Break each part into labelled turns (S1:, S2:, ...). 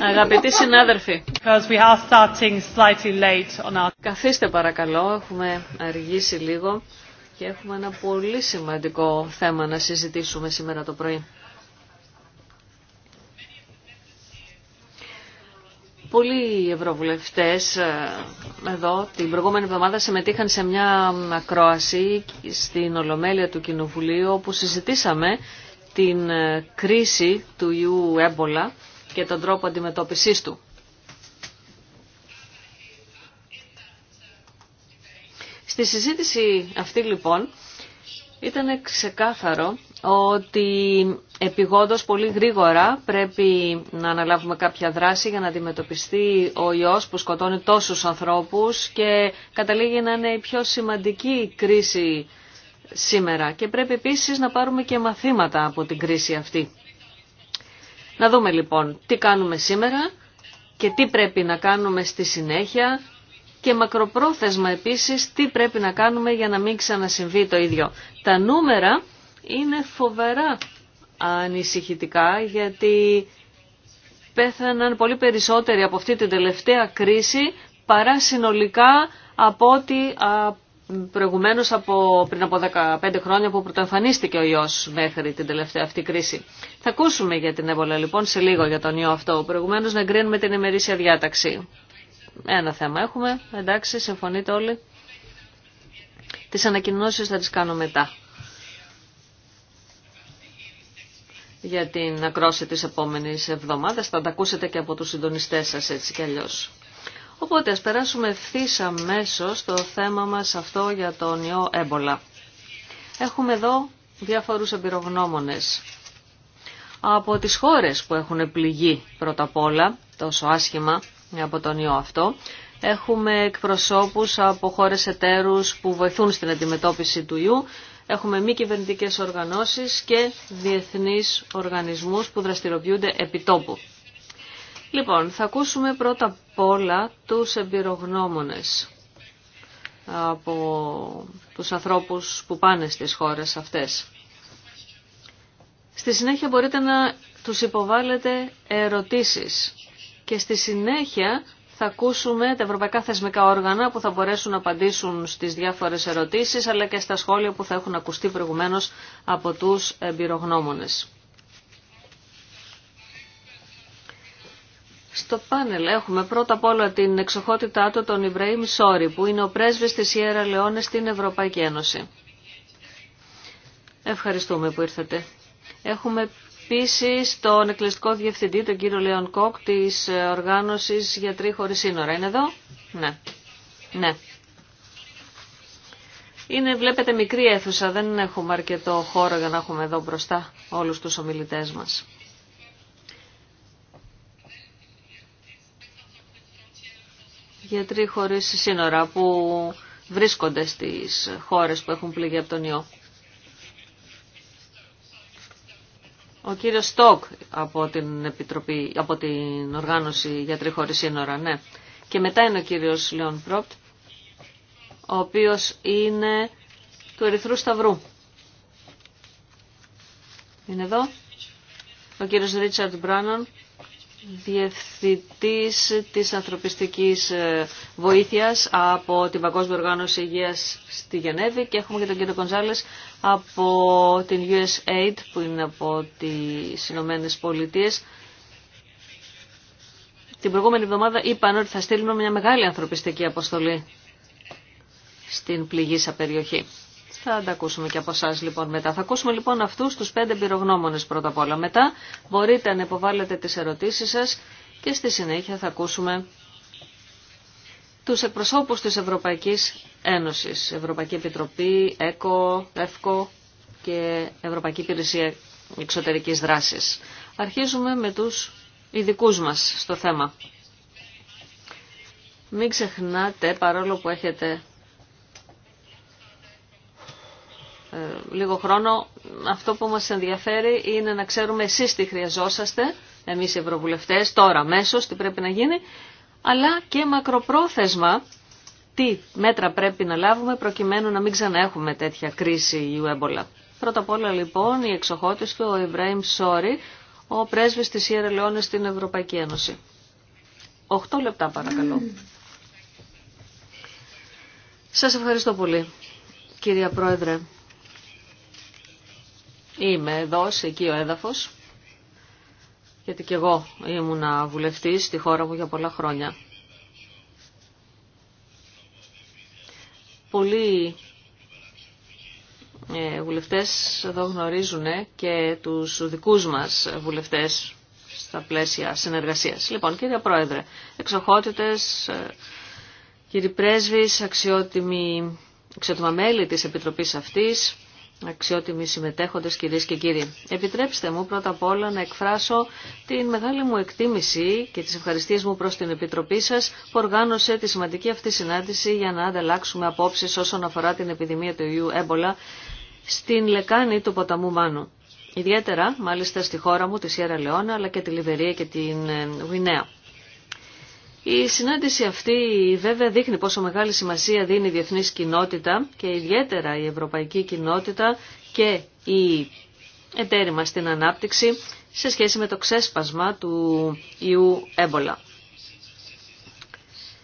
S1: Αγαπητοί
S2: συνάδελφοι, καθίστε παρακαλώ, έχουμε αργήσει λίγο και έχουμε ένα πολύ σημαντικό θέμα να συζητήσουμε σήμερα το πρωί. Πολλοί ευρωβουλευτές ε, εδώ την προηγούμενη εβδομάδα συμμετείχαν σε μια ακρόαση στην Ολομέλεια του Κοινοβουλίου όπου συζητήσαμε την ε, κρίση του ιού έμπολα και τον τρόπο αντιμετώπισης του. Στη συζήτηση αυτή λοιπόν ήταν ξεκάθαρο ότι επιγόντως πολύ γρήγορα πρέπει να αναλάβουμε κάποια δράση για να αντιμετωπιστεί ο ιός που σκοτώνει τόσους ανθρώπους και καταλήγει να είναι η πιο σημαντική κρίση σήμερα και πρέπει επίσης να πάρουμε και μαθήματα από την κρίση αυτή. Να δούμε λοιπόν τι κάνουμε σήμερα και τι πρέπει να κάνουμε στη συνέχεια και μακροπρόθεσμα επίσης τι πρέπει να κάνουμε για να μην ξανασυμβεί το ίδιο. Τα νούμερα είναι φοβερά ανησυχητικά γιατί πέθαναν πολύ περισσότεροι από αυτή την τελευταία κρίση παρά συνολικά από ότι Προηγουμένω από, πριν από 15 χρόνια που πρωτοεμφανίστηκε ο ιός μέχρι την τελευταία αυτή κρίση. Θα ακούσουμε για την έβολα λοιπόν σε λίγο για τον ιό αυτό. Προηγουμένως να εγκρίνουμε την ημερήσια διάταξη. Ένα θέμα έχουμε, εντάξει, συμφωνείτε όλοι. Τις ανακοινώσεις θα τις κάνω μετά. Για την ακρόση της επόμενης εβδομάδας θα τα ακούσετε και από τους συντονιστές σας έτσι κι αλλιώς. Οπότε ας περάσουμε ευθύ αμέσω στο θέμα μας αυτό για τον ιό έμπολα. Έχουμε εδώ διάφορους εμπειρογνώμονες από τις χώρες που έχουν πληγεί πρώτα απ' όλα τόσο άσχημα από τον ιό αυτό. Έχουμε εκπροσώπους από χώρες εταίρους που βοηθούν στην αντιμετώπιση του ιού. Έχουμε μη κυβερνητικέ οργανώσεις και διεθνείς οργανισμούς που δραστηριοποιούνται επί τόπου. Λοιπόν, θα ακούσουμε πρώτα απ' όλα τους εμπειρογνώμονες από τους ανθρώπους που πάνε στις χώρες αυτές. Στη συνέχεια μπορείτε να τους υποβάλλετε ερωτήσεις και στη συνέχεια θα ακούσουμε τα ευρωπαϊκά θεσμικά όργανα που θα μπορέσουν να απαντήσουν στις διάφορες ερωτήσεις αλλά και στα σχόλια που θα έχουν ακουστεί προηγουμένως από τους εμπειρογνώμονες. Στο πάνελ έχουμε πρώτα απ' όλα την εξοχότητά του τον Ιβραήμ Σόρι, που είναι ο πρέσβης της Ιέρα Λεόνε στην Ευρωπαϊκή Ένωση. Ευχαριστούμε που ήρθατε. Έχουμε επίση τον εκκληστικό διευθυντή, τον κύριο Λέον Κόκ, της οργάνωσης Γιατροί Χωρίς Σύνορα. Είναι εδώ? Ναι. Ναι. Είναι, βλέπετε, μικρή αίθουσα, δεν έχουμε αρκετό χώρο για να έχουμε εδώ μπροστά όλους τους ομιλητές μας. γιατροί χωρίς σύνορα που βρίσκονται στις χώρες που έχουν πληγεί από τον ιό. Ο κύριος Στόκ από την, Επιτροπή, από την Οργάνωση Γιατροί Χωρίς Σύνορα, ναι. Και μετά είναι ο κύριος Λεόν Πρόπτ, ο οποίος είναι του Ερυθρού Σταυρού. Είναι εδώ. Ο κύριος Ρίτσαρντ Μπράνον, διευθυντής της ανθρωπιστικής ε, βοήθειας από την Παγκόσμια Οργάνωση Υγείας στη Γενέβη και έχουμε και τον κύριο Κονζάλες από την USAID που είναι από τις Ηνωμένε Πολιτείες. Την προηγούμενη εβδομάδα είπαν ότι θα στείλουμε μια μεγάλη ανθρωπιστική αποστολή στην πληγήσα περιοχή. Θα τα ακούσουμε και από εσά λοιπόν μετά. Θα ακούσουμε λοιπόν αυτούς τους πέντε πυρογνώμονε πρώτα απ' όλα. Μετά μπορείτε να υποβάλλετε τις ερωτήσεις σας και στη συνέχεια θα ακούσουμε τους εκπροσώπους της Ευρωπαϊκής Ένωσης, Ευρωπαϊκή Επιτροπή, ΕΚΟ, ΕΦΚΟ και Ευρωπαϊκή Υπηρεσία Εξωτερικής Δράση Αρχίζουμε με του ειδικού μα στο θέμα. Μην ξεχνάτε, παρόλο που έχετε Ε, λίγο χρόνο, αυτό που μας ενδιαφέρει είναι να ξέρουμε εσείς τι χρειαζόσαστε, εμείς οι ευρωβουλευτές, τώρα αμέσως τι πρέπει να γίνει, αλλά και μακροπρόθεσμα τι μέτρα πρέπει να λάβουμε προκειμένου να μην ξαναέχουμε τέτοια κρίση η έμπολα. Πρώτα απ' όλα λοιπόν η εξοχότης του, ο Ιβραήμ Σόρι, ο πρέσβης της Ιερα στην Ευρωπαϊκή Ένωση. 8 λεπτά παρακαλώ. Σας ευχαριστώ πολύ, κυρία Πρόεδρε. Είμαι εδώ, σε εκεί ο έδαφος, γιατί και εγώ ήμουνα βουλευτής στη χώρα μου για πολλά χρόνια. Πολλοί ε, βουλευτές εδώ γνωρίζουν και τους δικούς μας βουλευτές στα πλαίσια συνεργασίας. Λοιπόν, κύριε Πρόεδρε, εξοχότητες, ε, κύριοι πρέσβεις, αξιότιμοι, αξιότιμα μέλη της Επιτροπής αυτής, αξιότιμοι συμμετέχοντες κυρίες και κύριοι. Επιτρέψτε μου πρώτα απ' όλα να εκφράσω την μεγάλη μου εκτίμηση και τις ευχαριστίες μου προς την Επιτροπή σας που οργάνωσε τη σημαντική αυτή συνάντηση για να ανταλλάξουμε απόψεις όσον αφορά την επιδημία του ιού έμπολα στην λεκάνη του ποταμού Μάνου. Ιδιαίτερα μάλιστα στη χώρα μου, τη Σιέρα Λεώνα, αλλά και τη Λιβερία και την ε, Γουινέα. Η συνάντηση αυτή βέβαια δείχνει πόσο μεγάλη σημασία δίνει η διεθνής κοινότητα και ιδιαίτερα η ευρωπαϊκή κοινότητα και η εταίροι στην ανάπτυξη σε σχέση με το ξέσπασμα του ιού έμπολα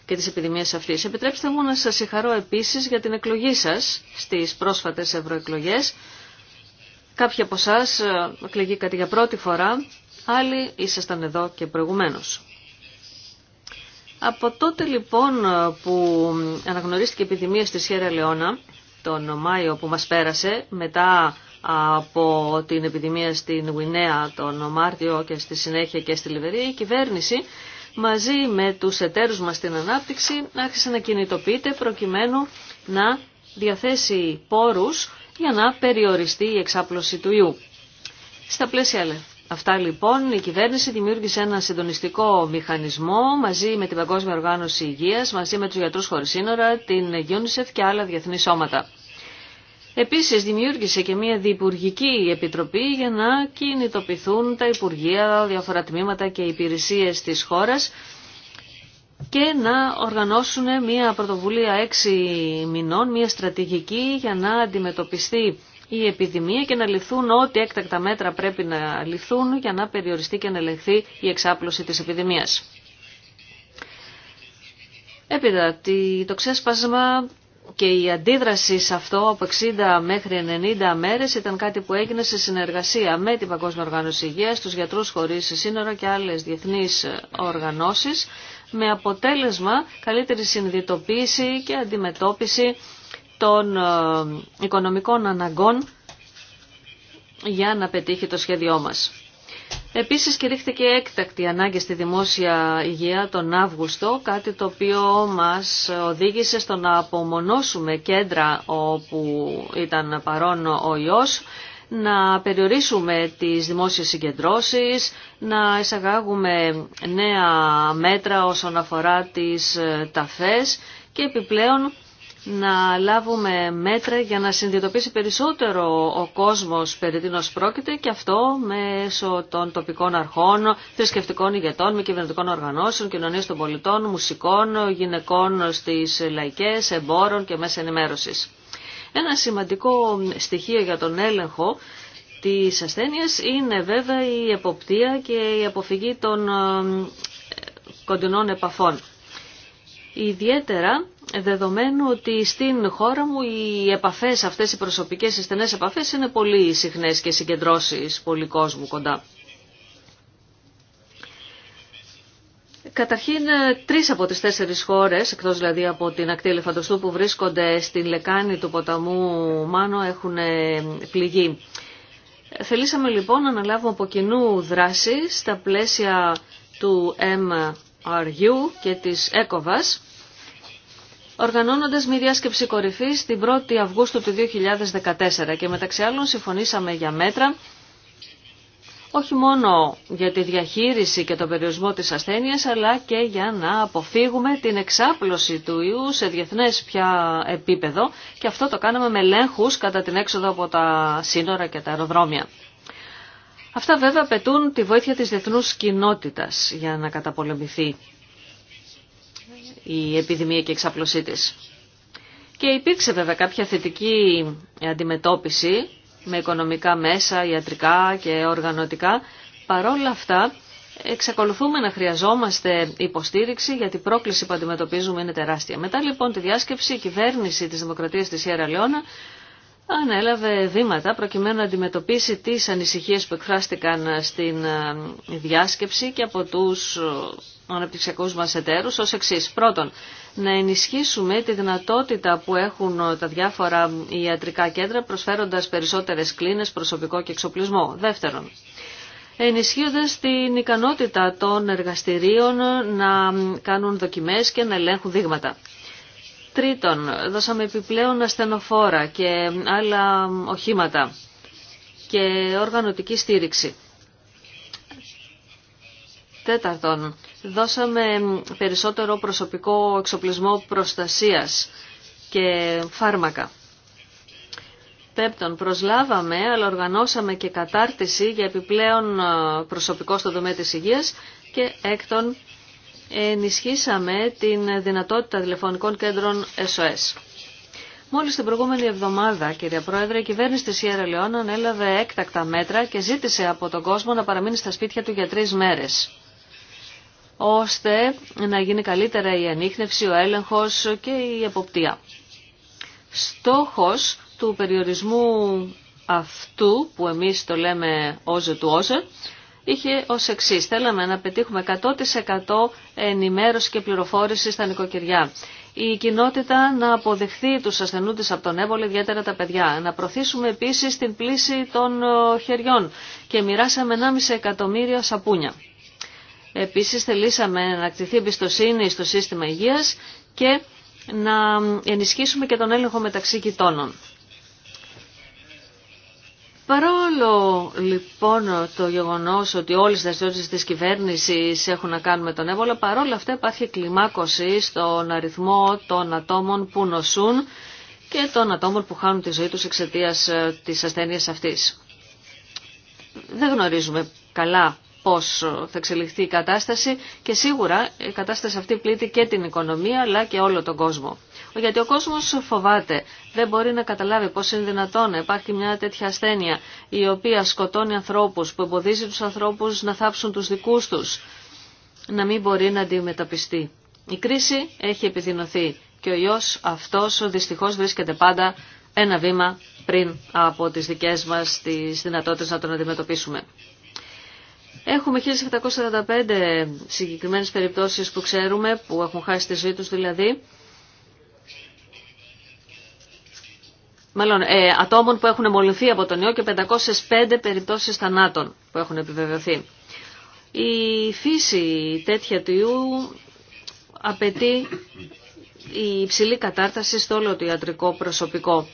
S2: και τις επιδημίες αυτής. Επιτρέψτε μου να σας συγχαρώ επίσης για την εκλογή σας στις πρόσφατες ευρωεκλογές. Κάποιοι από εσά ε, εκλεγήκατε για πρώτη φορά, άλλοι ήσασταν εδώ και προηγουμένως. Από τότε λοιπόν που αναγνωρίστηκε η επιδημία στη Σιέρα Λεώνα, τον Μάιο που μας πέρασε, μετά από την επιδημία στην Γουινέα τον Μάρτιο και στη συνέχεια και στη Λιβερία, η κυβέρνηση μαζί με τους εταίρους μας στην ανάπτυξη άρχισε να κινητοποιείται προκειμένου να διαθέσει πόρους για να περιοριστεί η εξάπλωση του ιού. Στα πλαίσια Αυτά λοιπόν η κυβέρνηση δημιούργησε ένα συντονιστικό μηχανισμό μαζί με την Παγκόσμια Οργάνωση Υγείας, μαζί με τους γιατρούς χωρίς σύνορα, την UNICEF και άλλα διεθνή σώματα. Επίσης δημιούργησε και μια διυπουργική επιτροπή για να κινητοποιηθούν τα Υπουργεία, διάφορα τμήματα και υπηρεσίες της χώρας και να οργανώσουν μια πρωτοβουλία έξι μηνών, μια στρατηγική για να αντιμετωπιστεί η επιδημία και να ληφθούν ό,τι έκτακτα μέτρα πρέπει να ληφθούν για να περιοριστεί και να ελεγχθεί η εξάπλωση της επιδημίας. Έπειτα, το ξέσπασμα και η αντίδραση σε αυτό από 60 μέχρι 90 μέρες ήταν κάτι που έγινε σε συνεργασία με την Παγκόσμια Οργάνωση Υγείας, τους γιατρούς χωρίς σύνορα και άλλες διεθνείς οργανώσεις, με αποτέλεσμα καλύτερη συνειδητοποίηση και αντιμετώπιση των ε, οικονομικών αναγκών για να πετύχει το σχέδιό μας. Επίσης κηρύχθηκε έκτακτη ανάγκη στη δημόσια υγεία τον Αύγουστο, κάτι το οποίο μας οδήγησε στο να απομονώσουμε κέντρα όπου ήταν παρόν ο ιός, να περιορίσουμε τις δημόσιες συγκεντρώσεις, να εισαγάγουμε νέα μέτρα όσον αφορά τις ταφές και επιπλέον να λάβουμε μέτρα για να συνειδητοποιήσει περισσότερο ο κόσμος περί τίνος πρόκειται και αυτό μέσω των τοπικών αρχών, θρησκευτικών ηγετών, μη κυβερνητικών οργανώσεων, κοινωνίες των πολιτών, μουσικών, γυναικών στις λαϊκές, εμπόρων και μέσα ενημέρωσης. Ένα σημαντικό στοιχείο για τον έλεγχο της ασθένειας είναι βέβαια η εποπτεία και η αποφυγή των ε, κοντινών επαφών. Ιδιαίτερα δεδομένου ότι στην χώρα μου οι επαφές αυτές, οι προσωπικές, οι στενές επαφές είναι πολύ συχνές και συγκεντρώσεις πολύ κόσμου κοντά. Καταρχήν, τρεις από τις τέσσερις χώρες, εκτός δηλαδή από την ακτή ελεφαντοστού που βρίσκονται στην λεκάνη του ποταμού Μάνο, έχουν ε, πληγεί. Θελήσαμε λοιπόν να αναλάβουμε από κοινού δράση στα πλαίσια του MRU και της ECOVAS, οργανώνοντας μια διάσκεψη κορυφής την 1η Αυγούστου του 2014 και μεταξύ άλλων συμφωνήσαμε για μέτρα όχι μόνο για τη διαχείριση και τον περιορισμό της ασθένειας, αλλά και για να αποφύγουμε την εξάπλωση του ιού σε διεθνές πια επίπεδο και αυτό το κάναμε με ελέγχου κατά την έξοδο από τα σύνορα και τα αεροδρόμια. Αυτά βέβαια απαιτούν τη βοήθεια της διεθνούς κοινότητας για να καταπολεμηθεί η επιδημία και η εξάπλωσή της. Και υπήρξε βέβαια κάποια θετική αντιμετώπιση με οικονομικά μέσα, ιατρικά και οργανωτικά. Παρόλα αυτά, εξακολουθούμε να χρειαζόμαστε υποστήριξη γιατί η πρόκληση που αντιμετωπίζουμε είναι τεράστια. Μετά λοιπόν τη διάσκεψη, η κυβέρνηση της Δημοκρατίας της Ιερα Λεώνα ανέλαβε βήματα προκειμένου να αντιμετωπίσει τις ανησυχίες που εκφράστηκαν στην ε, διάσκεψη και από του. Αναπτυξιακού μα εταίρου ω εξή. Πρώτον, να ενισχύσουμε τη δυνατότητα που έχουν τα διάφορα ιατρικά κέντρα προσφέροντας περισσότερες κλίνε, προσωπικό και εξοπλισμό. Δεύτερον, ενισχύοντας την ικανότητα των εργαστηρίων να κάνουν δοκιμές και να ελέγχουν δείγματα. Τρίτον, δώσαμε επιπλέον ασθενοφόρα και άλλα οχήματα και οργανωτική στήριξη. Τέταρτον, δώσαμε περισσότερο προσωπικό εξοπλισμό προστασίας και φάρμακα. Πέπτον, προσλάβαμε, αλλά οργανώσαμε και κατάρτιση για επιπλέον ε, προσωπικό στο τομέα της υγείας και έκτον ενισχύσαμε την δυνατότητα τηλεφωνικών κέντρων SOS. Μόλις την προηγούμενη εβδομάδα, κυρία Πρόεδρε, η κυβέρνηση της Ιερα έλαβε έκτακτα μέτρα και ζήτησε από τον κόσμο να παραμείνει στα σπίτια του για τρεις μέρες ώστε να γίνει καλύτερα η ανείχνευση, ο έλεγχος και η εποπτεία. Στόχος του περιορισμού αυτού που εμείς το λέμε όζε του όζε είχε ως εξή. Θέλαμε να πετύχουμε 100% ενημέρωση και πληροφόρηση στα νοικοκυριά. Η κοινότητα να αποδεχθεί τους ασθενούντες από τον έβολο, ιδιαίτερα τα παιδιά. Να προωθήσουμε επίσης την πλήση των ε, χεριών και μοιράσαμε 1,5 εκατομμύρια σαπούνια. Επίσης θελήσαμε να ακτιθεί εμπιστοσύνη στο σύστημα υγείας και να ενισχύσουμε και τον έλεγχο μεταξύ κοιτώνων. Παρόλο λοιπόν το γεγονός ότι όλες οι δραστηριότητες της κυβέρνησης έχουν να κάνουν με τον έβολο, παρόλα αυτά υπάρχει κλιμάκωση στον αριθμό των ατόμων που νοσούν και των ατόμων που χάνουν τη ζωή τους εξαιτίας ε, της ασθένειας αυτής. Δεν γνωρίζουμε καλά πώς θα εξελιχθεί η κατάσταση και σίγουρα η κατάσταση αυτή πλήττει και την οικονομία αλλά και όλο τον κόσμο. Γιατί ο κόσμος φοβάται, δεν μπορεί να καταλάβει πώς είναι δυνατόν να υπάρχει μια τέτοια ασθένεια η οποία σκοτώνει ανθρώπους, που εμποδίζει τους ανθρώπους να θάψουν τους δικούς τους, να μην μπορεί να αντιμεταπιστεί. Η κρίση έχει επιδεινωθεί και ο ιός αυτός δυστυχώς βρίσκεται πάντα ένα βήμα πριν από τις δικές μας τις δυνατότητες να τον αντιμετωπίσουμε. Έχουμε 1745 συγκεκριμένες περιπτώσεις που ξέρουμε, που έχουν χάσει τη ζωή τους δηλαδή. Μάλλον, ε, ατόμων που έχουν εμολυνθεί από τον ιό και 505 περιπτώσεις θανάτων που έχουν επιβεβαιωθεί. Η φύση τέτοια του ιού απαιτεί η υψηλή κατάρταση στο όλο το ιατρικό προσωπικό.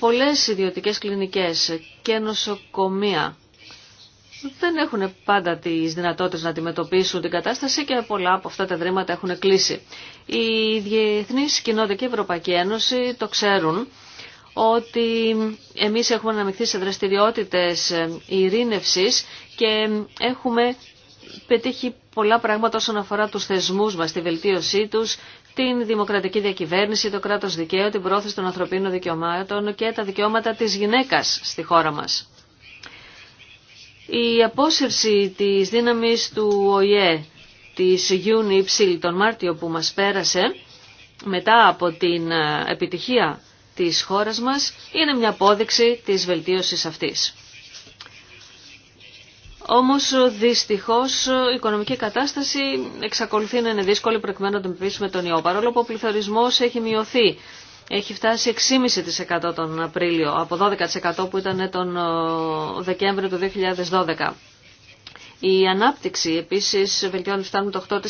S2: πολλές ιδιωτικές κλινικές και νοσοκομεία δεν έχουν πάντα τις δυνατότητες να αντιμετωπίσουν την κατάσταση και πολλά από αυτά τα δρήματα έχουν κλείσει. Οι διεθνείς κοινότητα και η Ευρωπαϊκή Ένωση το ξέρουν ότι εμείς έχουμε αναμειχθεί σε δραστηριότητες ειρήνευσης και έχουμε πετύχει πολλά πράγματα όσον αφορά τους θεσμούς μας, τη βελτίωσή τους, την δημοκρατική διακυβέρνηση, το κράτος δικαίου, την πρόθεση των ανθρωπίνων δικαιωμάτων και τα δικαιώματα της γυναίκας στη χώρα μας. Η απόσυρση της δύναμης του ΟΗΕ, της UNIPSIL τον Μάρτιο που μας πέρασε, μετά από την ε, επιτυχία της χώρας μας, είναι μια απόδειξη της βελτίωσης αυτής. Όμως δυστυχώς η οικονομική κατάσταση εξακολουθεί να είναι δύσκολη προκειμένου να με τον ιό. Παρόλο που ο πληθωρισμός έχει μειωθεί, έχει φτάσει 6,5% τον Απρίλιο από 12% που ήταν τον ε, Δεκέμβριο του 2012. Η ανάπτυξη επίσης βελτιώνει φτάνουμε το 8%.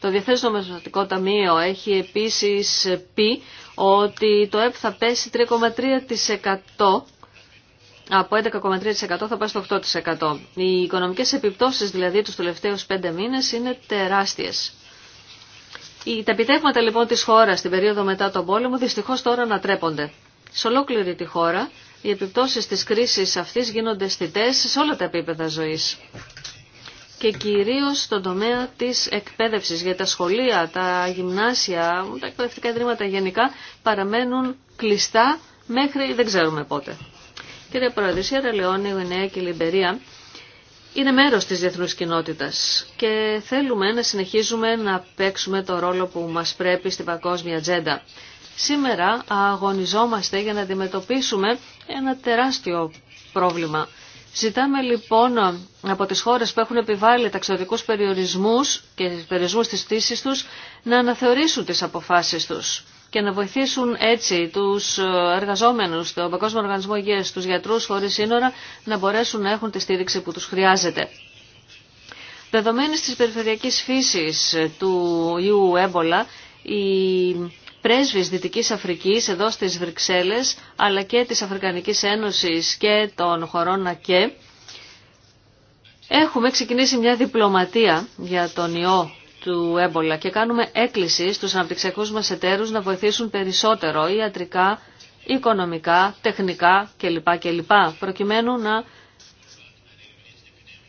S2: Το Διαθέσιο Νομισματικό Ταμείο έχει επίσης πει ότι το ΕΠ θα πέσει 3,3% από 11,3% θα πάει στο 8%. Οι οικονομικές επιπτώσεις δηλαδή τους τελευταίους πέντε μήνες είναι τεράστιες. τα επιτεύγματα λοιπόν της χώρας στην περίοδο μετά τον πόλεμο δυστυχώς τώρα ανατρέπονται. Σε ολόκληρη τη χώρα οι επιπτώσεις της κρίσης αυτής γίνονται στιτές σε όλα τα επίπεδα ζωής. Και κυρίως στον τομέα της εκπαίδευσης, για τα σχολεία, τα γυμνάσια, τα εκπαιδευτικά ιδρύματα γενικά παραμένουν κλειστά μέχρι δεν ξέρουμε πότε. Κύριε Πρόεδρε, η η Νέα και η είναι μέρος της διεθνούς κοινότητα και θέλουμε να συνεχίζουμε να παίξουμε το ρόλο που μας πρέπει στην παγκόσμια ατζέντα. Σήμερα αγωνιζόμαστε για να αντιμετωπίσουμε ένα τεράστιο πρόβλημα. Ζητάμε λοιπόν από τις χώρες που έχουν επιβάλει ταξιδιωτικούς περιορισμούς και περιορισμούς της πτήση τους να αναθεωρήσουν τις αποφάσεις τους και να βοηθήσουν έτσι τους ε, εργαζόμενους τον Παγκόσμιο Οργανισμό Υγείας, τους γιατρούς χωρίς σύνορα, να μπορέσουν να έχουν τη στήριξη που τους χρειάζεται. Δεδομένης της περιφερειακής φύσης ε, του ιού έμπολα, η πρέσβης Δυτικής Αφρικής εδώ στις Βρυξέλλες, αλλά και της Αφρικανικής Ένωσης και των χωρών ΑΚΕ, έχουμε ξεκινήσει μια διπλωματία για τον ιό του έμπολα και κάνουμε έκκληση στους αναπτυξιακούς μας εταίρους να βοηθήσουν περισσότερο ιατρικά, οικονομικά, τεχνικά κλπ. κλπ προκειμένου να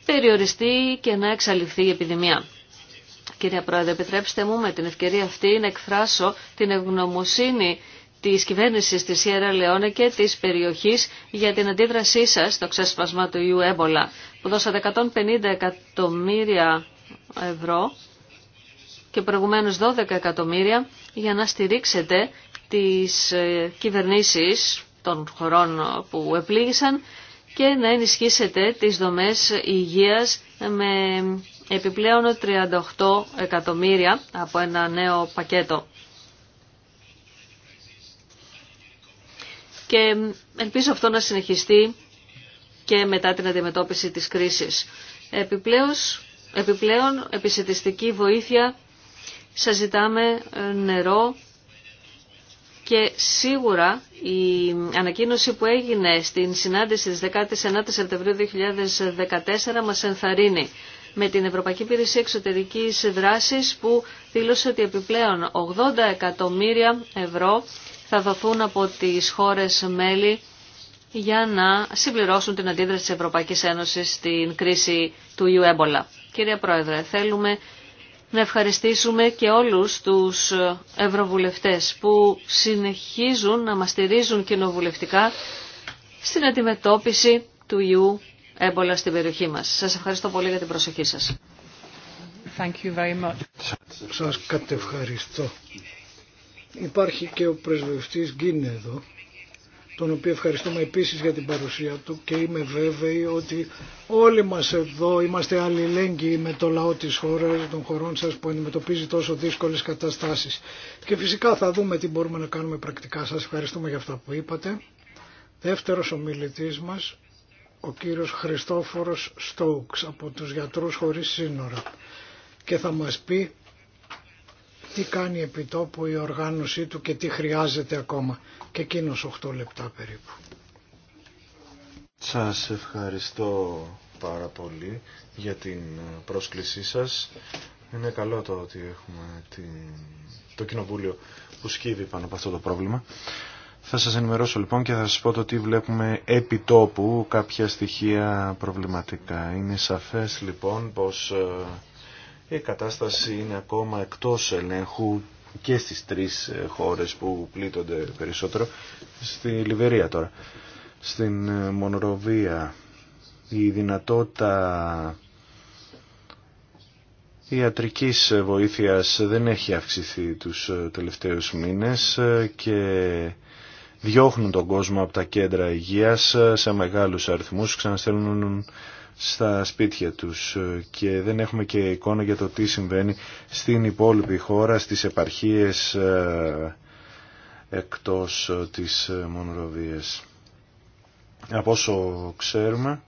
S2: περιοριστεί και να εξαλειφθεί η επιδημία. Κύριε Πρόεδρε, επιτρέψτε μου με την ευκαιρία αυτή να εκφράσω την ευγνωμοσύνη της κυβέρνηση της Ιερά Λεόνε και της περιοχής για την αντίδρασή σα στο ξέσπασμα του ιού έμπολα που δώσατε 150 εκατομμύρια ευρώ και προηγουμένως 12 εκατομμύρια για να στηρίξετε τις ε, κυβερνήσεις των χωρών που επλήγησαν και να ενισχύσετε τις δομές υγείας με επιπλέον 38 εκατομμύρια από ένα νέο πακέτο. Και ελπίζω αυτό να συνεχιστεί και μετά την αντιμετώπιση της κρίσης. Επιπλέον, επιπλέον επισητιστική βοήθεια Σα ζητάμε ε, νερό και σίγουρα η ανακοίνωση που έγινε στην συνάντηση της 19 Σεπτεμβρίου 2014 μας ενθαρρύνει με την Ευρωπαϊκή Υπηρεσία Εξωτερικής Δράσης που δήλωσε ότι επιπλέον 80 εκατομμύρια ευρώ θα δοθούν από τις χώρες μέλη για να συμπληρώσουν την αντίδραση της Ευρωπαϊκής Ένωσης στην κρίση του ιού έμπολα. Κύριε Πρόεδρε, θέλουμε να ευχαριστήσουμε και όλους τους ευρωβουλευτές που συνεχίζουν να μας στηρίζουν κοινοβουλευτικά στην αντιμετώπιση του ιού έμπολα στην περιοχή μας. Σας ευχαριστώ πολύ για την προσοχή σας. Thank you very much.
S1: Σας κατευχαριστώ.
S2: Υπάρχει και ο πρεσβευτής
S1: Γκίνε εδώ τον οποίο ευχαριστούμε επίσης για την παρουσία του και είμαι βέβαιη ότι όλοι μας εδώ είμαστε αλληλέγγυοι με το λαό της χώρας, των χωρών σας που αντιμετωπίζει τόσο δύσκολες καταστάσεις. Και φυσικά θα δούμε τι μπορούμε να κάνουμε πρακτικά. Σας ευχαριστούμε για αυτά που είπατε. Δεύτερος ομιλητής μας, ο κύριος Χριστόφορος Στόουξ από τους Γιατρούς Χωρίς Σύνορα και θα μας πει τι κάνει επιτόπου η οργάνωσή του και τι χρειάζεται ακόμα. Και εκείνος 8 λεπτά περίπου.
S3: Σας ευχαριστώ πάρα πολύ για την πρόσκλησή σας. Είναι καλό το ότι έχουμε την... το κοινοβούλιο που σκύβει πάνω από αυτό το πρόβλημα. Θα σας ενημερώσω λοιπόν και θα σας πω το τι βλέπουμε επί τόπου, κάποια στοιχεία προβληματικά. Είναι σαφές λοιπόν πως ε, η κατάσταση είναι ακόμα εκτός ελέγχου και στις τρεις ε, χώρες που πλήττονται περισσότερο στη Λιβερία τώρα στην ε, Μονοροβία, η δυνατότητα ιατρικής βοήθειας δεν έχει αυξηθεί τους ε, τελευταίους μήνες και διώχνουν τον κόσμο από τα κέντρα υγείας σε μεγάλους αριθμούς, ξαναστέλνουν στα σπίτια τους ε, και δεν έχουμε και εικόνα για το τι συμβαίνει στην υπόλοιπη χώρα, στις επαρχίες ε, εκτός ε, της Μονροβίας. Από όσο ξέρουμε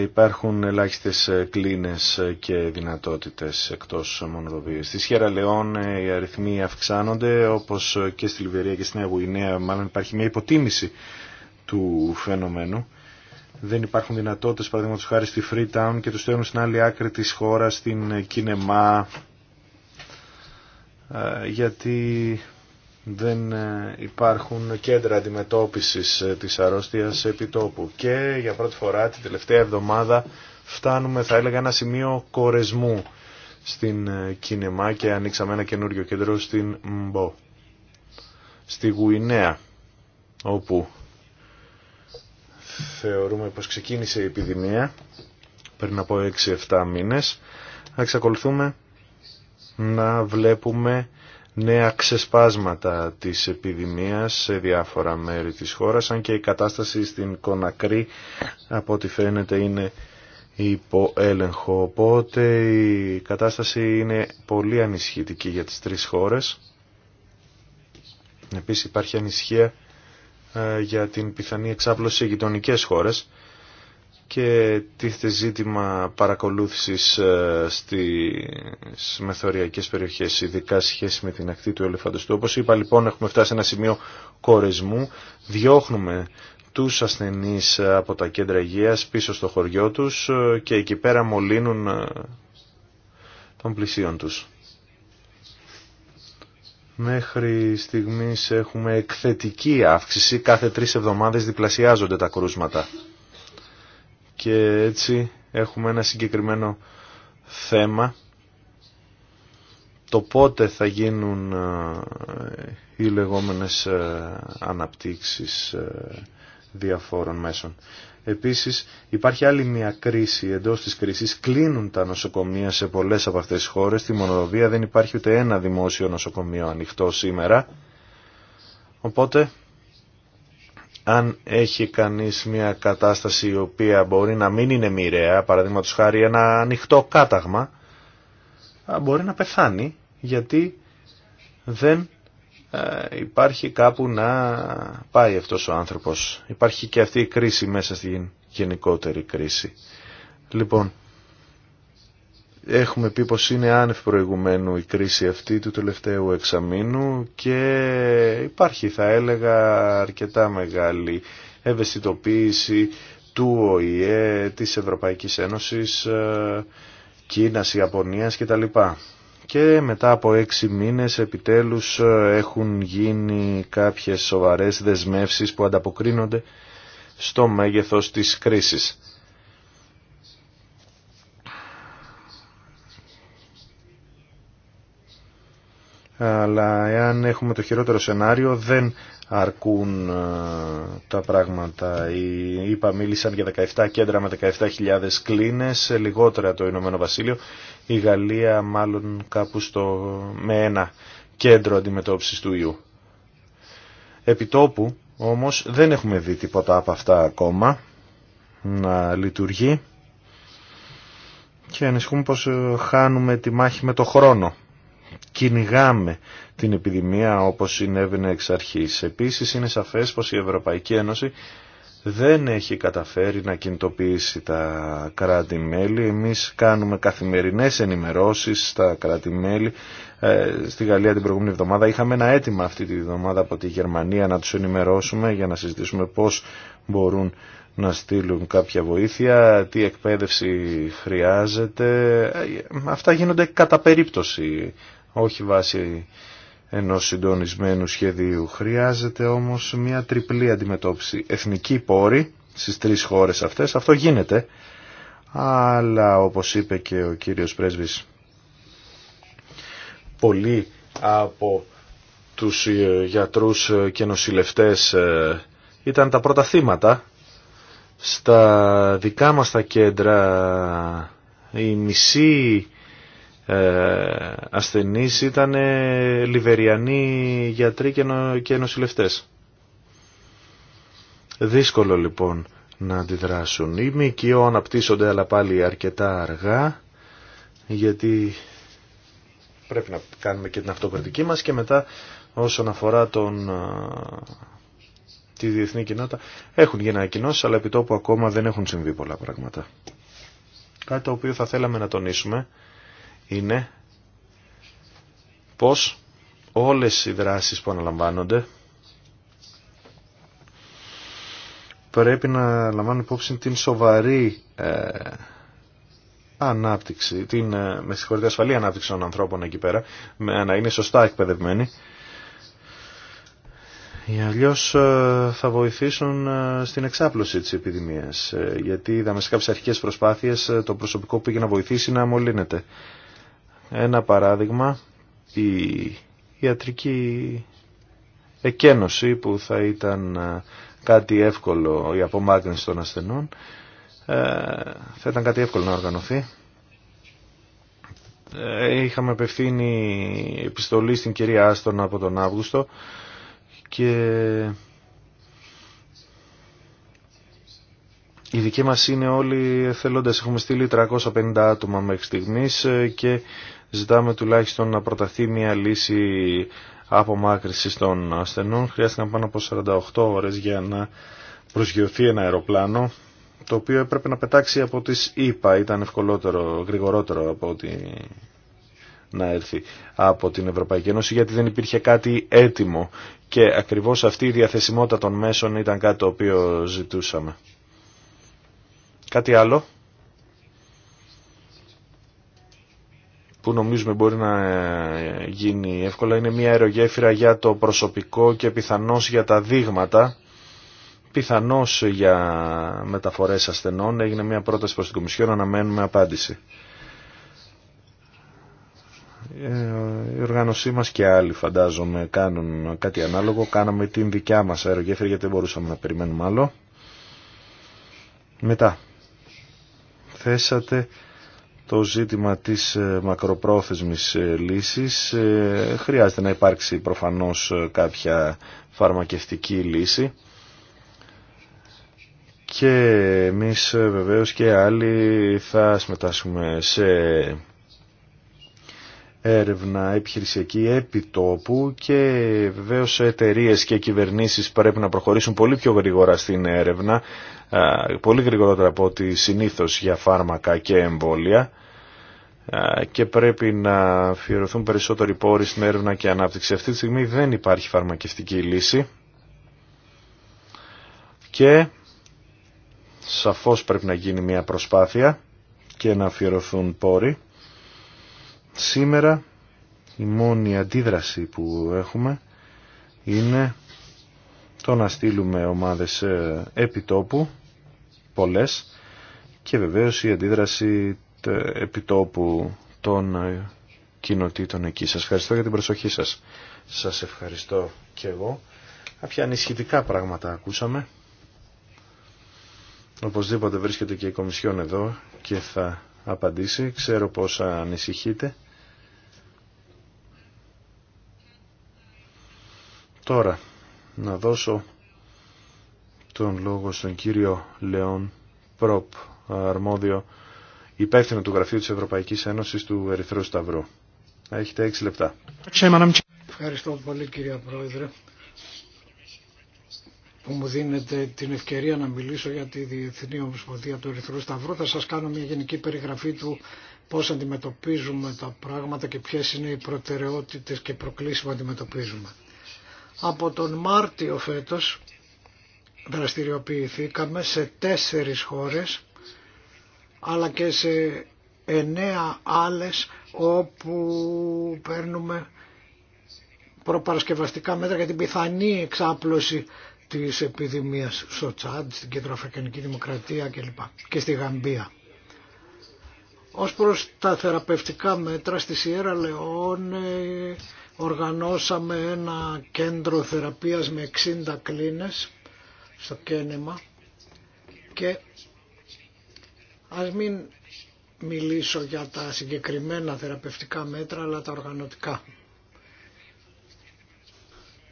S3: υπάρχουν ελάχιστες κλίνες και δυνατότητες εκτός Μονροβίας. Στη Σιέρα Λεόν οι αριθμοί αυξάνονται όπως και στη Λιβερία και στην Αγουινέα μάλλον υπάρχει μια υποτίμηση του φαινομένου δεν υπάρχουν δυνατότητες παραδείγματος χάρη στη Freetown και τους στέλνουν στην άλλη άκρη της χώρας, στην ε, Κίνεμά ε, γιατί δεν ε, υπάρχουν κέντρα αντιμετώπισης της αρρώστιας τόπου. και για πρώτη φορά την τελευταία εβδομάδα φτάνουμε θα έλεγα ένα σημείο κορεσμού στην Κίνεμά και ανοίξαμε ένα καινούριο κέντρο στην Μπο στη Γουινέα όπου θεωρούμε πως ξεκίνησε η επιδημία πριν από 6-7 μήνες, εξακολουθούμε να βλέπουμε νέα ξεσπάσματα της επιδημίας σε διάφορα μέρη της χώρας, αν και η κατάσταση στην Κονακρή από ό,τι φαίνεται είναι υπό έλεγχο. Οπότε η κατάσταση είναι πολύ ανησυχητική για τις τρεις χώρες. Επίσης υπάρχει ανησυχία ε, για την πιθανή εξάπλωση σε γειτονικέ χώρες και τίθεται ζήτημα παρακολούθησης ε, στις μεθοριακές περιοχές, ειδικά σχέση με την ακτή του ελεφαντοστού. Όπως είπα λοιπόν έχουμε φτάσει σε ένα σημείο κορεσμού, διώχνουμε τους ασθενείς από τα κέντρα υγείας πίσω στο χωριό τους ε, και εκεί πέρα μολύνουν των πλησίων τους. Μέχρι στιγμής έχουμε εκθετική αύξηση, κάθε τρεις εβδομάδες διπλασιάζονται τα κρούσματα. Και έτσι έχουμε ένα συγκεκριμένο θέμα, το πότε θα γίνουν ε, οι λεγόμενες ε, αναπτύξεις ε, διαφόρων μέσων. Επίσης υπάρχει άλλη μια κρίση εντός της κρίσης. Κλείνουν τα νοσοκομεία σε πολλές από αυτές τις χώρες. Στη Μονοδοβία δεν υπάρχει ούτε ένα δημόσιο νοσοκομείο ανοιχτό σήμερα. Οπότε αν έχει κανείς μια κατάσταση η οποία μπορεί να μην είναι μοιραία, παραδείγματο χάρη ένα ανοιχτό κάταγμα, μπορεί να πεθάνει γιατί δεν ε, υπάρχει κάπου να πάει αυτός ο άνθρωπος. Υπάρχει και αυτή η κρίση μέσα στην γενικότερη κρίση. Λοιπόν, έχουμε πει πως είναι άνευ προηγουμένου η κρίση αυτή του τελευταίου εξαμήνου και υπάρχει θα έλεγα αρκετά μεγάλη ευαισθητοποίηση του ΟΗΕ, της Ευρωπαϊκής Ένωσης, ε, Κίνας, Ιαπωνίας κτλ και μετά από έξι μήνες επιτέλους ε, έχουν γίνει κάποιες σοβαρές δεσμεύσεις που ανταποκρίνονται στο μέγεθος της κρίσης. Αλλά εάν έχουμε το χειρότερο σενάριο δεν αρκούν ε, τα πράγματα. Οι μίλησαν για 17 κέντρα με 17.000 κλίνες, λιγότερα το Ηνωμένο Βασίλειο. Η Γαλλία μάλλον κάπου στο, με ένα κέντρο αντιμετώπισης του ιού. Επιτόπου όμως δεν έχουμε δει τίποτα από αυτά ακόμα να λειτουργεί και ανησυχούμε πως ε, χάνουμε τη μάχη με το χρόνο κυνηγάμε την επιδημία όπως συνέβαινε εξ αρχής. Επίσης είναι σαφές πως η Ευρωπαϊκή Ένωση δεν έχει καταφέρει να κινητοποιήσει τα κράτη-μέλη. Εμείς κάνουμε καθημερινές ενημερώσεις στα κράτη-μέλη. Ε, στη Γαλλία την προηγούμενη εβδομάδα είχαμε ένα αίτημα αυτή τη εβδομάδα από τη Γερμανία να τους ενημερώσουμε για να συζητήσουμε πώς μπορούν να στείλουν κάποια βοήθεια, τι εκπαίδευση χρειάζεται. Ε, αυτά γίνονται κατά περίπτωση όχι βάσει ενός συντονισμένου σχεδίου. Χρειάζεται όμως μια τριπλή αντιμετώπιση. Εθνική πόρη στις τρεις χώρες αυτές, αυτό γίνεται, αλλά όπως είπε και ο κύριος πρέσβης, πολλοί από τους ε, γιατρούς ε, και νοσηλευτές ε, ήταν τα πρώτα θύματα. Στα δικά μας τα κέντρα η μισή ε, ασθενείς ήταν ε, λιβεριανοί γιατροί και νοσηλευτές. Δύσκολο λοιπόν να αντιδράσουν. Οι ΜΚΟ αναπτύσσονται αλλά πάλι αρκετά αργά γιατί πρέπει να κάνουμε και την αυτοκριτική μας και μετά όσον αφορά τον, ε, τη διεθνή κοινότητα έχουν γίνει ανακοινώσει, αλλά επί τόπου ακόμα δεν έχουν συμβεί πολλά πράγματα. Κάτι το οποίο θα θέλαμε να τονίσουμε είναι πως όλες οι δράσεις που αναλαμβάνονται πρέπει να λαμβάνουν υπόψη την σοβαρή ε, ανάπτυξη, την, ε, με συγχωρείτε ασφαλή ανάπτυξη των ανθρώπων εκεί πέρα, με, να είναι σωστά εκπαιδευμένοι. Αλλιώ ε, θα βοηθήσουν ε, στην εξάπλωση της επιδημίας, γιατί είδαμε σε κάποιες αρχικές προσπάθειες το προσωπικό που πήγε να βοηθήσει να αμολύνεται. Ένα παράδειγμα, η ιατρική εκένωση που θα ήταν ε, κάτι εύκολο η απομάκρυνση των ασθενών ε, θα ήταν κάτι εύκολο να οργανωθεί. Ε, είχαμε απευθύνει επιστολή στην κυρία Άστον από τον Αύγουστο και Η δική μας είναι όλοι θέλοντες Έχουμε στείλει 350 άτομα μέχρι στιγμής ε, και ζητάμε τουλάχιστον να προταθεί μια λύση απομάκρυσης των ασθενών. Χρειάστηκαν πάνω από 48 ώρες για να προσγειωθεί ένα αεροπλάνο το οποίο έπρεπε να πετάξει από τις ΙΠΑ, Ήταν ευκολότερο, γρηγορότερο από ότι να έρθει από την Ευρωπαϊκή Ένωση γιατί δεν υπήρχε κάτι έτοιμο και ακριβώς αυτή η διαθεσιμότητα των μέσων ήταν κάτι το οποίο ζητούσαμε. Κάτι άλλο που νομίζουμε μπορεί να ε, γίνει εύκολα είναι μια αερογέφυρα για το προσωπικό και πιθανώς για τα δείγματα πιθανώς για μεταφορές ασθενών έγινε μια πρόταση προς την Κομισιόν να αναμένουμε απάντηση ε, η οργάνωσή μας και άλλοι φαντάζομαι κάνουν κάτι ανάλογο κάναμε την δικιά μας αερογέφυρα γιατί δεν μπορούσαμε να περιμένουμε άλλο μετά θέσατε το ζήτημα της ε, μακροπρόθεσμης ε, λύσης. Ε, χρειάζεται να υπάρξει προφανώς κάποια φαρμακευτική λύση και εμείς βεβαίως και άλλοι θα συμμετάσχουμε σε έρευνα επιχειρησιακή επιτόπου και βεβαίως εταιρείε και κυβερνήσεις πρέπει να προχωρήσουν πολύ πιο γρήγορα στην έρευνα πολύ γρηγορότερα από ό,τι συνήθως για φάρμακα και εμβόλια και πρέπει να αφιερωθούν περισσότεροι πόροι στην έρευνα και ανάπτυξη. Αυτή τη στιγμή δεν υπάρχει φαρμακευτική λύση και σαφώς πρέπει να γίνει μια προσπάθεια και να αφιερωθούν πόροι. Σήμερα η μόνη αντίδραση που έχουμε είναι το να στείλουμε ομάδες ε, επιτόπου πολλές και βεβαίως η αντίδραση επιτόπου των ε, κοινοτήτων εκεί. Σας ευχαριστώ για την προσοχή σας. Σας ευχαριστώ και εγώ. Κάποια ανησυχητικά πράγματα ακούσαμε. Οπωσδήποτε βρίσκεται και η Κομισιόν εδώ και θα απαντήσει. Ξέρω πόσα ανησυχείτε. Τώρα, να δώσω τον λόγο στον κύριο Λεόν Προπ, αρμόδιο υπεύθυνο του Γραφείου της Ευρωπαϊκής Ένωσης του Ερυθρού Σταυρού. Έχετε 6 λεπτά.
S1: Ευχαριστώ πολύ κύριε Πρόεδρε που μου δίνετε την ευκαιρία να μιλήσω για τη Διεθνή Ομοσπονδία του Ερυθρού Σταυρού. Θα σας κάνω μια γενική περιγραφή του πώς αντιμετωπίζουμε τα πράγματα και ποιες είναι οι προτεραιότητες και προκλήσεις που αντιμετωπίζουμε. Από τον Μάρτιο φέτος δραστηριοποιηθήκαμε σε τέσσερις χώρες αλλά και σε εννέα άλλες όπου παίρνουμε προπαρασκευαστικά μέτρα για την πιθανή εξάπλωση της επιδημίας στο Τσάντ, στην Αφρικανική Δημοκρατία κλπ. και στη Γαμπία. Ως προς τα θεραπευτικά μέτρα στη Σιέρα Λεόν οργανώσαμε ένα κέντρο θεραπείας με 60 κλίνες στο κένεμα και ας μην μιλήσω για τα συγκεκριμένα θεραπευτικά μέτρα αλλά τα οργανωτικά.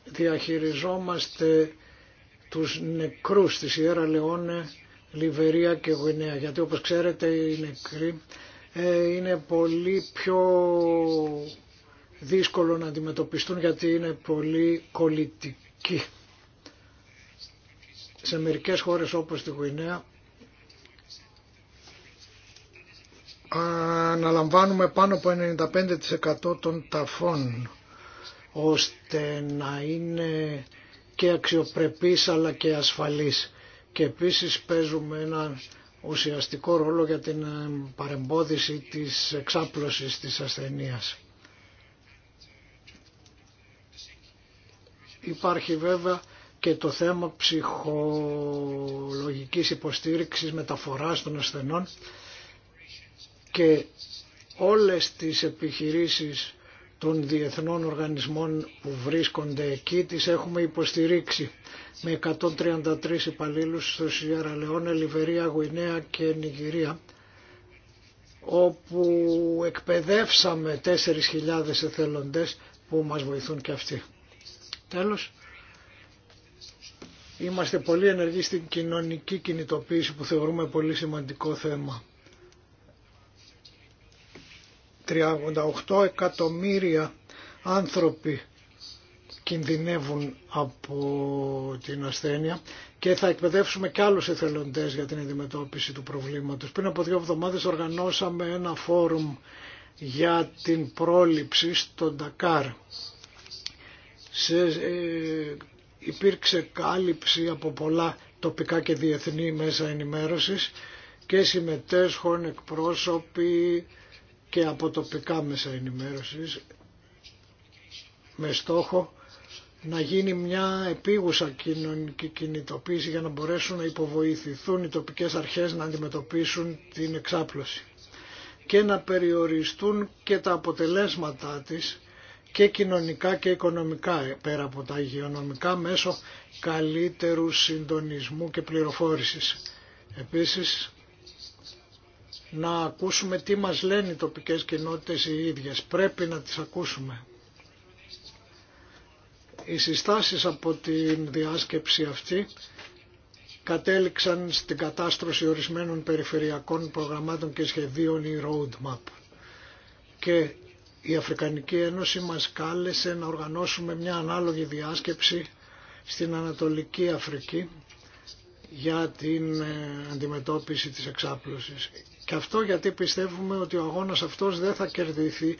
S1: Διαχειριζόμαστε τους νεκρούς της Ιέρα Λεόνε, Λιβερία και Γουινέα γιατί όπως ξέρετε οι νεκροί ε, είναι πολύ πιο δύσκολο να αντιμετωπιστούν γιατί είναι πολύ κολλητικοί. Σε μερικές χώρες όπως τη Γουινέα αναλαμβάνουμε πάνω από 95% των ταφών ώστε να είναι και αξιοπρεπής αλλά και ασφαλής και επίσης παίζουμε ένα ουσιαστικό ρόλο για την ε, παρεμπόδιση της εξάπλωση της ασθενείας. Υπάρχει βέβαια και το θέμα ψυχολογικής υποστήριξης μεταφοράς των ασθενών και όλες τις επιχειρήσεις των διεθνών οργανισμών που βρίσκονται εκεί τις έχουμε υποστηρίξει με 133 υπαλλήλους στο Σιέρα Λεόνε, Λιβερία, Γουινέα και Νιγηρία όπου εκπαιδεύσαμε 4.000 εθελοντές που μας βοηθούν και αυτοί. Τέλος, Είμαστε πολύ ενεργοί στην κοινωνική κινητοποίηση που θεωρούμε πολύ σημαντικό θέμα. 38 εκατομμύρια άνθρωποι κινδυνεύουν από την ασθένεια και θα εκπαιδεύσουμε και άλλους εθελοντές για την αντιμετώπιση του προβλήματος. Πριν από δύο εβδομάδες οργανώσαμε ένα φόρουμ για την πρόληψη στο Ντακάρ. Σε ε, υπήρξε κάλυψη από πολλά τοπικά και διεθνή μέσα ενημέρωσης και συμμετέσχων εκπρόσωποι και από τοπικά μέσα ενημέρωσης με στόχο να γίνει μια επίγουσα κοινωνική κινητοποίηση για να μπορέσουν να υποβοηθηθούν οι τοπικές αρχές να αντιμετωπίσουν την εξάπλωση και να περιοριστούν και τα αποτελέσματά της και κοινωνικά και οικονομικά πέρα από τα υγειονομικά μέσω καλύτερου συντονισμού και πληροφόρησης. Επίσης, να ακούσουμε τι μας λένε οι τοπικές κοινότητες οι ίδιες. Πρέπει να τις ακούσουμε. Οι συστάσεις από την διάσκεψη αυτή κατέληξαν στην κατάστρωση ορισμένων περιφερειακών προγραμμάτων και σχεδίων η roadmap η Αφρικανική Ένωση μας κάλεσε να οργανώσουμε μια ανάλογη διάσκεψη στην Ανατολική Αφρική για την ε, αντιμετώπιση της εξάπλωσης. Και αυτό γιατί πιστεύουμε ότι ο αγώνας αυτός δεν θα κερδιθεί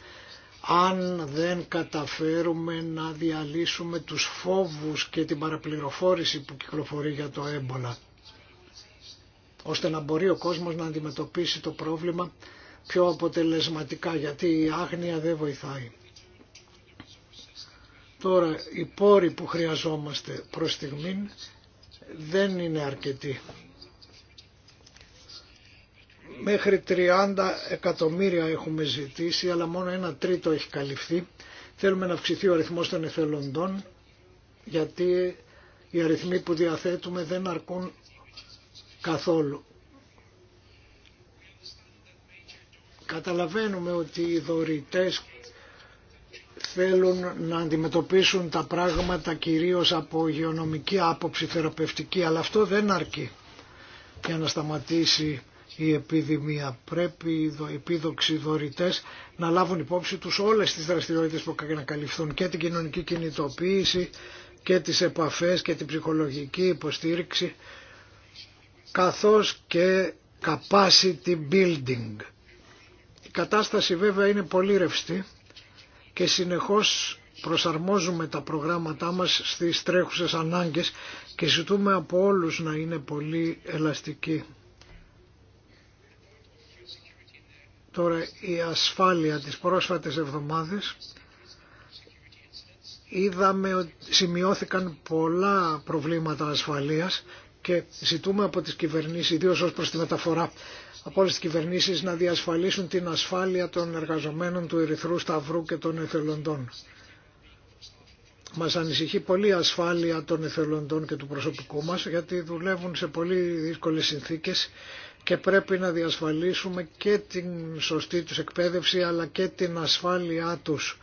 S1: αν δεν καταφέρουμε να διαλύσουμε τους φόβους και την παραπληροφόρηση που κυκλοφορεί για το έμπολα, ώστε να μπορεί ο κόσμος να αντιμετωπίσει το πρόβλημα πιο αποτελεσματικά γιατί η άγνοια δεν βοηθάει. Τώρα οι πόροι που χρειαζόμαστε προς στιγμήν δεν είναι αρκετοί. Μέχρι 30 εκατομμύρια έχουμε ζητήσει αλλά μόνο ένα τρίτο έχει καλυφθεί. Θέλουμε να αυξηθεί ο αριθμός των εθελοντών γιατί οι αριθμοί που διαθέτουμε δεν αρκούν καθόλου. Καταλαβαίνουμε ότι οι δωρητές θέλουν να αντιμετωπίσουν τα πράγματα κυρίως από υγειονομική άποψη θεραπευτική, αλλά αυτό δεν αρκεί για να σταματήσει η επιδημία. Πρέπει οι επίδοξοι δωρητές να λάβουν υπόψη τους όλες τις δραστηριότητες που να καλυφθούν και την κοινωνική κινητοποίηση και τις επαφές και την ψυχολογική υποστήριξη καθώς και capacity building η κατάσταση βέβαια είναι πολύ ρευστή και συνεχώς προσαρμόζουμε τα προγράμματά μας στις τρέχουσες ανάγκες και ζητούμε από όλους να είναι πολύ ελαστικοί. Τώρα η ασφάλεια της πρόσφατης εβδομάδες είδαμε ότι σημειώθηκαν πολλά προβλήματα ασφαλείας και ζητούμε από τις κυβερνήσεις, ιδίως ως προς τη μεταφορά από όλες τις κυβερνήσεις να διασφαλίσουν την ασφάλεια των εργαζομένων του Ερυθρού Σταυρού και των εθελοντών. Μας ανησυχεί πολύ η ασφάλεια των εθελοντών και του προσωπικού μας γιατί δουλεύουν σε πολύ δύσκολες συνθήκες και πρέπει να διασφαλίσουμε και την σωστή τους εκπαίδευση αλλά και την ασφάλειά τους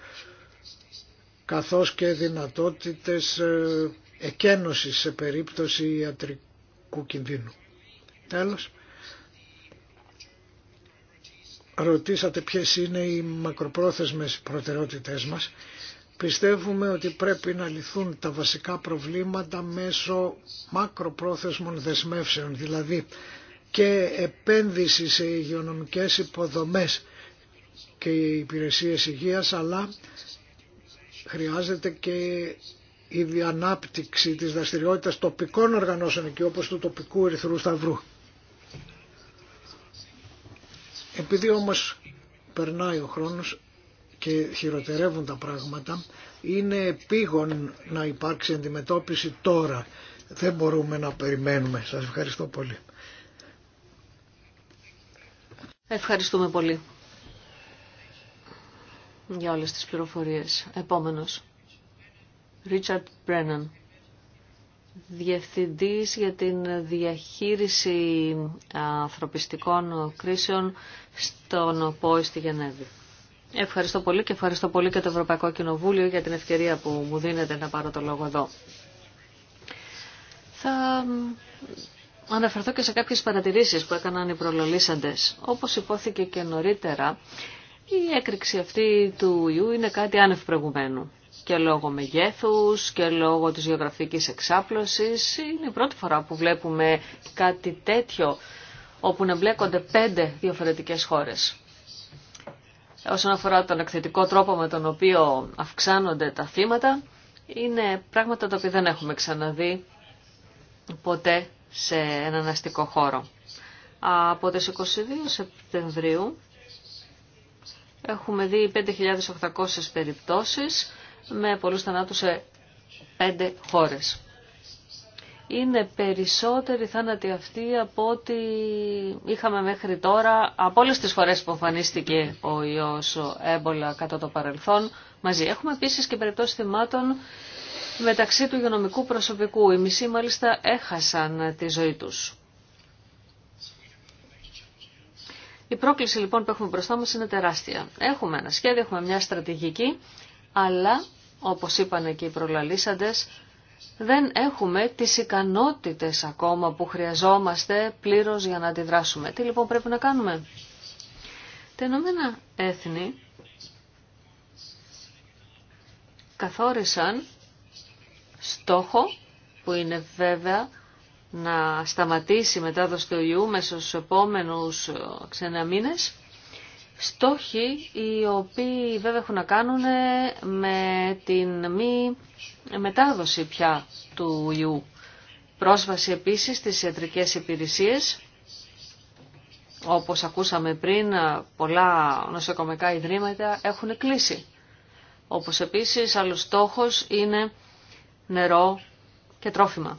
S1: καθώς και δυνατότητες ε, εκένωσης σε περίπτωση ιατρικού κινδύνου. Τέλος, ρωτήσατε ποιες είναι οι μακροπρόθεσμες προτεραιότητες μας. Πιστεύουμε ότι πρέπει να λυθούν τα βασικά προβλήματα μέσω μακροπρόθεσμων δεσμεύσεων, δηλαδή και επένδυση σε υγειονομικές υποδομές και υπηρεσίες υγείας, αλλά χρειάζεται και η διανάπτυξη της δραστηριότητας τοπικών οργανώσεων και όπως του τοπικού Ερυθρού Σταυρού. Επειδή όμως περνάει ο χρόνος και χειροτερεύουν τα πράγματα, είναι πήγον να υπάρξει αντιμετώπιση τώρα. Δεν μπορούμε να περιμένουμε. Σας ευχαριστώ πολύ.
S2: Ευχαριστούμε πολύ για όλες τις πληροφορίες. Επόμενος, Ρίτσαρτ Μπρέναν. Διευθυντής για την διαχείριση ανθρωπιστικών κρίσεων στον ΠΟΗ στη Γενέβη. Ευχαριστώ πολύ και ευχαριστώ πολύ και το Ευρωπαϊκό Κοινοβούλιο για την ευκαιρία που μου δίνετε να πάρω το λόγο εδώ. Θα αναφερθώ και σε κάποιες παρατηρήσεις που έκαναν οι προλολήσαντες. Όπως υπόθηκε και νωρίτερα, η έκρηξη αυτή του ιού είναι κάτι άνευ προηγουμένου και λόγω μεγέθους και λόγω της γεωγραφικής εξάπλωσης. Είναι η πρώτη φορά που βλέπουμε κάτι τέτοιο όπου να μπλέκονται πέντε διαφορετικές χώρες. Όσον αφορά τον εκθετικό τρόπο με τον οποίο αυξάνονται τα θύματα, είναι πράγματα τα οποία δεν έχουμε ξαναδεί ποτέ σε έναν αστικό χώρο. Από τις 22 Σεπτεμβρίου έχουμε δει 5.800 περιπτώσεις με πολλούς θανάτους σε πέντε χώρες. Είναι περισσότεροι θάνατοι αυτοί από ό,τι είχαμε μέχρι τώρα από όλε τις φορές που εμφανίστηκε ο ιός έμπολα κατά το παρελθόν μαζί. Έχουμε επίσης και περιπτώσεις θυμάτων μεταξύ του υγειονομικού προσωπικού. Οι μισοί μάλιστα έχασαν τη ζωή τους. Η πρόκληση λοιπόν που έχουμε μπροστά μας είναι τεράστια. Έχουμε ένα σχέδιο, έχουμε μια στρατηγική, αλλά όπως είπαν και οι προλαλήσαντες, δεν έχουμε τις ικανότητες ακόμα που χρειαζόμαστε πλήρως για να αντιδράσουμε. Τι λοιπόν πρέπει να κάνουμε. Τα Ηνωμένα Έθνη καθόρισαν στόχο που είναι βέβαια να σταματήσει η μετάδοση του ιού μέσα στους επόμενους ε, ξένα στόχοι οι οποίοι βέβαια έχουν να κάνουν με την μη μετάδοση πια του ιού. Πρόσβαση επίσης στις ιατρικές υπηρεσίες, όπως ακούσαμε πριν, πολλά νοσοκομικά ιδρύματα έχουν κλείσει. Όπως επίσης άλλος στόχος είναι νερό και τρόφιμα.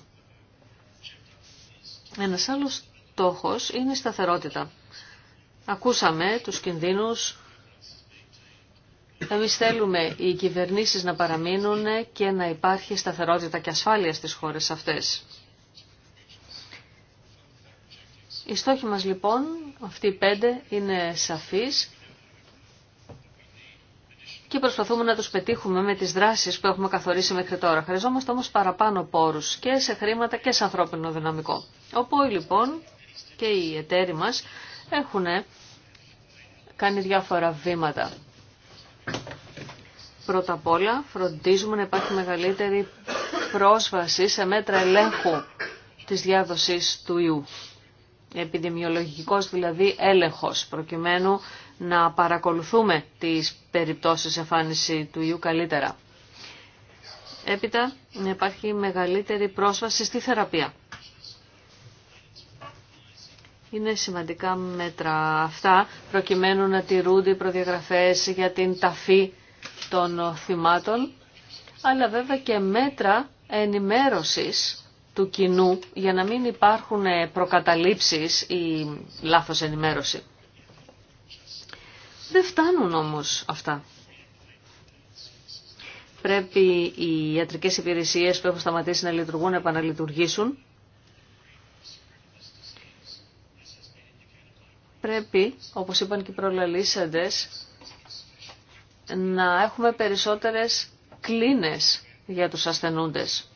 S2: Ένας άλλος στόχος είναι η σταθερότητα. Ακούσαμε τους κινδύνους. Εμείς θέλουμε οι κυβερνήσεις να παραμείνουν και να υπάρχει σταθερότητα και ασφάλεια στις χώρες αυτές. Οι στόχοι μας λοιπόν, αυτοί οι πέντε, είναι σαφείς και προσπαθούμε να τους πετύχουμε με τις δράσεις που έχουμε καθορίσει μέχρι τώρα. Χρειαζόμαστε όμως παραπάνω πόρους και σε χρήματα και σε ανθρώπινο δυναμικό. Οπότε λοιπόν και οι εταίροι μας έχουν κάνει διάφορα βήματα. Πρώτα απ' όλα φροντίζουμε να υπάρχει μεγαλύτερη πρόσβαση σε μέτρα ελέγχου της διάδοσης του ιού. Επιδημιολογικός δηλαδή έλεγχος, προκειμένου να παρακολουθούμε τις περιπτώσεις εμφάνιση του ιού καλύτερα. Έπειτα υπάρχει μεγαλύτερη πρόσβαση στη θεραπεία. Είναι σημαντικά μέτρα αυτά προκειμένου να τηρούνται οι προδιαγραφές για την ταφή των θυμάτων, αλλά βέβαια και μέτρα ενημέρωσης του κοινού για να μην υπάρχουν προκαταλήψεις ή λάθος ενημέρωση. Δεν φτάνουν όμως αυτά. Πρέπει οι ιατρικές υπηρεσίες που έχουν σταματήσει να λειτουργούν να επαναλειτουργήσουν πρέπει, όπως είπαν και οι προλαλήσαντες, να έχουμε περισσότερες κλίνες για τους ασθενούντες.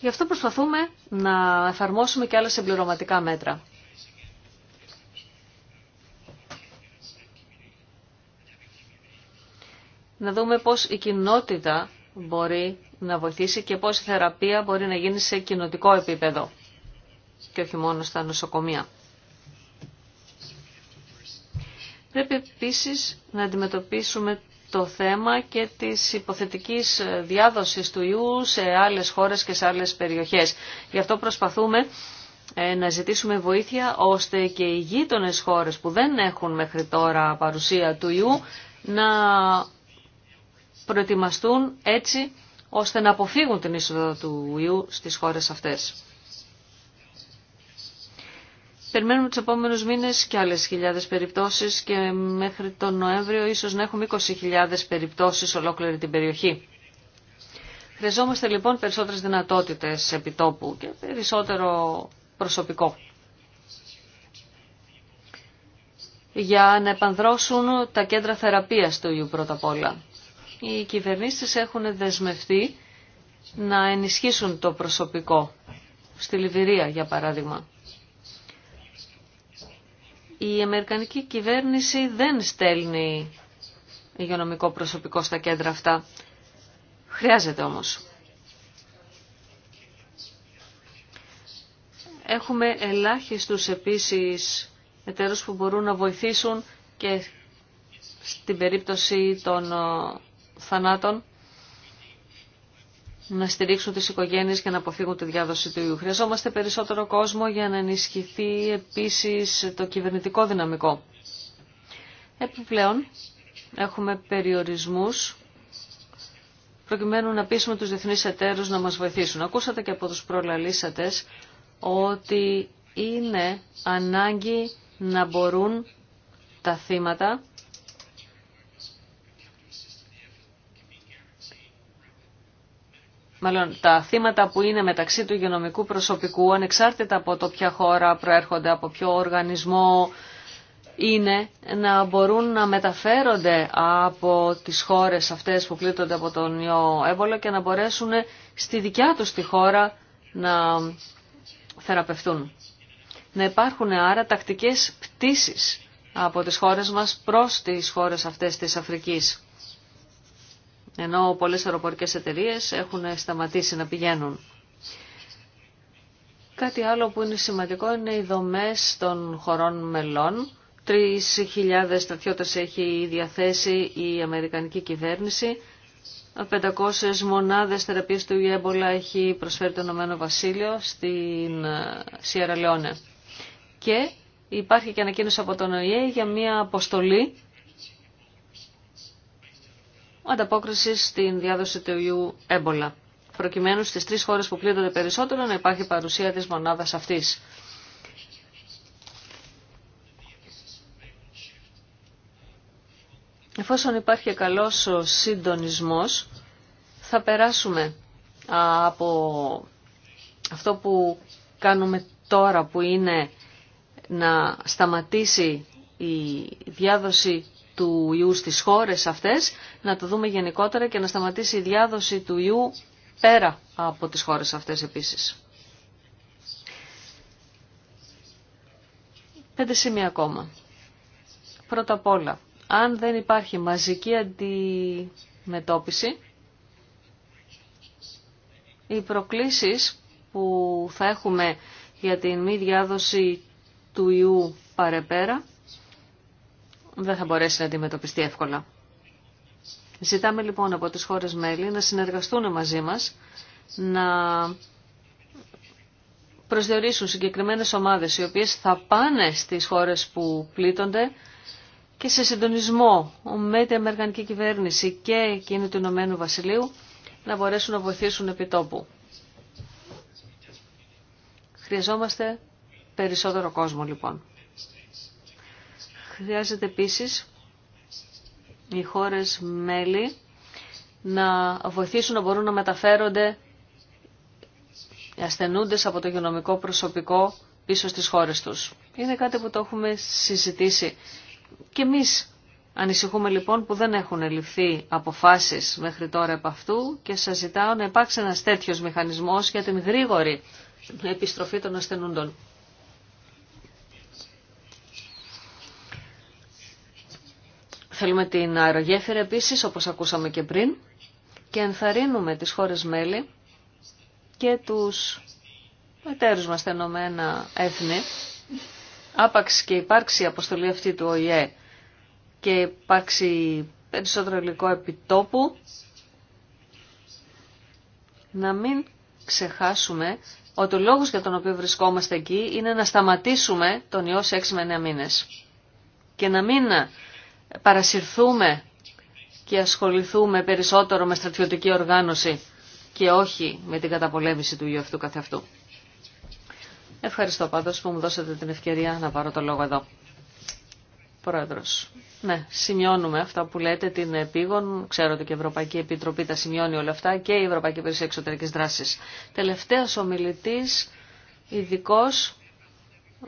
S2: Γι' αυτό προσπαθούμε να εφαρμόσουμε και άλλα συμπληρωματικά μέτρα. Να δούμε πώς η κοινότητα μπορεί να βοηθήσει και πώς η θεραπεία μπορεί να γίνει σε κοινοτικό επίπεδο και όχι μόνο στα νοσοκομεία. Πρέπει επίσης να αντιμετωπίσουμε το θέμα και της υποθετικής διάδοσης του ιού σε άλλες χώρες και σε άλλες περιοχές. Γι' αυτό προσπαθούμε ε, να ζητήσουμε βοήθεια ώστε και οι γείτονες χώρες που δεν έχουν μέχρι τώρα παρουσία του ιού να προετοιμαστούν έτσι ώστε να αποφύγουν την είσοδο του ιού στις χώρες αυτές. Περιμένουμε τους επόμενους μήνες και άλλες χιλιάδες περιπτώσεις και μέχρι τον Νοέμβριο ίσως να έχουμε 20.000 περιπτώσεις ολόκληρη την περιοχή. Χρειαζόμαστε λοιπόν περισσότερες δυνατότητες επιτόπου και περισσότερο προσωπικό για να επανδρώσουν τα κέντρα θεραπείας του ιού πρώτα απ' όλα. Οι κυβερνήσεις έχουν δεσμευτεί να ενισχύσουν το προσωπικό, στη Λιβυρία για παράδειγμα η Αμερικανική κυβέρνηση δεν στέλνει υγειονομικό προσωπικό στα κέντρα αυτά. Χρειάζεται όμως. Έχουμε ελάχιστους επίσης εταίρους που μπορούν να βοηθήσουν και στην περίπτωση των ε, θανάτων να στηρίξουν τις οικογένειες και να αποφύγουν τη διάδοση του ιού. Χρειαζόμαστε περισσότερο κόσμο για να ενισχυθεί επίσης το κυβερνητικό δυναμικό. Επιπλέον, έχουμε περιορισμούς προκειμένου να πείσουμε τους διεθνείς εταίρους να μας βοηθήσουν. Ακούσατε και από τους προλαλήσατες ότι είναι ανάγκη να μπορούν τα θύματα μάλλον τα θύματα που είναι μεταξύ του υγειονομικού προσωπικού, ανεξάρτητα από το ποια χώρα προέρχονται, από ποιο οργανισμό είναι, να μπορούν να μεταφέρονται από τις χώρες αυτές που πλήττονται από τον ιό έβολο και να μπορέσουν στη δικιά τους τη χώρα να θεραπευτούν. Να υπάρχουν άρα τακτικές πτήσεις από τις χώρες μας προς τις χώρες αυτές της Αφρικής ενώ πολλές αεροπορικές εταιρείες έχουν σταματήσει να πηγαίνουν. Κάτι άλλο που είναι σημαντικό είναι οι δομές των χωρών μελών. 3.000 στρατιώτες έχει διαθέσει η Αμερικανική κυβέρνηση. 500 μονάδες θεραπείας του Ιέμπολα έχει προσφέρει το Ηνωμένο Βασίλειο στην ε, Σιέρα Λεόνε. Και υπάρχει και ανακοίνωση από τον ΟΗΕ για μια αποστολή ανταπόκριση στην διάδοση του ιού έμπολα, προκειμένου στις τρει χώρε που πλήττονται περισσότερο να υπάρχει παρουσία της μονάδας αυτής. Εφόσον υπάρχει καλός συντονισμός, θα περάσουμε από αυτό που κάνουμε τώρα που είναι να σταματήσει η διάδοση του ιού στις χώρες αυτές, να το δούμε γενικότερα και να σταματήσει η διάδοση του ιού πέρα από τις χώρες αυτές επίσης. Πέντε σημεία ακόμα. Πρώτα απ' όλα, αν δεν υπάρχει μαζική αντιμετώπιση, οι προκλήσεις που θα έχουμε για την μη διάδοση του ιού παρεπέρα δεν θα μπορέσει να αντιμετωπιστεί εύκολα. Ζητάμε λοιπόν από τις χώρες μέλη να συνεργαστούν μαζί μας, να προσδιορίσουν συγκεκριμένες ομάδες οι οποίες θα πάνε στις χώρες που πλήττονται και σε συντονισμό με την Αμερικανική κυβέρνηση και εκείνη του Ηνωμένου Βασιλείου να μπορέσουν να βοηθήσουν επί τόπου. Χρειαζόμαστε περισσότερο κόσμο λοιπόν. Χρειάζεται επίσης οι χώρες μέλη να βοηθήσουν να μπορούν να μεταφέρονται οι από το υγειονομικό προσωπικό πίσω στις χώρες τους. Είναι κάτι που το έχουμε συζητήσει. Και εμείς ανησυχούμε λοιπόν που δεν έχουν ληφθεί αποφάσεις μέχρι τώρα από αυτού και σας ζητάω να υπάρξει ένας τέτοιος μηχανισμός για την γρήγορη επιστροφή των ασθενούντων. Θέλουμε την αερογέφυρα επίσης, όπως ακούσαμε και πριν, και ενθαρρύνουμε τις χώρες μέλη και τους εταίρους μας τα Ενωμένα Έθνη, άπαξ και υπάρξει η αποστολή αυτή του ΟΗΕ και υπάρξει περισσότερο υλικό επιτόπου, να μην ξεχάσουμε ότι ο λόγος για τον οποίο βρισκόμαστε εκεί είναι να σταματήσουμε τον ιό σε 6 με μήνες και να μην παρασυρθούμε και ασχοληθούμε περισσότερο με στρατιωτική οργάνωση και όχι με την καταπολέμηση του γιου αυτού καθεαυτού. Ευχαριστώ πάντως που μου δώσατε την ευκαιρία να πάρω το λόγο εδώ. Πρόεδρος, ναι, σημειώνουμε αυτά που λέτε την επίγον. Ξέρω ότι και η Ευρωπαϊκή Επιτροπή τα σημειώνει όλα αυτά και η Ευρωπαϊκή Υπηρεσία Εξωτερικής Δράσης. Τελευταίος ομιλητής, ειδικό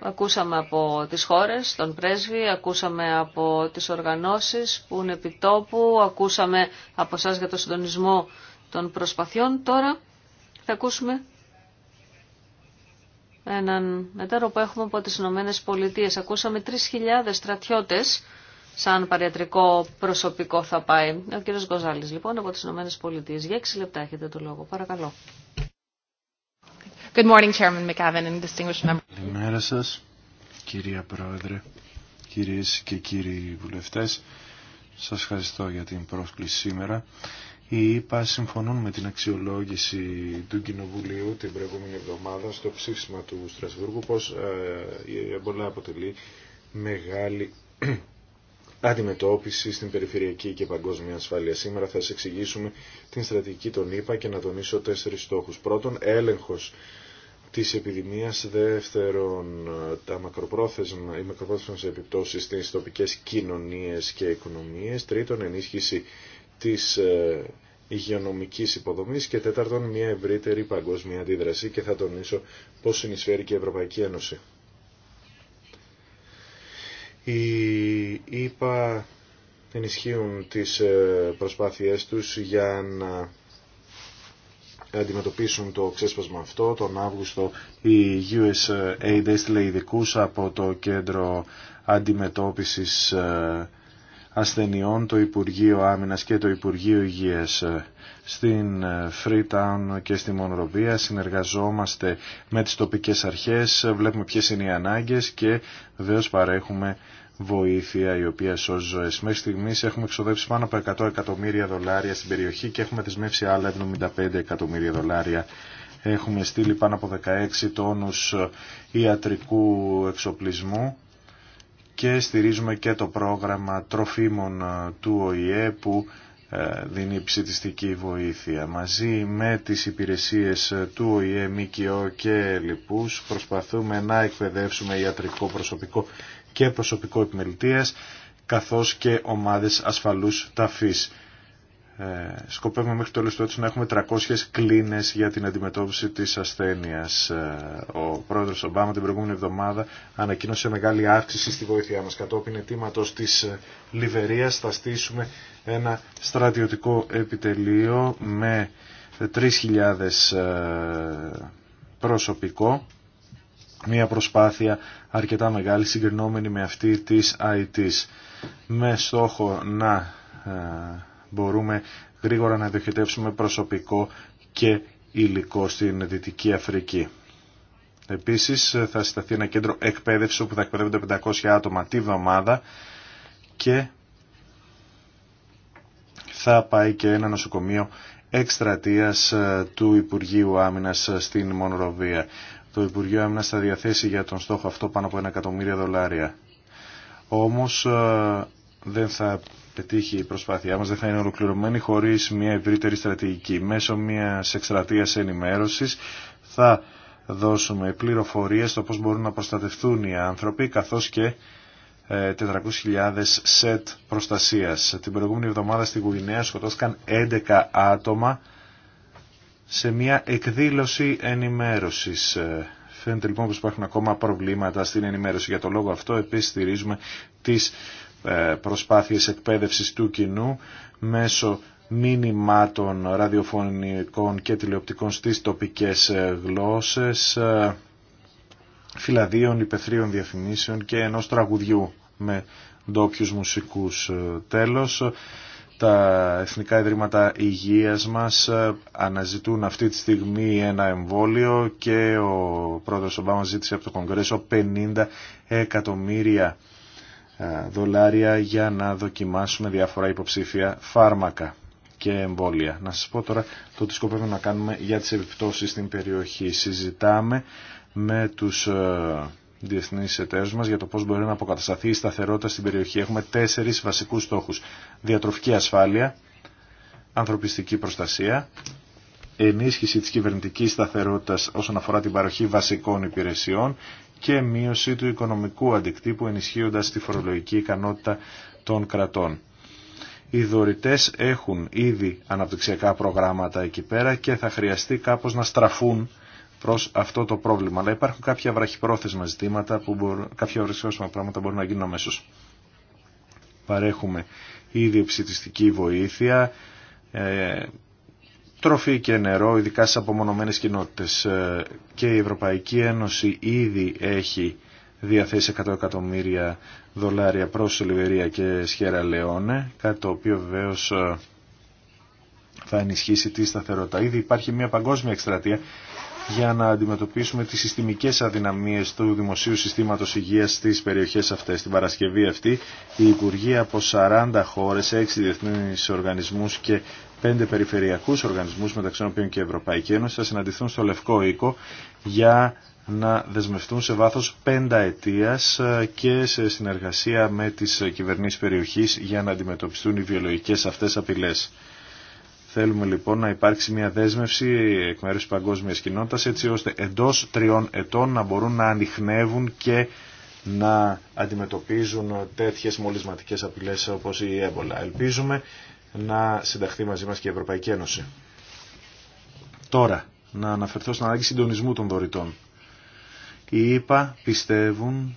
S2: Ακούσαμε από τις χώρες, τον πρέσβη, ακούσαμε από τις οργανώσεις που είναι επιτόπου, ακούσαμε από εσά για το συντονισμό των προσπαθειών. Τώρα θα ακούσουμε έναν μετέρο που έχουμε από τις Ηνωμένες Πολιτείες. Ακούσαμε 3.000 στρατιώτες σαν παριατρικό προσωπικό θα πάει. Ο κύριος Γκοζάλης λοιπόν από τις Ηνωμένες Πολιτείες. Για 6 λεπτά έχετε το λόγο. Παρακαλώ.
S3: Good morning, Chairman McAvin and distinguished members. Καλημέρα σα, κυρία Πρόεδρε, κυρίες και κύριοι βουλευτές. Σας ευχαριστώ για την πρόσκληση σήμερα. Οι ΕΠΑ συμφωνούν με την αξιολόγηση του Κοινοβουλίου την προηγούμενη εβδομάδα στο ψήφισμα του Στρασβούργου πως ε, η εμπολά αποτελεί μεγάλη αντιμετώπιση στην περιφερειακή και παγκόσμια ασφάλεια. Σήμερα θα σας εξηγήσουμε την στρατηγική των ΕΠΑ και να τονίσω τέσσερις στόχους. Πρώτον, έλεγχος της επιδημίας. Δεύτερον, τα μακροπρόθεσμα, οι μακροπρόθεσμες επιπτώσεις στις τοπικές κοινωνίες και οικονομίες. Τρίτον, ενίσχυση της ε, υγειονομικής υποδομής και τέταρτον, μια ευρύτερη παγκόσμια αντίδραση και θα τονίσω πώς συνεισφέρει και η Ευρωπαϊκή Ένωση. Η ΕΠΑ ενισχύουν τις ε, προσπάθειές τους για να αντιμετωπίσουν το ξέσπασμα αυτό. Τον Αύγουστο η USAID έστειλε ειδικού από το Κέντρο Αντιμετώπισης ε, Ασθενειών, το Υπουργείο Άμυνας και το Υπουργείο Υγείας ε, στην ε, Freetown και στη Μονοροβία. Συνεργαζόμαστε με τις τοπικές αρχές, βλέπουμε ποιες είναι οι ανάγκες και βεβαίω παρέχουμε βοήθεια η οποία σώζει ζωέ. Μέχρι στιγμή έχουμε εξοδεύσει πάνω από 100 εκατομμύρια δολάρια στην περιοχή και έχουμε δεσμεύσει άλλα 75 εκατομμύρια δολάρια. Έχουμε στείλει πάνω από 16 τόνους ιατρικού εξοπλισμού και στηρίζουμε και το πρόγραμμα τροφίμων του ΟΗΕ που ε, δίνει ψητιστική βοήθεια. Μαζί με τις υπηρεσίες του ΟΗΕ, ΜΚΟ και λοιπούς προσπαθούμε να εκπαιδεύσουμε ιατρικό προσωπικό και προσωπικό επιμελητίας καθώς και ομάδες ασφαλούς ταφής. Ε, σκοπεύουμε μέχρι το τέλος του να έχουμε 300 κλίνες για την αντιμετώπιση της ασθένειας. Ε, ο πρόεδρος Ομπάμα την προηγούμενη εβδομάδα ανακοίνωσε μεγάλη αύξηση στη βοήθειά μας. Κατόπιν ετήματος της ε, Λιβερίας θα στήσουμε ένα στρατιωτικό επιτελείο με 3.000 προσωπικό μια προσπάθεια αρκετά μεγάλη συγκρινόμενη με αυτή της ITs με στόχο να ε, μπορούμε γρήγορα να διοχετεύσουμε προσωπικό και υλικό στην Δυτική Αφρική. Επίσης ε, θα συσταθεί ένα κέντρο εκπαίδευση όπου θα εκπαιδεύονται 500 άτομα τη βδομάδα και θα πάει και ένα νοσοκομείο εκστρατείας ε, του Υπουργείου Άμυνας στην Μονροβία το Υπουργείο Άμυνας θα διαθέσει για τον στόχο αυτό πάνω από ένα εκατομμύριο δολάρια. Όμως ε, δεν θα πετύχει η προσπάθειά μας, δεν θα είναι ολοκληρωμένη χωρίς μια ευρύτερη στρατηγική. Μέσω μιας εκστρατείας ενημέρωσης θα δώσουμε πληροφορίες στο πώς μπορούν να προστατευτούν οι άνθρωποι καθώς και 400.000 ε, σετ προστασίας. Την προηγούμενη εβδομάδα στην Γουινέα σκοτώθηκαν 11 άτομα σε μια εκδήλωση ενημέρωσης. Ε, φαίνεται λοιπόν πως υπάρχουν ακόμα προβλήματα στην ενημέρωση. Για το λόγο αυτό επίσης στηρίζουμε τις ε, προσπάθειες εκπαίδευσης του κοινού μέσω μήνυμάτων ραδιοφωνικών και τηλεοπτικών στις τοπικές ε, γλώσσες, φυλαδίων, υπεθρίων διαφημίσεων και ενός τραγουδιού με ντόπιους μουσικούς τέλος τα Εθνικά Ιδρύματα Υγείας μας ε, αναζητούν αυτή τη στιγμή ένα εμβόλιο και ο πρόεδρος Ομπάμα ζήτησε από το Κογκρέσο 50 εκατομμύρια ε, δολάρια για να δοκιμάσουμε διάφορα υποψήφια φάρμακα και εμβόλια. Να σας πω τώρα το τι σκοπεύουμε να κάνουμε για τις επιπτώσεις στην περιοχή. Συζητάμε με τους ε, διεθνεί εταίρου μα για το πώς μπορεί να αποκατασταθεί η σταθερότητα στην περιοχή. Έχουμε τέσσερις βασικούς στόχους. Διατροφική ασφάλεια, ανθρωπιστική προστασία, ενίσχυση της κυβερνητικής σταθερότητας όσον αφορά την παροχή βασικών υπηρεσιών και μείωση του οικονομικού αντικτύπου ενισχύοντας τη φορολογική ικανότητα των κρατών. Οι δωρητέ έχουν ήδη αναπτυξιακά προγράμματα εκεί πέρα και θα χρειαστεί κάπως να στραφούν προς αυτό το πρόβλημα. Αλλά υπάρχουν κάποια βραχυπρόθεσμα ζητήματα, που μπορούν, κάποια βραχυπρόθεσμα πράγματα μπορούν να γίνουν αμέσω. Παρέχουμε ήδη ψητιστική βοήθεια, ε, τροφή και νερό, ειδικά στις απομονωμένες κοινότητες. Ε, και η Ευρωπαϊκή Ένωση ήδη έχει διαθέσει 100 εκατομμύρια δολάρια προς Λιβερία και Σχέρα Λεόνε, κάτι το οποίο βεβαίω ε, θα ενισχύσει τη σταθερότητα. Ήδη υπάρχει μια παγκόσμια εκστρατεία για να αντιμετωπίσουμε τις συστημικές αδυναμίες του δημοσίου συστήματος υγείας στις περιοχές αυτές. Την Παρασκευή αυτή, οι Υπουργοί από 40 χώρες, 6 διεθνείς οργανισμούς και 5 περιφερειακούς οργανισμούς, μεταξύ των οποίων και η Ευρωπαϊκή Ένωση, θα συναντηθούν στο Λευκό Οίκο για να δεσμευτούν σε βάθος 5 ετίας ε, και σε συνεργασία με τις κυβερνήσεις περιοχής για να αντιμετωπιστούν οι βιολογικές αυτές απειλές. Θέλουμε λοιπόν να υπάρξει μια δέσμευση εκ μέρους της παγκόσμιας κοινότητας έτσι ώστε εντός τριών ετών να μπορούν να ανοιχνεύουν και να αντιμετωπίζουν τέτοιες μολυσματικές απειλές όπως η έμπολα. Ελπίζουμε να συνταχθεί μαζί μας και η Ευρωπαϊκή Ένωση. Τώρα, να αναφερθώ στην ανάγκη συντονισμού των δωρητών. Οι ΙΠΑ πιστεύουν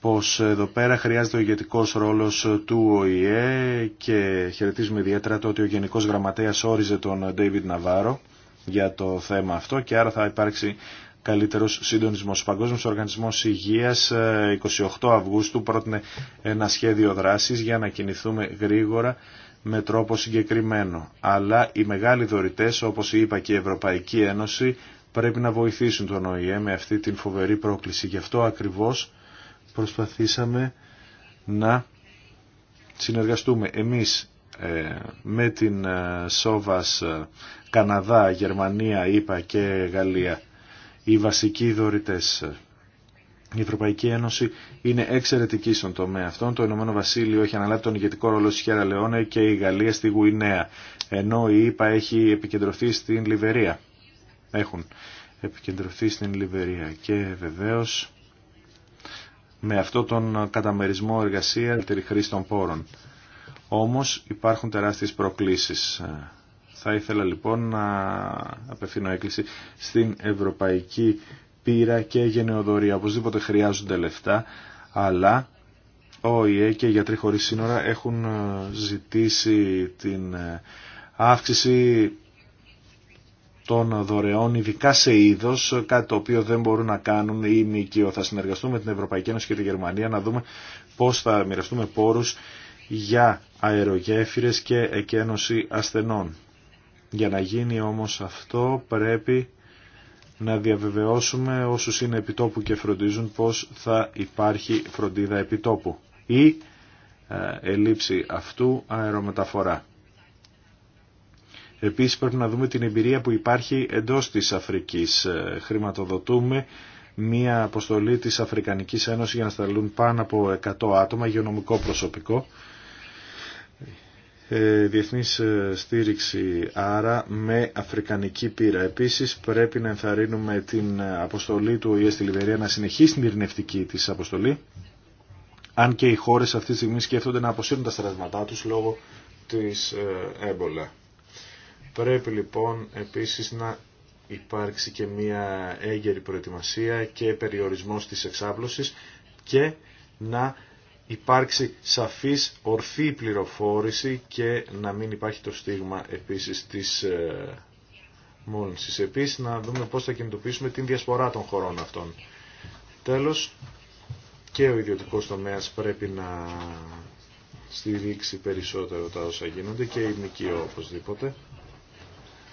S3: πως εδώ πέρα χρειάζεται ο ηγετικό ρόλος του ΟΗΕ και χαιρετίζουμε ιδιαίτερα το ότι ο Γενικός Γραμματέας όριζε τον Ντέιβιντ Ναβάρο για το θέμα αυτό και άρα θα υπάρξει καλύτερος συντονισμός. Ο Παγκόσμιος Οργανισμός Υγείας 28 ε, Αυγούστου πρότεινε ένα σχέδιο δράσης για να κινηθούμε γρήγορα με τρόπο συγκεκριμένο. Αλλά οι μεγάλοι δωρητές όπως είπα και η Ευρωπαϊκή Ένωση πρέπει να βοηθήσουν τον ΟΗΕ με αυτή την φοβερή πρόκληση. Γι' αυτό ακριβώς προσπαθήσαμε να συνεργαστούμε εμείς ε, με την ε, Σόβας ε, Καναδά, Γερμανία, ΗΠΑ και Γαλλία οι βασικοί δωρητές. Η Ευρωπαϊκή Ένωση είναι εξαιρετική στον τομέα αυτόν. Το Ηνωμένο Βασίλειο έχει αναλάβει τον ηγετικό ρόλο στη Χέρα Λεόνε και η Γαλλία στη Γουινέα. Ενώ η ΕΠΑ έχει επικεντρωθεί στην Λιβερία. Έχουν επικεντρωθεί στην Λιβερία. Και βεβαίως με αυτό τον καταμερισμό εργασία και χρήση των πόρων. Όμως υπάρχουν τεράστιες προκλήσεις. Θα ήθελα λοιπόν να απευθύνω έκκληση στην Ευρωπαϊκή Πύρα και Γενεοδορία. Οπωσδήποτε χρειάζονται λεφτά, αλλά ο ΙΕ και οι γιατροί χωρίς σύνορα έχουν ζητήσει την αύξηση των δωρεών, ειδικά σε είδο, κάτι το οποίο δεν μπορούν να κάνουν οι ΜΚΟ. Θα συνεργαστούμε με την Ευρωπαϊκή Ένωση και τη Γερμανία να δούμε πώ θα μοιραστούμε πόρου για αερογέφυρε και εκένωση ασθενών. Για να γίνει όμως αυτό πρέπει να διαβεβαιώσουμε όσου είναι επιτόπου και φροντίζουν πώ θα υπάρχει φροντίδα επιτόπου ή ε, ελήψη αυτού αερομεταφορά. Επίσης πρέπει να δούμε την εμπειρία που υπάρχει εντός της Αφρικής. Ε, χρηματοδοτούμε μία αποστολή της Αφρικανικής Ένωσης για να σταλούν πάνω από 100 άτομα, γεωνομικό προσωπικό. Ε, διεθνής ε, στήριξη άρα με αφρικανική πύρα. Επίσης πρέπει να ενθαρρύνουμε την αποστολή του ΟΗΕ στη Λιβερία να συνεχίσει την ειρηνευτική της αποστολή αν και οι χώρες αυτή τη στιγμή σκέφτονται να αποσύρουν τα στρατήματά τους λόγω της έμπολα. Πρέπει λοιπόν επίσης να υπάρξει και μία έγκαιρη προετοιμασία και περιορισμός της εξάπλωσης και να υπάρξει σαφής ορθή πληροφόρηση και να μην υπάρχει το στίγμα επίσης της ε, μόλυνσης. Επίσης να δούμε πώς θα κινητοποιήσουμε την διασπορά των χωρών αυτών. Τέλος, και ο ιδιωτικός τομέας πρέπει να στηρίξει περισσότερο τα όσα γίνονται και η ΜΚΟ οπωσδήποτε.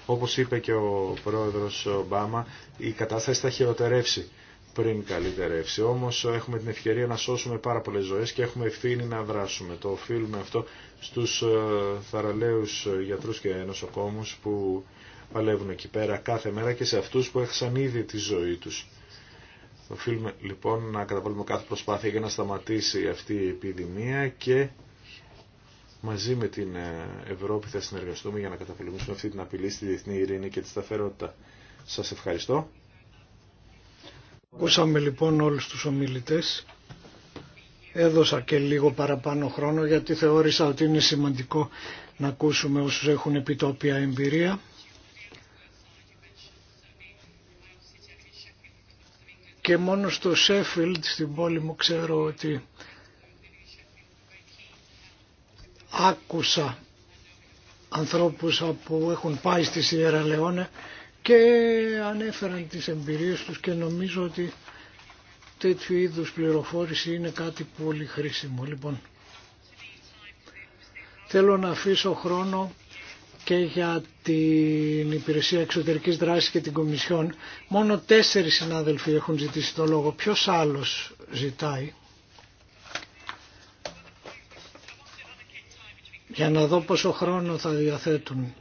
S3: Όπως είπε και ο πρόεδρος Ομπάμα, η κατάσταση θα χειροτερεύσει πριν καλυτερεύσει. Όμως έχουμε την ευκαιρία να σώσουμε πάρα πολλές ζωές και έχουμε ευθύνη να δράσουμε. Το οφείλουμε αυτό στους ε, θαραλέους γιατρούς και νοσοκόμους που παλεύουν εκεί πέρα κάθε μέρα και σε αυτούς που έχασαν ήδη τη ζωή τους. Οφείλουμε λοιπόν να καταβάλουμε κάθε προσπάθεια για να σταματήσει αυτή η επιδημία και μαζί με την ε, Ευρώπη θα συνεργαστούμε για να καταπολεμήσουμε αυτή την απειλή στη διεθνή ειρήνη και τη σταθερότητα. Σας ευχαριστώ.
S1: Ακούσαμε λοιπόν όλους τους ομιλητές. Έδωσα και λίγο παραπάνω χρόνο γιατί θεώρησα ότι είναι σημαντικό να ακούσουμε όσους έχουν επιτόπια εμπειρία. Και μόνο στο Σέφιλντ στην πόλη μου ξέρω ότι άκουσα ανθρώπους που έχουν πάει στη Σιέρα Λεόνε και ανέφεραν τις εμπειρίες τους και νομίζω ότι τέτοιου είδους πληροφόρηση είναι κάτι πολύ χρήσιμο. Λοιπόν, θέλω να αφήσω χρόνο και για την Υπηρεσία Εξωτερικής Δράσης και την Κομισιόν. Μόνο τέσσερις συνάδελφοι έχουν ζητήσει το λόγο. Ποιος άλλος ζητάει. για να δω πόσο χρόνο θα διαθέτουν.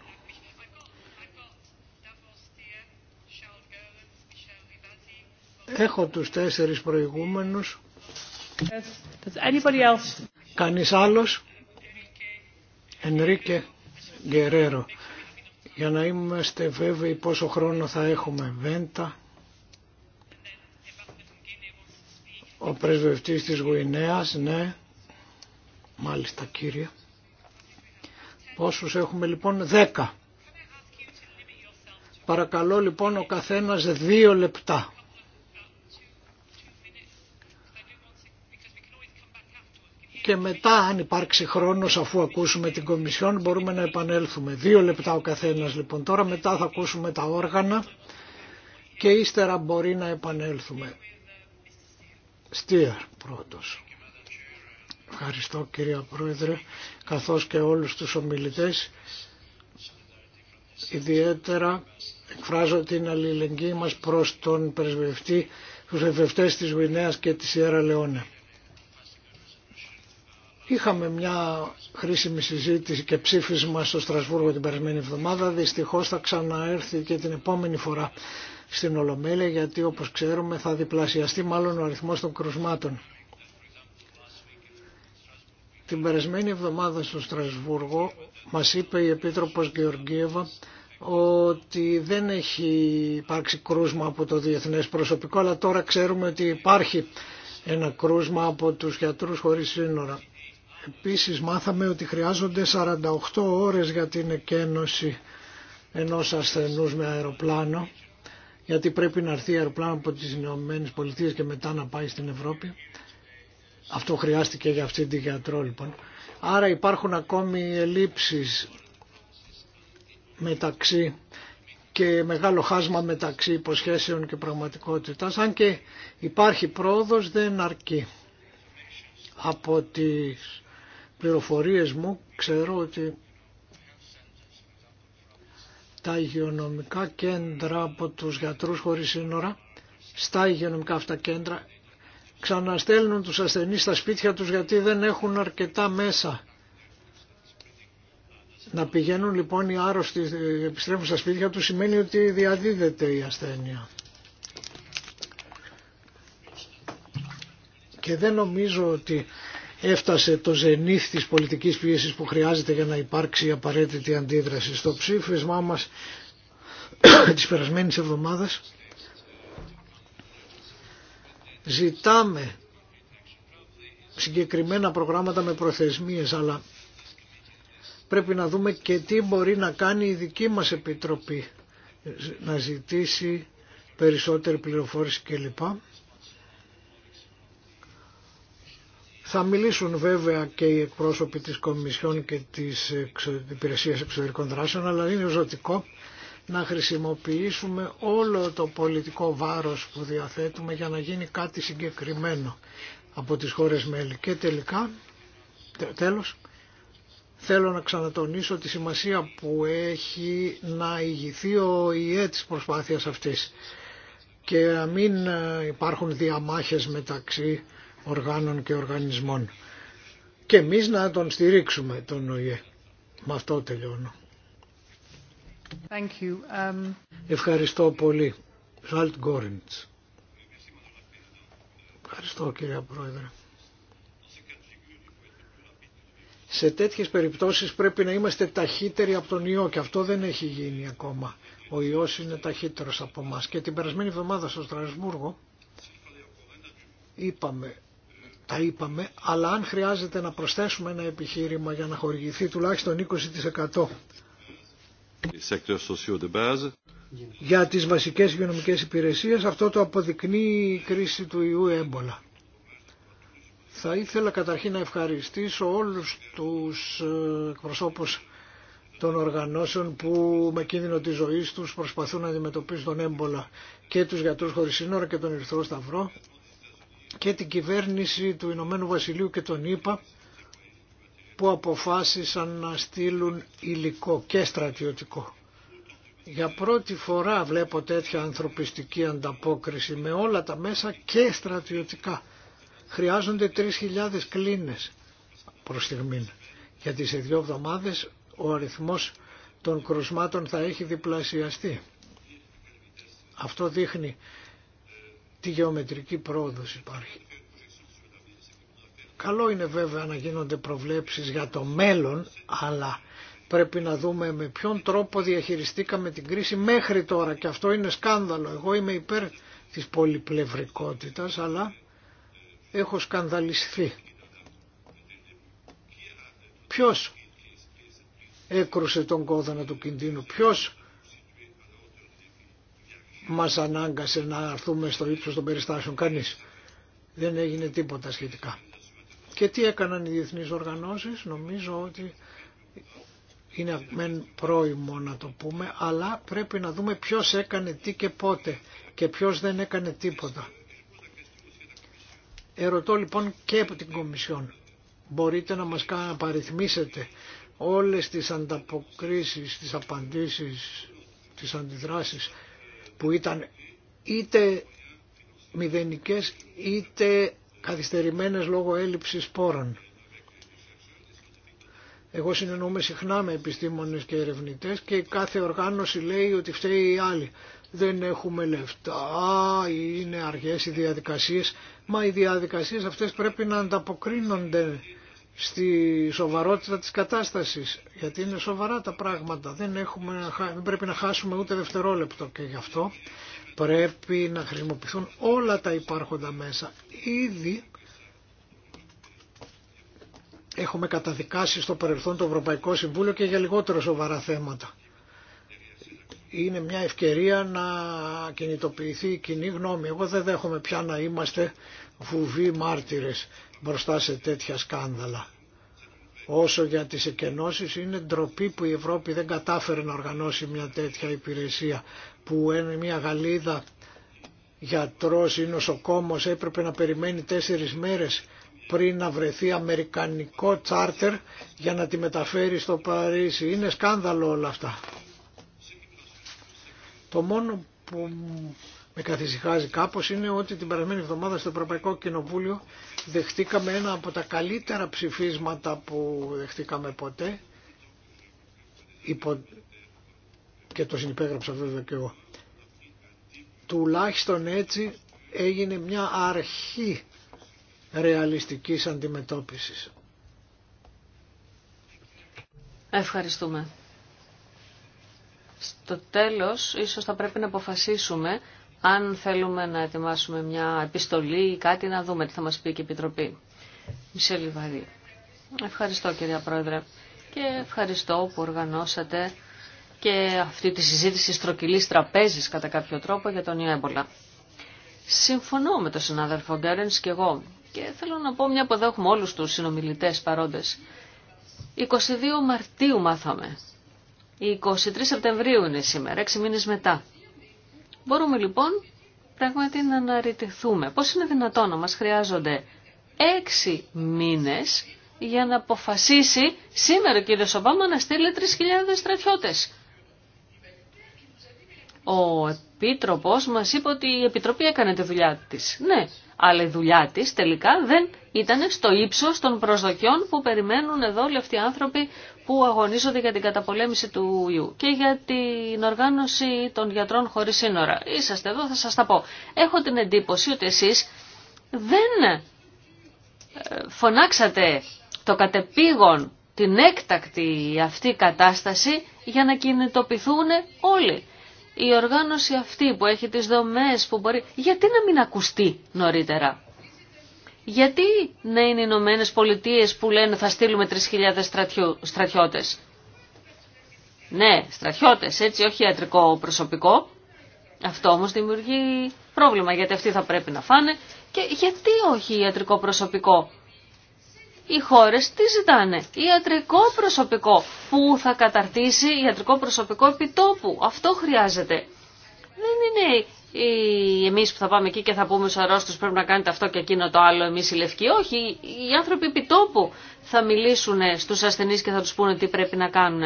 S1: Έχω τους τέσσερις προηγούμενους. Κανείς άλλος. Ενρίκε Γκερέρο. Για να είμαστε βέβαιοι πόσο χρόνο θα έχουμε. Βέντα. Ο πρεσβευτής της Γουινέας, ναι. Μάλιστα κύριε. Πόσους έχουμε λοιπόν δέκα. Παρακαλώ λοιπόν ο καθένας δύο λεπτά. Και μετά αν υπάρξει χρόνος αφού ακούσουμε την Κομισιόν μπορούμε να επανέλθουμε. Δύο λεπτά ο καθένας λοιπόν. Τώρα μετά θα ακούσουμε τα όργανα και ύστερα μπορεί να επανέλθουμε. Στίαρ πρώτος. Ευχαριστώ κυρία Πρόεδρε, καθώς και όλους τους ομιλητές. Ιδιαίτερα εκφράζω την αλληλεγγύη μας προς τον πρεσβευτή, τους ευευτές της Γουινέας και της Ιέρα Λεόνε. Είχαμε μια χρήσιμη συζήτηση και ψήφισμα στο Στρασβούργο την περασμένη εβδομάδα. Δυστυχώς θα ξαναέρθει και την επόμενη φορά στην Ολομέλεια γιατί όπως ξέρουμε θα διπλασιαστεί μάλλον ο αριθμός των κρουσμάτων. Την περασμένη εβδομάδα στο Στρασβούργο μας είπε η Επίτροπος Γεωργίευα ότι δεν έχει υπάρξει κρούσμα από το διεθνές προσωπικό, αλλά τώρα ξέρουμε ότι υπάρχει ένα κρούσμα από τους γιατρούς χωρίς σύνορα. Επίσης μάθαμε ότι χρειάζονται 48 ώρες για την εκένωση ενός ασθενούς με αεροπλάνο, γιατί πρέπει να έρθει αεροπλάνο από τις Ηνωμένες Πολιτείες και μετά να πάει στην Ευρώπη. Αυτό χρειάστηκε για αυτήν την γιατρό λοιπόν. Άρα υπάρχουν ακόμη ελλείψεις μεταξύ και μεγάλο χάσμα μεταξύ υποσχέσεων και πραγματικότητας. Αν και υπάρχει πρόοδος δεν αρκεί. Από τις πληροφορίες μου ξέρω ότι τα υγειονομικά κέντρα από τους γιατρούς χωρίς σύνορα στα υγειονομικά αυτά κέντρα ξαναστέλνουν τους ασθενείς στα σπίτια τους γιατί δεν έχουν αρκετά μέσα. Να πηγαίνουν λοιπόν οι άρρωστοι, επιστρέφουν στα σπίτια τους, σημαίνει ότι διαδίδεται η ασθένεια. Και δεν νομίζω ότι έφτασε το ζενήθ της πολιτικής πίεσης που χρειάζεται για να υπάρξει η απαραίτητη αντίδραση. Στο ψήφισμά μας της περασμένης εβδομάδας Ζητάμε συγκεκριμένα προγράμματα με προθεσμίες, αλλά πρέπει να δούμε και τι μπορεί να κάνει η δική μας Επιτροπή να ζητήσει περισσότερη πληροφόρηση κλπ. Θα μιλήσουν βέβαια και οι εκπρόσωποι της Κομισιόν και της Υπηρεσίας Εξωτερικών Δράσεων, αλλά είναι ζωτικό να χρησιμοποιήσουμε όλο το πολιτικό βάρος που διαθέτουμε για να γίνει κάτι συγκεκριμένο από τις χώρες μέλη. Και τελικά, τέλος, θέλω να ξανατονίσω τη σημασία που έχει να ηγηθεί ο ΙΕ της προσπάθειας αυτής και να μην ε, υπάρχουν διαμάχες μεταξύ οργάνων και οργανισμών. Και εμείς να τον στηρίξουμε τον ΟΗΕ. Με αυτό τελειώνω.
S3: Um,
S1: Ευχαριστώ πολύ. Ζάλτ Γκόριντς. Ευχαριστώ κύριε Πρόεδρε. Σε τέτοιες περιπτώσεις πρέπει να είμαστε ταχύτεροι από τον ιό και αυτό δεν έχει γίνει ακόμα. Ο ιός είναι ταχύτερος από μας και την περασμένη εβδομάδα στο Στρασβούργο είπαμε, τα είπαμε, αλλά αν χρειάζεται να προσθέσουμε ένα επιχείρημα για να χορηγηθεί τουλάχιστον 20% για τις βασικές υγειονομικές υπηρεσίες. Αυτό το αποδεικνύει η κρίση του ιού έμπολα. Θα ήθελα καταρχήν να ευχαριστήσω όλους τους ε, προσώπους των οργανώσεων που με κίνδυνο της ζωής τους προσπαθούν να αντιμετωπίσουν τον έμπολα και τους γιατρούς χωρίς σύνορα και τον Ιρθρό Σταυρό και την κυβέρνηση του Ηνωμένου Βασιλείου και τον ΙΠΑ που αποφάσισαν να στείλουν υλικό και στρατιωτικό. Για πρώτη φορά βλέπω τέτοια ανθρωπιστική ανταπόκριση με όλα τα μέσα και στρατιωτικά. Χρειάζονται 3.000 κλίνες προς στιγμήν. Γιατί σε δύο εβδομάδες ο αριθμός των κρουσμάτων θα έχει διπλασιαστεί. Αυτό δείχνει τι γεωμετρική πρόοδος υπάρχει. Καλό είναι βέβαια να γίνονται προβλέψεις για το μέλλον, αλλά πρέπει να δούμε με ποιον τρόπο διαχειριστήκαμε την κρίση μέχρι τώρα και αυτό είναι σκάνδαλο. Εγώ είμαι υπέρ της πολυπλευρικότητας, αλλά έχω σκανδαλιστεί. Ποιος έκρουσε τον κόδωνα του κινδύνου, ποιος μας ανάγκασε να έρθουμε στο ύψος των περιστάσεων, κανείς. Δεν έγινε τίποτα σχετικά. Και τι έκαναν οι διεθνείς οργανώσεις, νομίζω ότι είναι μεν πρόημο να το πούμε, αλλά πρέπει να δούμε ποιος έκανε τι και πότε και ποιος δεν έκανε τίποτα. Ερωτώ λοιπόν και από την Κομισιόν. Μπορείτε να μας παριθμίσετε όλες τις ανταποκρίσεις, τις απαντήσεις, τις αντιδράσεις που ήταν είτε μηδενικές είτε καθυστερημένες λόγω έλλειψης σπόρων. Εγώ συνεννοούμε συχνά με επιστήμονες και ερευνητές και κάθε οργάνωση λέει ότι φταίει η άλλη. Δεν έχουμε λεφτά, είναι αργές οι διαδικασίες, μα οι διαδικασίες αυτές πρέπει να ανταποκρίνονται στη σοβαρότητα της κατάστασης, γιατί είναι σοβαρά τα πράγματα, δεν, δεν πρέπει να χάσουμε ούτε δευτερόλεπτο και γι' αυτό πρέπει να χρησιμοποιηθούν όλα τα υπάρχοντα μέσα. Ήδη έχουμε καταδικάσει στο παρελθόν το Ευρωπαϊκό Συμβούλιο και για λιγότερο σοβαρά θέματα. Είναι μια ευκαιρία να κινητοποιηθεί η κοινή γνώμη. Εγώ δεν δέχομαι πια να είμαστε βουβοί μάρτυρες μπροστά σε τέτοια σκάνδαλα. Όσο για τις εκενώσεις είναι ντροπή που η Ευρώπη δεν κατάφερε να οργανώσει μια τέτοια υπηρεσία που είναι μια Γαλλίδα γιατρός ή νοσοκόμος έπρεπε να περιμένει τέσσερις μέρες πριν να βρεθεί αμερικανικό τσάρτερ για να τη μεταφέρει στο Παρίσι. Είναι σκάνδαλο όλα αυτά. Το μόνο που με καθησυχάζει κάπως είναι ότι την περασμένη εβδομάδα στο Ευρωπαϊκό Κοινοβούλιο δεχτήκαμε ένα από τα καλύτερα ψηφίσματα που δεχτήκαμε ποτέ και το συνυπέγραψα βέβαια και εγώ. Τουλάχιστον έτσι έγινε μια αρχή ρεαλιστικής αντιμετώπισης.
S2: Ευχαριστούμε. Στο τέλος, ίσως θα πρέπει να αποφασίσουμε αν θέλουμε να ετοιμάσουμε μια επιστολή ή κάτι, να δούμε τι θα μας πει και η Επιτροπή. Μισελ Λιβαρή. Ευχαριστώ κυρία Πρόεδρε και ευχαριστώ που οργανώσατε και αυτή τη συζήτηση στροκυλής τραπέζης κατά κάποιο τρόπο για τον Ιέμπολα. Συμφωνώ με τον συνάδελφο Γκέρενς και εγώ και θέλω να πω μια που εδώ έχουμε όλους τους συνομιλητές παρόντες. 22 Μαρτίου μάθαμε. 23 Σεπτεμβρίου είναι σήμερα, 6 μήνες μετά. Μπορούμε λοιπόν πράγματι να αναρριτηθούμε. Πώς είναι δυνατόν να μας χρειάζονται έξι μήνες για να αποφασίσει σήμερα ο κύριος Ομπάμα να στείλει 3.000 στρατιώτες. Ο Επίτροπος μας είπε ότι η Επιτροπή έκανε τη δουλειά της. Ναι, αλλά η δουλειά της τελικά δεν ήταν στο ύψος των προσδοκιών που περιμένουν εδώ όλοι αυτοί οι άνθρωποι που αγωνίζονται για την καταπολέμηση του ιού και για την οργάνωση των γιατρών χωρίς σύνορα. Είσαστε εδώ, θα σας τα πω. Έχω την εντύπωση ότι εσείς δεν ε, φωνάξατε το κατεπήγον την έκτακτη αυτή κατάσταση για να κινητοποιηθούν όλοι. Η οργάνωση αυτή που έχει τις δομές που μπορεί... Γιατί να μην ακουστεί νωρίτερα. Γιατί να είναι οι Ηνωμένε Πολιτείε που λένε θα στείλουμε 3.000 στρατιώ, στρατιώτες. Ναι, στρατιώτες, έτσι, όχι ιατρικό προσωπικό. Αυτό όμως δημιουργεί πρόβλημα, γιατί αυτοί θα πρέπει να φάνε. Και γιατί όχι ιατρικό προσωπικό. Οι χώρες τι ζητάνε. Ιατρικό προσωπικό που θα καταρτήσει ιατρικό προσωπικό επιτόπου. Αυτό χρειάζεται. Δεν είναι ή εμείς που θα πάμε εκεί και θα πούμε στους αρρώστους πρέπει να κάνετε αυτό και εκείνο το άλλο εμείς οι λευκοί. Όχι, οι άνθρωποι επιτόπου θα μιλήσουν στους ασθενείς και θα τους πούνε τι πρέπει να κάνουν.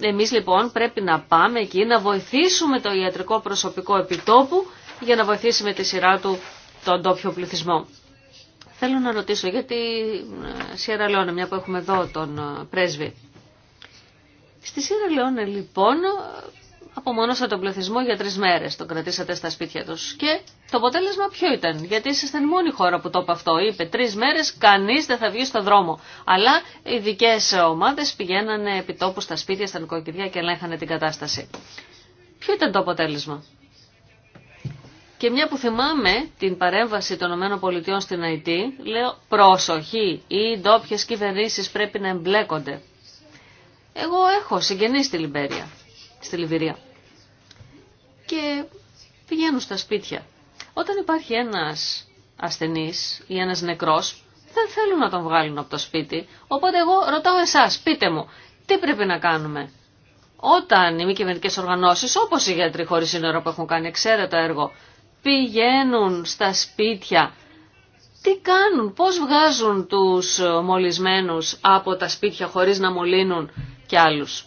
S2: Εμείς λοιπόν πρέπει να πάμε εκεί να βοηθήσουμε το ιατρικό προσωπικό επιτόπου για να βοηθήσει με τη σειρά του τον τόπιο πληθυσμό. Θέλω να ρωτήσω γιατί ε, Σιέρα Λεόνε, μια που έχουμε εδώ τον ε, πρέσβη. Στη Σιέρα Λεόνε λοιπόν απομονώσατε τον πληθυσμό για τρει μέρε, τον κρατήσατε στα σπίτια του. Και το αποτέλεσμα ποιο ήταν, γιατί ήσασταν η μόνη χώρα που το είπε αυτό. Είπε τρει μέρε κανεί δεν θα βγει στον δρόμο. Αλλά οι ειδικέ ομάδε πηγαίνανε επί τόπου στα σπίτια, στα νοικοκυριά και ελέγχανε την κατάσταση. Ποιο ήταν το αποτέλεσμα. Και μια που θυμάμαι την παρέμβαση των ΗΠΑ στην ΑΕΤ, λέω προσοχή, οι ντόπιε κυβερνήσει πρέπει να εμπλέκονται. Εγώ έχω συγγενεί στη Λιμπέρια, στη Λιβυρία και πηγαίνουν στα σπίτια. Όταν υπάρχει ένας ασθενής ή ένας νεκρός, δεν θέλουν να τον βγάλουν από το σπίτι. Οπότε εγώ ρωτάω εσάς, πείτε μου, τι πρέπει να κάνουμε. Όταν οι μη κυβερνητικέ οργανώσεις, όπως οι γιατροί χωρίς σύνορα που έχουν κάνει εξαίρετο έργο, πηγαίνουν στα σπίτια, τι κάνουν, πώς βγάζουν τους μολυσμένους από τα σπίτια χωρίς να μολύνουν και άλλους.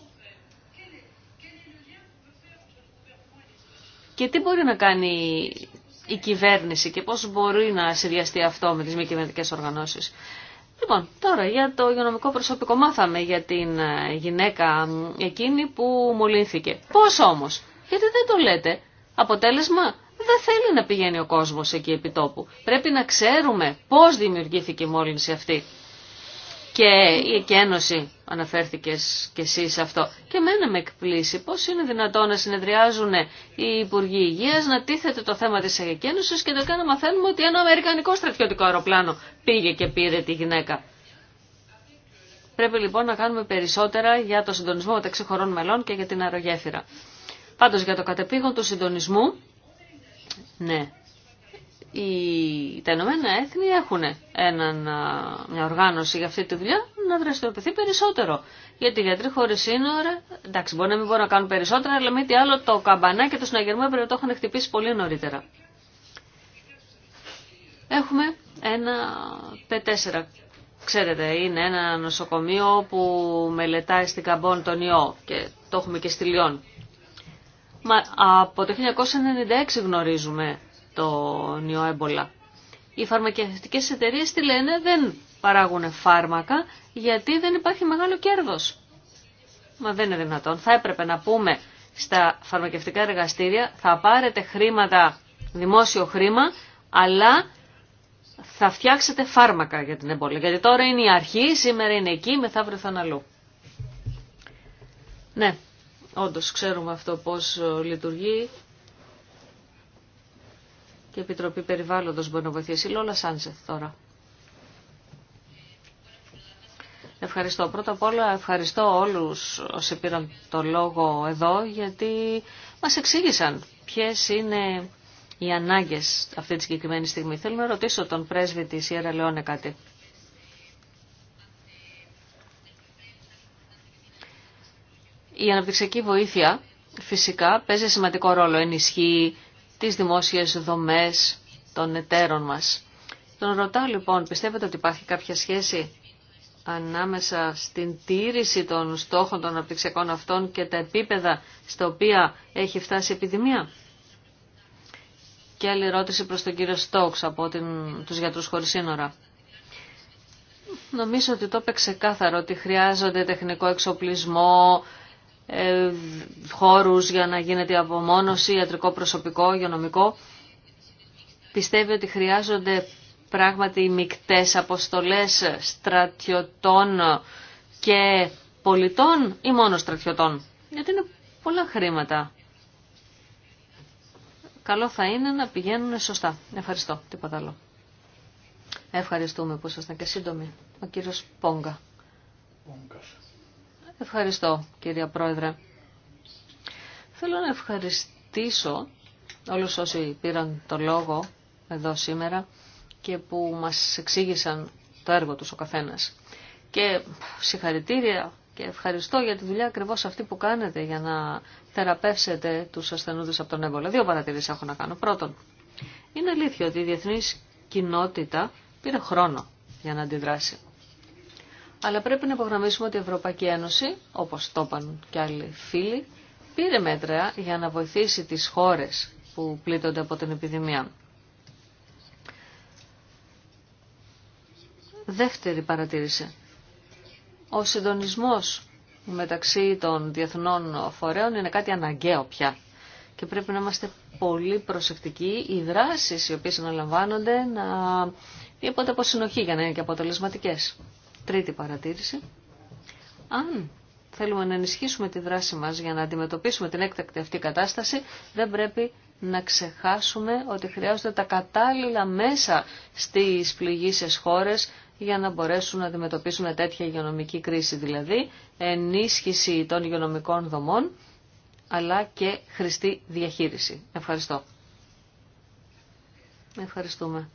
S2: και τι μπορεί να κάνει η κυβέρνηση και πώς μπορεί να συνδυαστεί αυτό με τις μη κυβερνητικές οργανώσεις. Λοιπόν, τώρα για το υγειονομικό προσωπικό μάθαμε για την ε, γυναίκα εκείνη που μολύνθηκε. Πώς όμως, γιατί δεν το λέτε. Αποτέλεσμα, δεν θέλει να πηγαίνει ο κόσμος εκεί επί τόπου. Πρέπει να ξέρουμε πώς δημιουργήθηκε η μόλυνση αυτή. Και η εκένωση αναφέρθηκε και εσύ σε αυτό. Και μένα με εκπλήσει πώς είναι δυνατόν να συνεδριάζουν οι Υπουργοί Υγεία, να τίθεται το θέμα της εκένωση και το να μαθαίνουμε ότι ένα Αμερικανικό στρατιωτικό αεροπλάνο πήγε και πήρε τη γυναίκα. Πρέπει λοιπόν να κάνουμε περισσότερα για το συντονισμό μεταξύ χωρών μελών και για την αερογέφυρα. Πάντως για το κατεπήγον του συντονισμού, ναι, οι, τα Ηνωμένα Έθνη έχουν έναν, μια οργάνωση για αυτή τη δουλειά να δραστηριοποιηθεί περισσότερο. Γιατί οι γιατροί χωρί σύνορα, εντάξει, μπορεί να μην μπορούν να κάνουν περισσότερα, αλλά με τι άλλο το καμπανάκι του συναγερμού έπρεπε να το έχουν χτυπήσει πολύ νωρίτερα. Έχουμε ένα P4. Ξέρετε, είναι ένα νοσοκομείο που μελετάει στην Καμπόν τον ιό και το έχουμε και στη Λιόν. Μα από το 1996 γνωρίζουμε το ιό έμπολα. Οι φαρμακευτικές εταιρείες τι λένε, δεν παράγουν φάρμακα γιατί δεν υπάρχει μεγάλο κέρδος. Μα δεν είναι δυνατόν. Θα έπρεπε να πούμε στα φαρμακευτικά εργαστήρια θα πάρετε χρήματα, δημόσιο χρήμα, αλλά θα φτιάξετε φάρμακα για την έμπολα. Γιατί τώρα είναι η αρχή, σήμερα είναι εκεί, μεθαύριο θα είναι αλλού. Ναι, όντως ξέρουμε αυτό πώς λειτουργεί και η Επιτροπή Περιβάλλοντος μπορεί να βοηθήσει. Λόλα Σάντζεθ τώρα. Ευχαριστώ. Πρώτα απ' όλα ευχαριστώ όλους όσοι πήραν το λόγο εδώ γιατί μας εξήγησαν ποιες είναι οι ανάγκες αυτή τη συγκεκριμένη στιγμή. Θέλω να ρωτήσω τον πρέσβη της Ιερα Λεόνε κάτι. Η αναπτυξιακή βοήθεια φυσικά παίζει σημαντικό ρόλο. Ενισχύει τις δημόσιες δομές των εταίρων μας. Τον ρωτάω λοιπόν, πιστεύετε ότι υπάρχει κάποια σχέση ανάμεσα στην τήρηση των στόχων των αναπτυξιακών αυτών και τα επίπεδα στα οποία έχει φτάσει η επιδημία. Και άλλη ερώτηση προς τον κύριο Στόξ από την, τους γιατρούς χωρίς σύνορα. Νομίζω ότι το έπαιξε κάθαρο ότι χρειάζονται τεχνικό εξοπλισμό, ε, χώρους για να γίνεται απομόνωση, ιατρικό προσωπικό, υγειονομικό. Πιστεύει ότι χρειάζονται πράγματι μικτές αποστολές στρατιωτών και πολιτών ή μόνο στρατιωτών. Γιατί είναι πολλά χρήματα. Καλό θα είναι να πηγαίνουν σωστά. Ευχαριστώ. Τίποτα άλλο. Ευχαριστούμε που ήσασταν και σύντομοι. Ο κύριος Πόγκα. Ευχαριστώ, κυρία Πρόεδρε. Θέλω να ευχαριστήσω όλους όσοι πήραν το λόγο εδώ σήμερα και που μας εξήγησαν το έργο τους ο καθένας. Και συγχαρητήρια και ευχαριστώ για τη δουλειά ακριβώ αυτή που κάνετε για να θεραπεύσετε τους ασθενούντες από τον έμβολο. Δύο παρατηρήσεις έχω να κάνω. Πρώτον, είναι αλήθεια ότι η διεθνής κοινότητα πήρε χρόνο για να αντιδράσει. Αλλά πρέπει να υπογραμμίσουμε ότι η Ευρωπαϊκή Ένωση, όπως το είπαν και άλλοι φίλοι, πήρε μέτρα για να βοηθήσει τις χώρες που πλήττονται από την επιδημία. Δεύτερη παρατήρηση. Ο συντονισμός μεταξύ των διεθνών φορέων είναι κάτι αναγκαίο πια. Και πρέπει να είμαστε πολύ προσεκτικοί οι δράσεις οι οποίες αναλαμβάνονται να είναι από συνοχή για να είναι και αποτελεσματικές. Τρίτη παρατήρηση. Αν θέλουμε να ενισχύσουμε τη δράση μας για να αντιμετωπίσουμε την έκτακτη αυτή κατάσταση, δεν πρέπει να ξεχάσουμε ότι χρειάζονται τα κατάλληλα μέσα στις πληγήσεις χώρες για να μπορέσουν να αντιμετωπίσουν τέτοια υγειονομική κρίση, δηλαδή ενίσχυση των υγειονομικών δομών, αλλά και χρηστή διαχείριση. Ευχαριστώ. Ευχαριστούμε.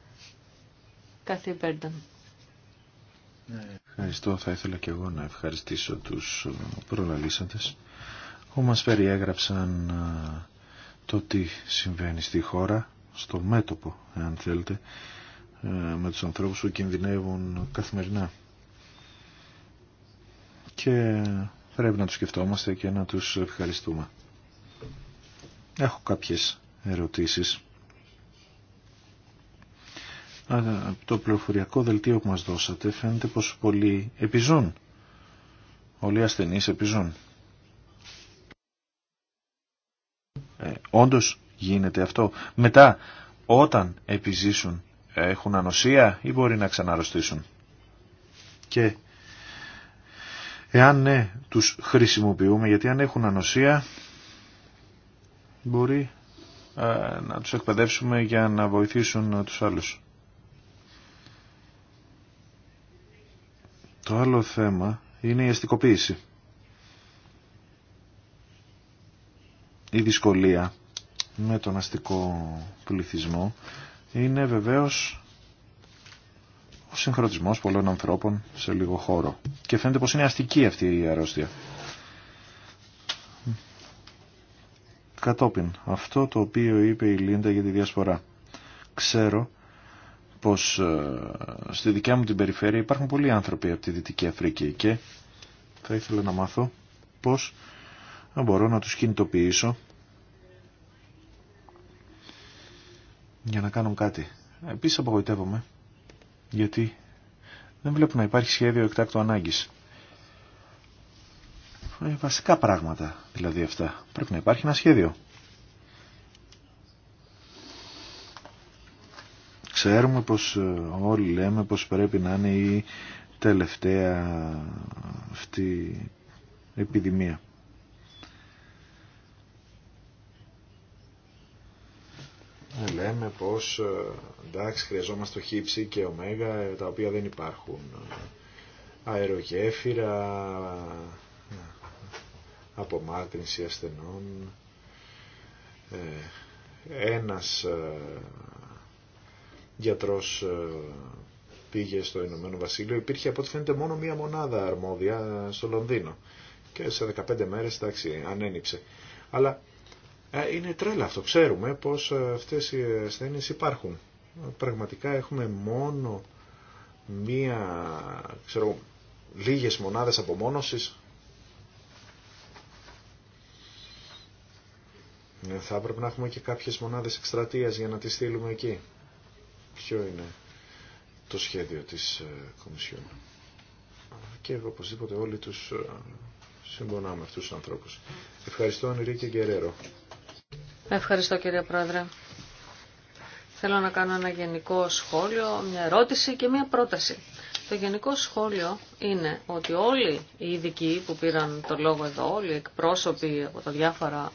S2: Καθή Μπέρνταν.
S3: Ευχαριστώ. Θα ήθελα και εγώ να ευχαριστήσω τους ε, προλαλήσαντες που μας περιέγραψαν ε, το τι συμβαίνει στη χώρα, στο μέτωπο, αν θέλετε, ε, με τους ανθρώπους που κινδυνεύουν καθημερινά. Και πρέπει να τους σκεφτόμαστε και να τους ευχαριστούμε. Έχω κάποιες ερωτήσεις το πληροφοριακό δελτίο που μας δώσατε φαίνεται πως πολλοί επιζούν. οι ασθενείς επιζούν. Ε, όντως γίνεται αυτό. Μετά, όταν επιζήσουν, έχουν ανοσία ή μπορεί να ξαναρωστήσουν. Και εάν ναι, τους χρησιμοποιούμε, γιατί αν έχουν ανοσία, μπορεί ε, να τους εκπαιδεύσουμε για να βοηθήσουν ε, τους άλλους. Το άλλο θέμα είναι η αστικοποίηση. Η δυσκολία με τον αστικό πληθυσμό είναι βεβαίως ο συγχρονισμός πολλών ανθρώπων σε λίγο χώρο. Και φαίνεται πως είναι αστική αυτή η αρρώστια. Κατόπιν, αυτό το οποίο είπε η Λίντα για τη διασπορά. Ξέρω πως ε, στη δικιά μου την περιφέρεια υπάρχουν πολλοί άνθρωποι από τη Δυτική Αφρική και θα ήθελα να μάθω πως μπορώ να τους κινητοποιήσω για να κάνουν κάτι. Επίσης απογοητεύομαι γιατί δεν βλέπω να υπάρχει σχέδιο εκτάκτου ανάγκης. Ε, βασικά πράγματα δηλαδή αυτά. Πρέπει να υπάρχει ένα σχέδιο. Ξέρουμε πως ε, όλοι λέμε πως πρέπει να είναι η τελευταία αυτή επιδημία. Ε, λέμε πως ε, εντάξει χρειαζόμαστε το χύψη και ωμέγα τα οποία δεν υπάρχουν. Αερογέφυρα, απομάκρυνση ασθενών, ένας γιατρός ε, πήγε στο Ηνωμένο Βασίλειο, υπήρχε από ό,τι φαίνεται μόνο μία μονάδα αρμόδια στο Λονδίνο. Και σε 15 μέρες, εντάξει, ανένυψε. Αλλά ε, είναι τρέλα αυτό. Ξέρουμε πως ε, αυτές οι ασθένειε υπάρχουν. Πραγματικά έχουμε μόνο μία, ξέρω, λίγες μονάδες απομόνωσης. Ε, θα έπρεπε να έχουμε και κάποιες μονάδες εκστρατείας για να τις στείλουμε εκεί ποιο είναι το σχέδιο της ε, Κομισιόν. Και εγώ οπωσδήποτε όλοι τους ε, συμπονάμε με αυτούς τους ανθρώπους. Ευχαριστώ και Γκερέρο.
S2: Ευχαριστώ κύριε Πρόεδρε. Θέλω να κάνω ένα γενικό σχόλιο, μια ερώτηση και μια πρόταση. Το γενικό σχόλιο είναι ότι όλοι οι ειδικοί που πήραν το λόγο εδώ, όλοι οι εκπρόσωποι από τα διάφορα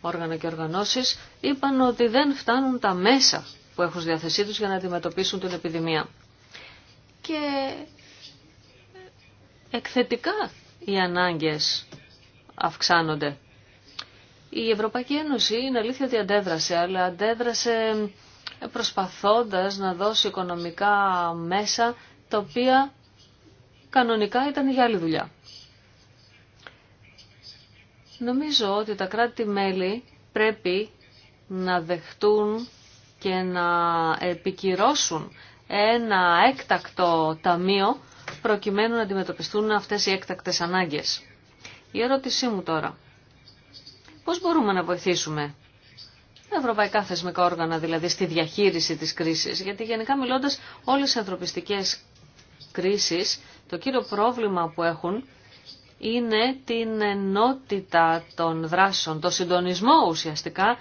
S2: όργανα και οργανώσεις, είπαν ότι δεν φτάνουν τα μέσα που έχουν στη διάθεσή τους για να αντιμετωπίσουν την επιδημία. Και εκθετικά οι ανάγκες αυξάνονται. Η Ευρωπαϊκή Ένωση είναι αλήθεια ότι αντέδρασε, αλλά αντέδρασε προσπαθώντας να δώσει οικονομικά μέσα τα οποία κανονικά ήταν για άλλη δουλειά. Νομίζω ότι τα κράτη-μέλη πρέπει να δεχτούν και να επικυρώσουν ένα έκτακτο ταμείο προκειμένου να αντιμετωπιστούν αυτές οι έκτακτες ανάγκες. Η ερώτησή μου τώρα. Πώς μπορούμε να βοηθήσουμε ευρωπαϊκά θεσμικά όργανα, δηλαδή στη διαχείριση της κρίσης. Γιατί γενικά μιλώντας όλες οι ανθρωπιστικές κρίσεις, το κύριο πρόβλημα που έχουν είναι την ενότητα των δράσεων, το συντονισμό ουσιαστικά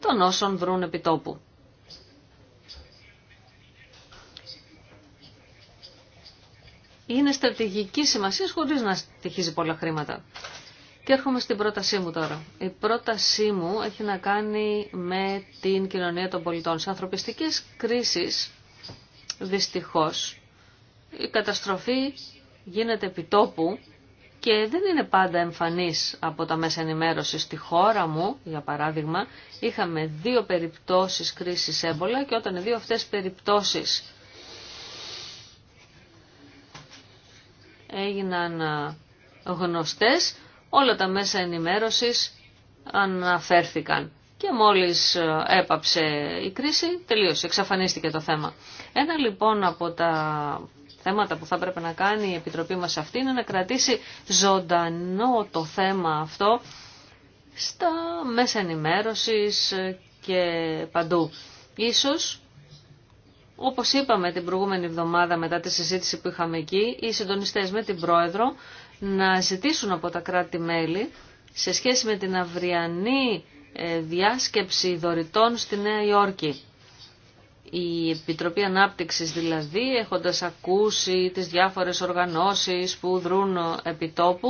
S2: των όσων βρουν επιτόπου. είναι στρατηγική σημασία χωρίς να στοιχίζει πολλά χρήματα. Και έρχομαι στην πρότασή μου τώρα. Η πρότασή μου έχει να κάνει με την κοινωνία των πολιτών. Σε ανθρωπιστικές κρίσεις, δυστυχώς, η καταστροφή γίνεται επιτόπου και δεν είναι πάντα εμφανής από τα μέσα ενημέρωσης. Στη χώρα μου, για παράδειγμα, είχαμε δύο περιπτώσεις κρίσης έμπολα και όταν οι δύο αυτές περιπτώσεις έγιναν γνωστές, όλα τα μέσα ενημέρωσης αναφέρθηκαν. Και μόλις έπαψε η κρίση, τελείωσε, εξαφανίστηκε το θέμα. Ένα λοιπόν από τα θέματα που θα πρέπει να κάνει η Επιτροπή μας αυτή είναι να κρατήσει ζωντανό το θέμα αυτό στα μέσα ενημέρωσης και παντού. Ίσως όπως είπαμε την προηγούμενη εβδομάδα μετά τη συζήτηση που είχαμε εκεί, οι συντονιστές με την Πρόεδρο να ζητήσουν από τα κράτη-μέλη σε σχέση με την αυριανή ε, διάσκεψη δωρητών στη Νέα Υόρκη. Η Επιτροπή Ανάπτυξης δηλαδή, έχοντας ακούσει τις διάφορες οργανώσεις που δρούν ε, επιτόπου,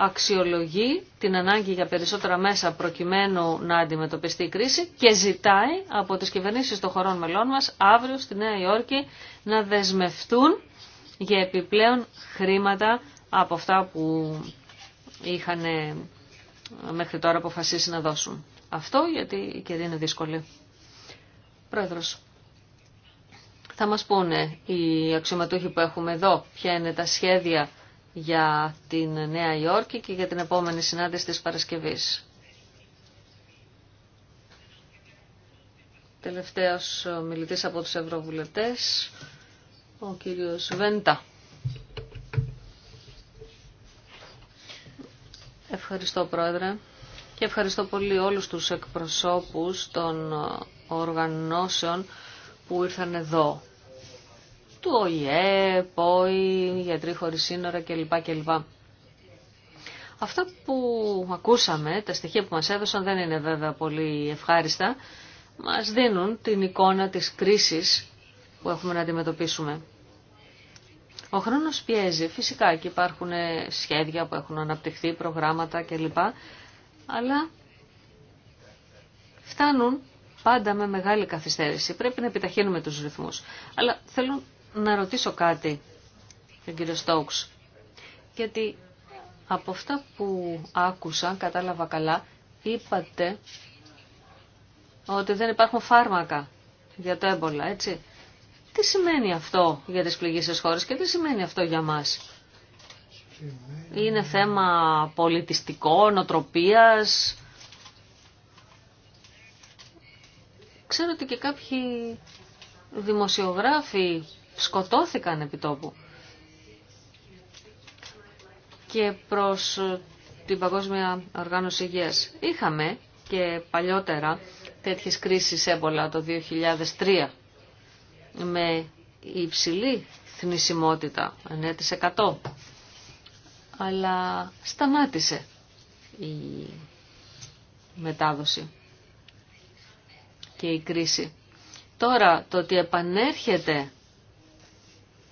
S2: αξιολογεί την ανάγκη για περισσότερα μέσα προκειμένου να αντιμετωπιστεί η κρίση και ζητάει από τις κυβερνήσεις των χωρών μελών μας αύριο στη Νέα Υόρκη να δεσμευτούν για επιπλέον χρήματα από αυτά που είχαν ε, μέχρι τώρα αποφασίσει να δώσουν. Αυτό γιατί η καιρή είναι δύσκολη. Πρόεδρος, θα μας πούνε οι αξιωματούχοι που έχουμε εδώ ποια είναι τα σχέδια για την Νέα Υόρκη και για την επόμενη συνάντηση της Παρασκευής. Τελευταίος μιλητής από τους Ευρωβουλευτές, ο κύριος Βέντα. Ευχαριστώ Πρόεδρε και ευχαριστώ πολύ όλους τους εκπροσώπους των οργανώσεων που ήρθαν εδώ του ΟΗΕ, ΠΟΗ, γιατροί χωρί σύνορα κλπ. κλπ. Αυτά που ακούσαμε, τα στοιχεία που μας έδωσαν δεν είναι βέβαια πολύ ευχάριστα, μας δίνουν την εικόνα της κρίσης που έχουμε να αντιμετωπίσουμε. Ο χρόνος πιέζει φυσικά και υπάρχουν σχέδια που έχουν αναπτυχθεί, προγράμματα κλπ. Αλλά φτάνουν πάντα με μεγάλη καθυστέρηση. Πρέπει να επιταχύνουμε τους ρυθμούς. Αλλά θέλω να ρωτήσω κάτι τον κύριο Στόξ. Γιατί από αυτά που άκουσα, κατάλαβα καλά, είπατε ότι δεν υπάρχουν φάρμακα για το έμπολα, έτσι. Τι σημαίνει αυτό για τις πληγήσεις χώρες και τι σημαίνει αυτό για μας. Είναι θέμα πολιτιστικό, νοτροπίας. Ξέρω ότι και κάποιοι δημοσιογράφοι σκοτώθηκαν επί τόπου. Και προς την Παγκόσμια Οργάνωση Υγείας. Είχαμε και παλιότερα τέτοιες κρίσεις έμπολα το 2003 με υψηλή θνησιμότητα, 9%. Αλλά σταμάτησε η μετάδοση και η κρίση. Τώρα το ότι επανέρχεται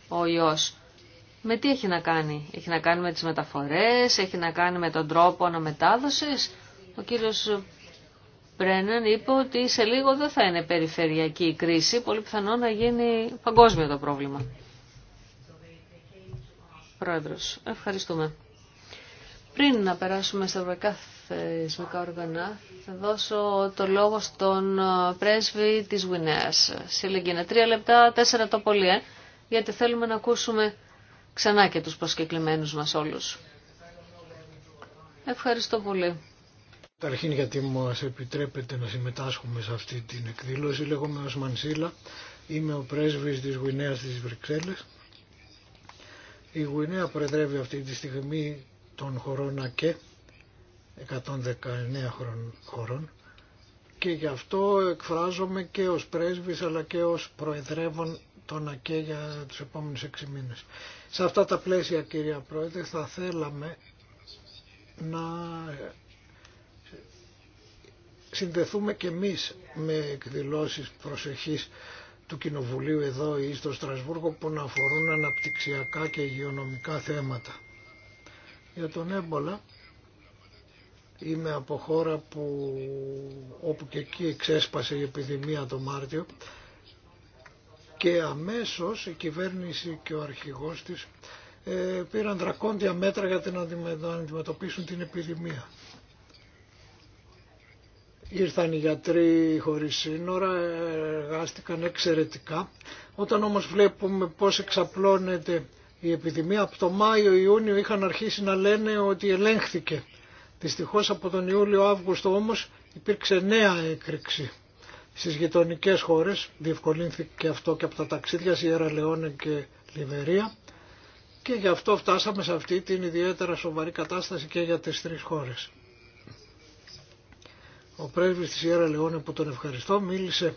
S2: ο ιός. Με τι έχει να κάνει. Έχει να κάνει με τις μεταφορές, έχει να κάνει με τον τρόπο αναμετάδοσης. Ο κύριος Μπρέναν είπε ότι σε λίγο δεν θα είναι περιφερειακή η κρίση, πολύ πιθανό να γίνει παγκόσμιο το πρόβλημα. Πρόεδρος, ευχαριστούμε. Πριν να περάσουμε στα ευρωπαϊκά θεσμικά όργανα, θα δώσω το λόγο στον ε, πρέσβη της Γουινέας. Συλλεγγύνα, τρία λεπτά, τέσσερα το πολύ, ε γιατί θέλουμε να ακούσουμε ξανά και τους προσκεκλημένους μας όλους. Ευχαριστώ πολύ.
S1: Καταρχήν γιατί μας επιτρέπετε να συμμετάσχουμε σε αυτή την εκδήλωση. Λέγομαι ως Μανσίλα, είμαι ο πρέσβης της Γουινέας της Βρυξέλλες. Η Γουινέα προεδρεύει αυτή τη στιγμή των χωρών ΑΚΕ, 119 χωρών, και γι' αυτό εκφράζομαι και ως πρέσβης αλλά και ως προεδρεύων τον και για τους επόμενους έξι μήνες. Σε αυτά τα πλαίσια κυρία Πρόεδρε θα θέλαμε να συνδεθούμε και εμείς με εκδηλώσεις προσεχής του Κοινοβουλίου εδώ ή στο Στρασβούργο που να αφορούν αναπτυξιακά και υγειονομικά θέματα. Για τον έμπολα είμαι από χώρα που όπου και εκεί εξέσπασε η επιδημία το Μάρτιο και αμέσως η κυβέρνηση και ο αρχηγός της ε, πήραν δρακόντια μέτρα για να αντιμετωπίσουν την επιδημία. Ήρθαν οι γιατροί χωρίς σύνορα, εργάστηκαν εξαιρετικά. Όταν όμως βλέπουμε πώς εξαπλώνεται η επιδημία, από το Μάιο-Ιούνιο είχαν αρχίσει να λένε ότι ελέγχθηκε. Δυστυχώς από τον Ιούλιο-Αύγουστο όμως υπήρξε νέα έκρηξη. Στις γειτονικέ χώρες διευκολύνθηκε αυτό και από τα ταξίδια Σιέρα Λεόνε και Λιβερία και γι' αυτό φτάσαμε σε αυτή την ιδιαίτερα σοβαρή κατάσταση και για τις τρεις χώρες. Ο πρέσβης της Σιέρα Λεόνε που τον ευχαριστώ μίλησε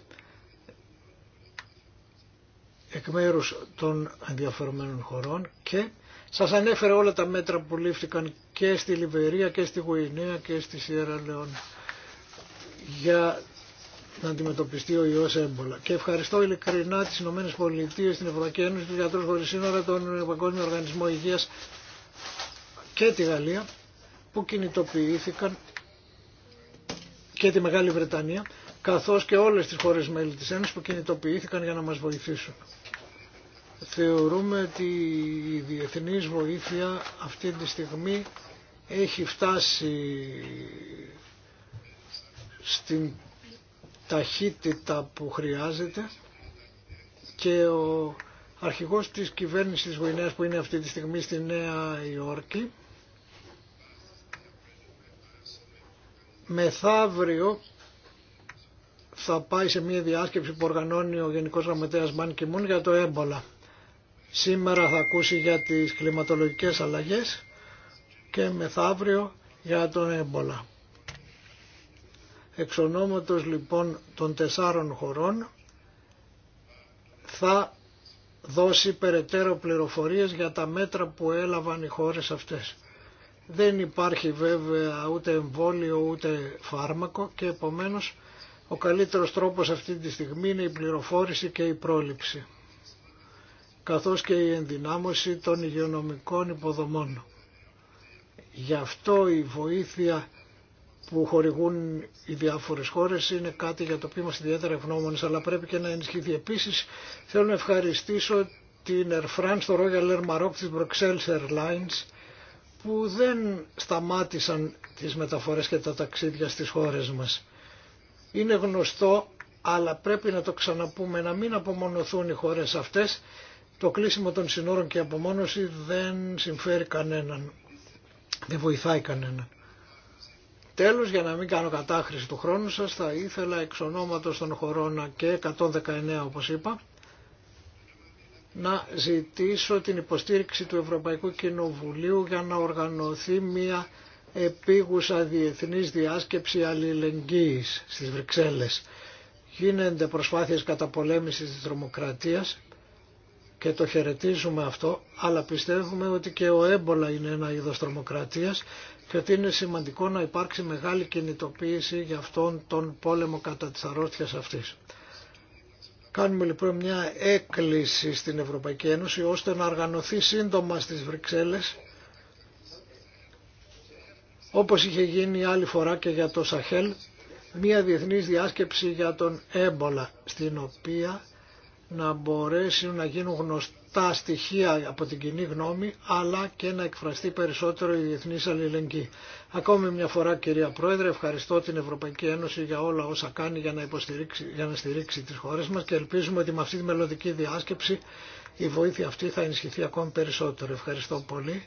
S1: εκ μέρους των ενδιαφερομένων χωρών και σας ανέφερε όλα τα μέτρα που λήφθηκαν και στη Λιβερία και στη Γουινέα και στη Σιέρα Λεόνε για να αντιμετωπιστεί ο ιός έμπολα. Και ευχαριστώ ειλικρινά τις Ηνωμένες Πολιτείες, την Ευρωπαϊκή Ένωση, τους γιατρούς χωρίς σύνορα, τον Παγκόσμιο Οργανισμό Υγείας και τη Γαλλία που κινητοποιήθηκαν και τη Μεγάλη Βρετανία καθώς και όλες τις χώρες μέλη της Ένωσης που κινητοποιήθηκαν για να μας βοηθήσουν. Θεωρούμε ότι η διεθνής βοήθεια αυτή τη στιγμή έχει φτάσει στην ταχύτητα που χρειάζεται και ο αρχηγός της κυβέρνησης της Γουινέας που είναι αυτή τη στιγμή στη Νέα Υόρκη μεθαύριο θα πάει σε μια διάσκεψη που οργανώνει ο Γενικός Γραμματέας Μπάν Κιμούν για το έμπολα. Σήμερα θα ακούσει για τις κλιματολογικές αλλαγές και μεθαύριο για το έμπολα. Εξ ονόματος λοιπόν των τεσσάρων χωρών θα δώσει περαιτέρω πληροφορίες για τα μέτρα που έλαβαν οι χώρες αυτές. Δεν υπάρχει βέβαια ούτε εμβόλιο ούτε φάρμακο και επομένως ο καλύτερος τρόπος αυτή τη στιγμή είναι η πληροφόρηση και η πρόληψη καθώς και η ενδυνάμωση των υγειονομικών υποδομών. Γι' αυτό η βοήθεια που χορηγούν οι διάφορες χώρες είναι κάτι για το οποίο είμαστε ιδιαίτερα ευγνώμονες αλλά πρέπει και να ενισχυθεί. Επίσης θέλω να ευχαριστήσω την Air France, το Royal Air Maroc, της Bruxelles Airlines που δεν σταμάτησαν τις μεταφορές και τα ταξίδια στις χώρες μας. Είναι γνωστό αλλά πρέπει να το ξαναπούμε να μην απομονωθούν οι χώρες αυτές. Το κλείσιμο των συνόρων και η απομόνωση δεν συμφέρει κανέναν, δεν βοηθάει κανέναν. Τέλος, για να μην κάνω κατάχρηση του χρόνου σας, θα ήθελα εξ ονόματος των χωρών και 119 όπως είπα, να ζητήσω την υποστήριξη του Ευρωπαϊκού Κοινοβουλίου για να οργανωθεί μια επίγουσα διεθνής διάσκεψη αλληλεγγύης στις Βρυξέλλες. Γίνονται προσπάθειες καταπολέμησης της τρομοκρατίας και το χαιρετίζουμε αυτό, αλλά πιστεύουμε ότι και ο έμπολα είναι ένα είδος τρομοκρατίας και ότι είναι σημαντικό να υπάρξει μεγάλη κινητοποίηση για αυτόν τον πόλεμο κατά της αρρώστιας αυτής. Κάνουμε λοιπόν μια έκκληση στην Ευρωπαϊκή Ένωση ώστε να οργανωθεί σύντομα στις Βρυξέλλες όπως είχε γίνει άλλη φορά και για το Σαχέλ μια διεθνής διάσκεψη για τον έμπολα στην οποία να μπορέσουν να γίνουν γνωστοί τα στοιχεία από την κοινή γνώμη αλλά και να εκφραστεί περισσότερο η διεθνή αλληλεγγύη. Ακόμη μια φορά κυρία Πρόεδρε ευχαριστώ την Ευρωπαϊκή Ένωση για όλα όσα κάνει για να, υποστηρίξει, να στηρίξει τις χώρες μας και ελπίζουμε ότι με αυτή τη μελλοντική διάσκεψη η βοήθεια αυτή θα ενισχυθεί ακόμη περισσότερο. Ευχαριστώ πολύ.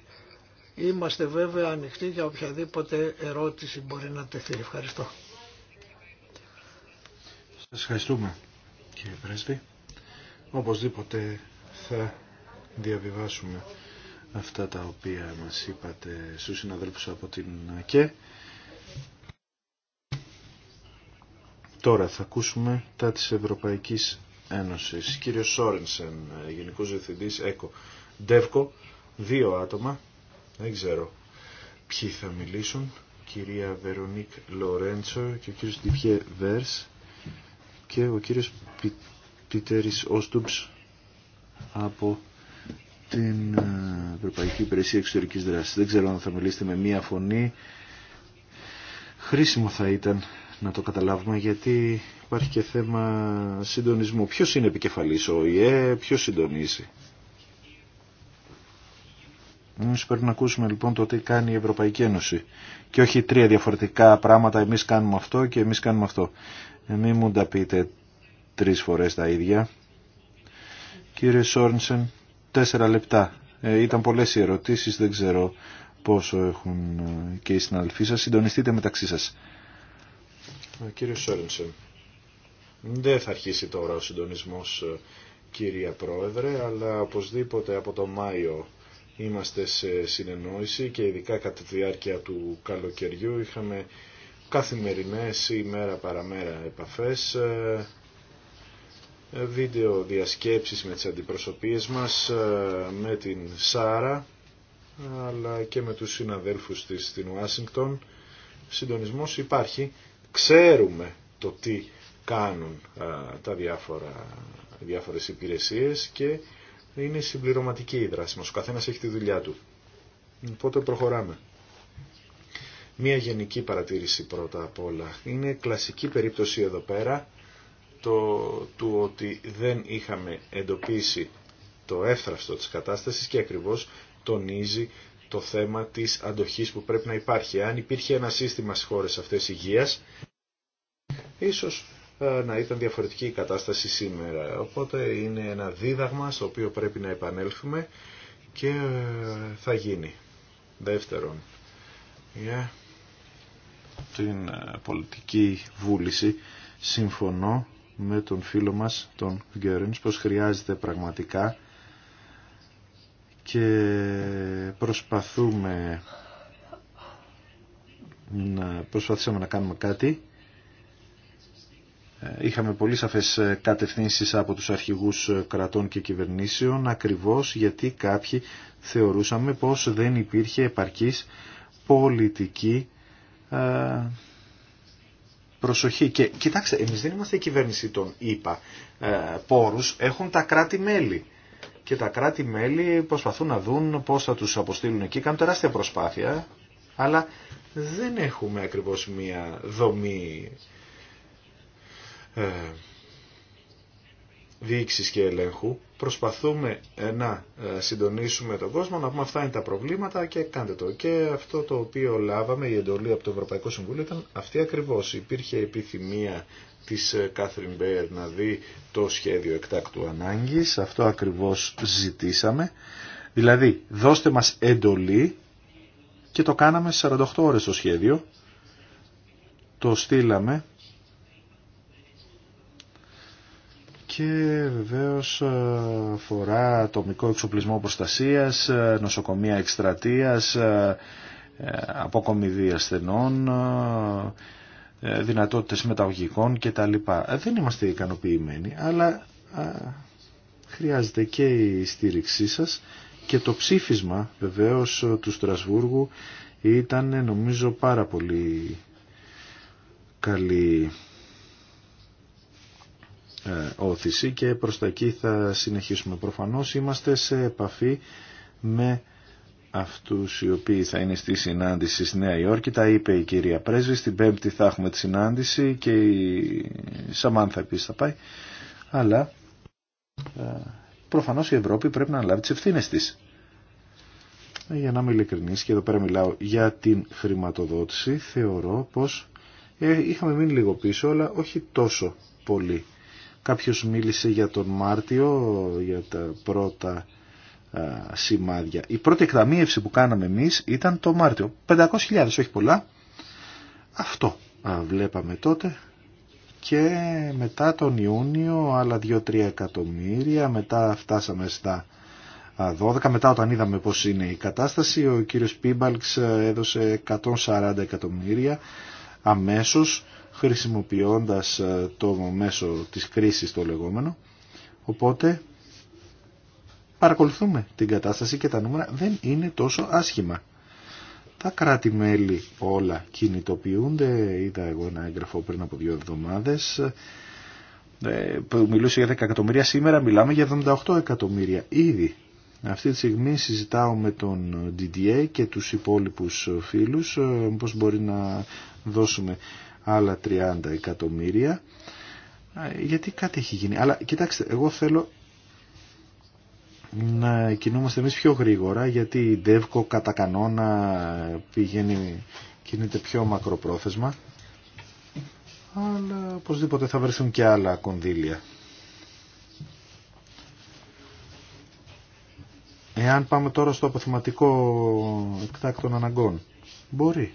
S1: Είμαστε βέβαια ανοιχτοί για οποιαδήποτε ερώτηση μπορεί να τεθεί. Ευχαριστώ.
S3: Σας ευχαριστούμε κύριε Πρέσβη. Οπωσδήποτε θα διαβιβάσουμε αυτά τα οποία μας είπατε στους συναδέλφους από την ΑΚΕ. Τώρα θα ακούσουμε τα της Ευρωπαϊκής Ένωσης. Κύριος Σόρενσεν, Γενικός Διευθυντής ΕΚΟ. ΔΕΒΚΟ. δύο άτομα, δεν ξέρω ποιοι θα μιλήσουν. Κυρία Βερονίκ Λορέντσο και ο κύριος Ντιπιέ Βέρς και ο κύριος Πι... Πίτερης από την ε, Ευρωπαϊκή Υπηρεσία Εξωτερικής Δράσης. Δεν ξέρω αν θα μιλήσετε με μία φωνή. Χρήσιμο θα ήταν να το καταλάβουμε γιατί υπάρχει και θέμα συντονισμού. Ποιος είναι επικεφαλής, ο ΙΕ, ποιος συντονίζει. πρέπει να ακούσουμε λοιπόν το τι κάνει η Ευρωπαϊκή Ένωση και όχι τρία διαφορετικά πράγματα, εμείς κάνουμε αυτό και εμείς κάνουμε αυτό. Ε, μην μου τα πείτε τρεις φορές τα ίδια. Κύριε Σόρνσεν, τέσσερα λεπτά. Ε, ήταν πολλές οι ερωτήσεις, δεν ξέρω πόσο έχουν ε, και οι συναλφοί σας. Συντονιστείτε μεταξύ σας. Ε, κύριε Σόρνσεν, δεν θα αρχίσει τώρα ο συντονισμός κυρία Πρόεδρε, αλλά οπωσδήποτε από το Μάιο είμαστε σε συνεννόηση και ειδικά κατά τη διάρκεια του καλοκαιριού είχαμε καθημερινές ή μέρα παραμέρα επαφές βίντεο διασκέψεις με τις αντιπροσωπείες μας, ε, με την Σάρα, αλλά και με τους συναδέλφους της στην Ουάσιγκτον. Συντονισμός υπάρχει. Ξέρουμε το τι κάνουν ε, τα διάφορα, διάφορες υπηρεσίες και είναι συμπληρωματική η δράση μας. Ο καθένας έχει τη δουλειά του. Οπότε προχωράμε. Μία γενική παρατήρηση πρώτα απ' όλα. Είναι κλασική περίπτωση εδώ πέρα το του ότι δεν είχαμε εντοπίσει το εύθραυστο της κατάστασης και ακριβώς τονίζει το θέμα της αντοχής που πρέπει να υπάρχει. Αν υπήρχε ένα σύστημα στις χώρες αυτές υγείας, ίσως ε, να ήταν διαφορετική η κατάσταση σήμερα. Οπότε είναι ένα δίδαγμα στο οποίο πρέπει να επανέλθουμε και ε, θα γίνει. Δεύτερον, για την ε, πολιτική βούληση συμφωνώ με τον φίλο μας, τον Γκέρενς, πως χρειάζεται πραγματικά και προσπαθούμε να προσπαθήσαμε να κάνουμε κάτι. Ε, είχαμε πολύ σαφές ε, κατευθύνσεις από τους αρχηγούς ε, κρατών και κυβερνήσεων ακριβώς γιατί κάποιοι θεωρούσαμε πως δεν υπήρχε επαρκής πολιτική προσοχή. Και κοιτάξτε, εμείς δεν είμαστε η κυβέρνηση των ΙΠΑ. Ε, πόρους έχουν τα κράτη-μέλη. Και τα κράτη-μέλη προσπαθούν να δουν πώς θα τους αποστείλουν εκεί. Κάνουν τεράστια προσπάθεια, αλλά δεν έχουμε ακριβώς μία δομή... Ε, διοίκησης και ελέγχου. Προσπαθούμε ε, να ε, συντονίσουμε τον κόσμο, να πούμε αυτά είναι τα προβλήματα και κάντε το. Και αυτό το οποίο λάβαμε, η εντολή από το Ευρωπαϊκό Συμβούλιο ήταν αυτή ακριβώς. Υπήρχε επιθυμία της ε, Κάθριν Μπέερ να δει το σχέδιο εκτάκτου ανάγκης. Αυτό ακριβώς ζητήσαμε. Δηλαδή, δώστε μας εντολή και το κάναμε 48 ώρες το σχέδιο. Το στείλαμε και βεβαίως ε, αφορά ατομικό εξοπλισμό προστασίας, ε, νοσοκομεία εκστρατείας, ε, αποκομιδή ασθενών, δυνατότητες μεταγωγικών κτλ. Δεν είμαστε ικανοποιημένοι, αλλά χρειάζεται και η στήριξή σας και το ψήφισμα βεβαίως του Στρασβούργου ήταν νομίζω πάρα πολύ καλή ε, όθηση και προς τα εκεί θα συνεχίσουμε. Προφανώς είμαστε σε επαφή με αυτούς οι οποίοι θα είναι στη συνάντηση στη Νέα Υόρκη. Τα είπε η κυρία Πρέσβη, στην Πέμπτη θα έχουμε τη συνάντηση και η Σαμάνθα επίσης θα πάει. Αλλά ε, προφανώς η Ευρώπη πρέπει να λάβει τις ευθύνες της. Για να είμαι ειλικρινής και εδώ πέρα μιλάω για την χρηματοδότηση, θεωρώ πως ε, είχαμε μείνει λίγο πίσω αλλά όχι τόσο πολύ. Κάποιος μίλησε για τον Μάρτιο, για τα πρώτα σημάδια. Η πρώτη εκταμείευση που κάναμε εμείς ήταν το Μάρτιο. 500.000, όχι πολλά. Αυτό βλέπαμε τότε. Και μετά τον Ιούνιο άλλα 2-3 εκατομμύρια. Μετά φτάσαμε στα 12. Μετά όταν είδαμε πώς είναι η κατάσταση, ο κύριος Πίμπαλξ ε, έδωσε 140 εκατομμύρια αμέσως χρησιμοποιώντας ε, το μέσο της κρίσης το λεγόμενο. Οπότε παρακολουθούμε την κατάσταση και τα νούμερα δεν είναι τόσο άσχημα. Τα κράτη-μέλη όλα κινητοποιούνται, είδα εγώ ένα έγγραφο πριν από δύο εβδομάδες, ε, που μιλούσε για 10 εκατομμύρια, σήμερα μιλάμε για 78 εκατομμύρια ήδη. Αυτή τη στιγμή συζητάω με τον DDA και τους υπόλοιπους φίλους ε, πώς μπορεί να δώσουμε άλλα 30 εκατομμύρια γιατί κάτι έχει γίνει. Αλλά κοιτάξτε, εγώ θέλω να κινούμαστε εμείς πιο γρήγορα γιατί η Ντεύκο κατά κανόνα ε, πηγαίνει, κινείται πιο μακροπρόθεσμα αλλά οπωσδήποτε θα βρεθούν και άλλα κονδύλια. Εάν πάμε τώρα στο αποθυματικό εκτάκτων αναγκών, μπορεί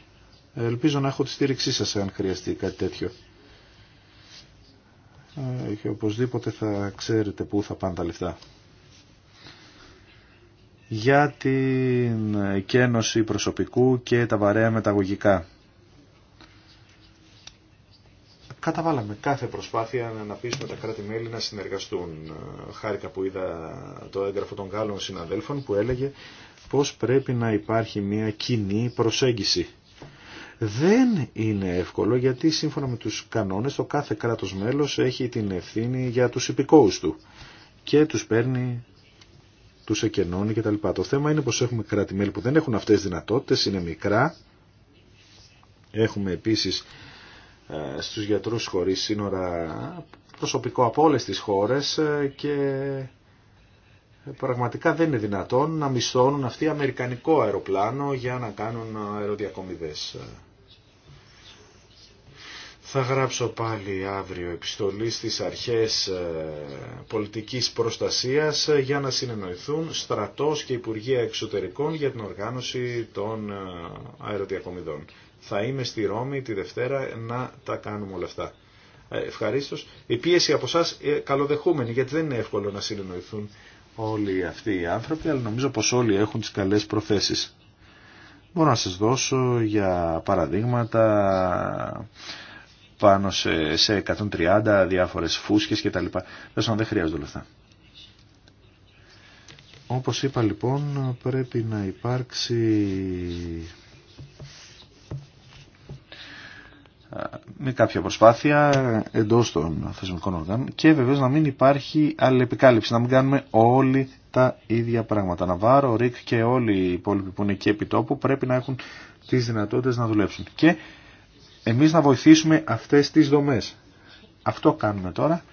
S3: Ελπίζω να έχω τη στήριξή σας αν χρειαστεί κάτι τέτοιο. Ε, και οπωσδήποτε θα ξέρετε πού θα πάνε τα λεφτά. Για την κένωση προσωπικού και τα βαρέα μεταγωγικά. Καταβάλαμε κάθε προσπάθεια να πείσουμε τα κράτη-μέλη να συνεργαστούν. Χάρηκα που είδα το έγγραφο των Γάλλων συναδέλφων που έλεγε πως πρέπει να υπάρχει μια κοινή προσέγγιση δεν είναι εύκολο γιατί σύμφωνα με τους κανόνες το κάθε κράτος μέλος έχει την ευθύνη για τους υπηκόους του και τους παίρνει τους εκενώνει κτλ. Το θέμα είναι πως έχουμε κράτη-μέλη που δεν έχουν αυτές τις δυνατότητες, είναι μικρά. Έχουμε επίσης ε, στους γιατρούς χωρίς σύνορα προσωπικό από όλες τις χώρες ε, και πραγματικά δεν είναι δυνατόν να μισθώνουν αυτοί αμερικανικό αεροπλάνο για να κάνουν αεροδιακομιδές. Θα γράψω πάλι αύριο επιστολή στις αρχές ε, πολιτικής προστασίας ε, για να συνεννοηθούν στρατός και Υπουργεία Εξωτερικών για την οργάνωση των ε, αεροδιακομιδών. Θα είμαι στη Ρώμη τη Δευτέρα να τα κάνουμε όλα αυτά. Ευχαρίστω. Η πίεση από εσά καλοδεχούμενη γιατί δεν είναι εύκολο να συνεννοηθούν όλοι αυτοί οι άνθρωποι αλλά νομίζω πως όλοι έχουν τις καλές προθέσεις. Μπορώ να σας δώσω για παραδείγματα πάνω σε, σε 130 διάφορες φούσκες κτλ. λοιπά, δεν χρειάζονται όλα αυτά. Όπως είπα λοιπόν πρέπει να υπάρξει με κάποια προσπάθεια εντός των θεσμικών οργάνων και βεβαίως να μην υπάρχει αλληλεπικάλυψη, να μην κάνουμε όλοι τα ίδια πράγματα. Να βάρω, ο Ρίκ και όλοι οι υπόλοιποι που είναι εκεί επί τόπου πρέπει να έχουν τις δυνατότητες να δουλέψουν. Και εμείς να βοηθήσουμε αυτές τις δομές. Αυτό κάνουμε τώρα.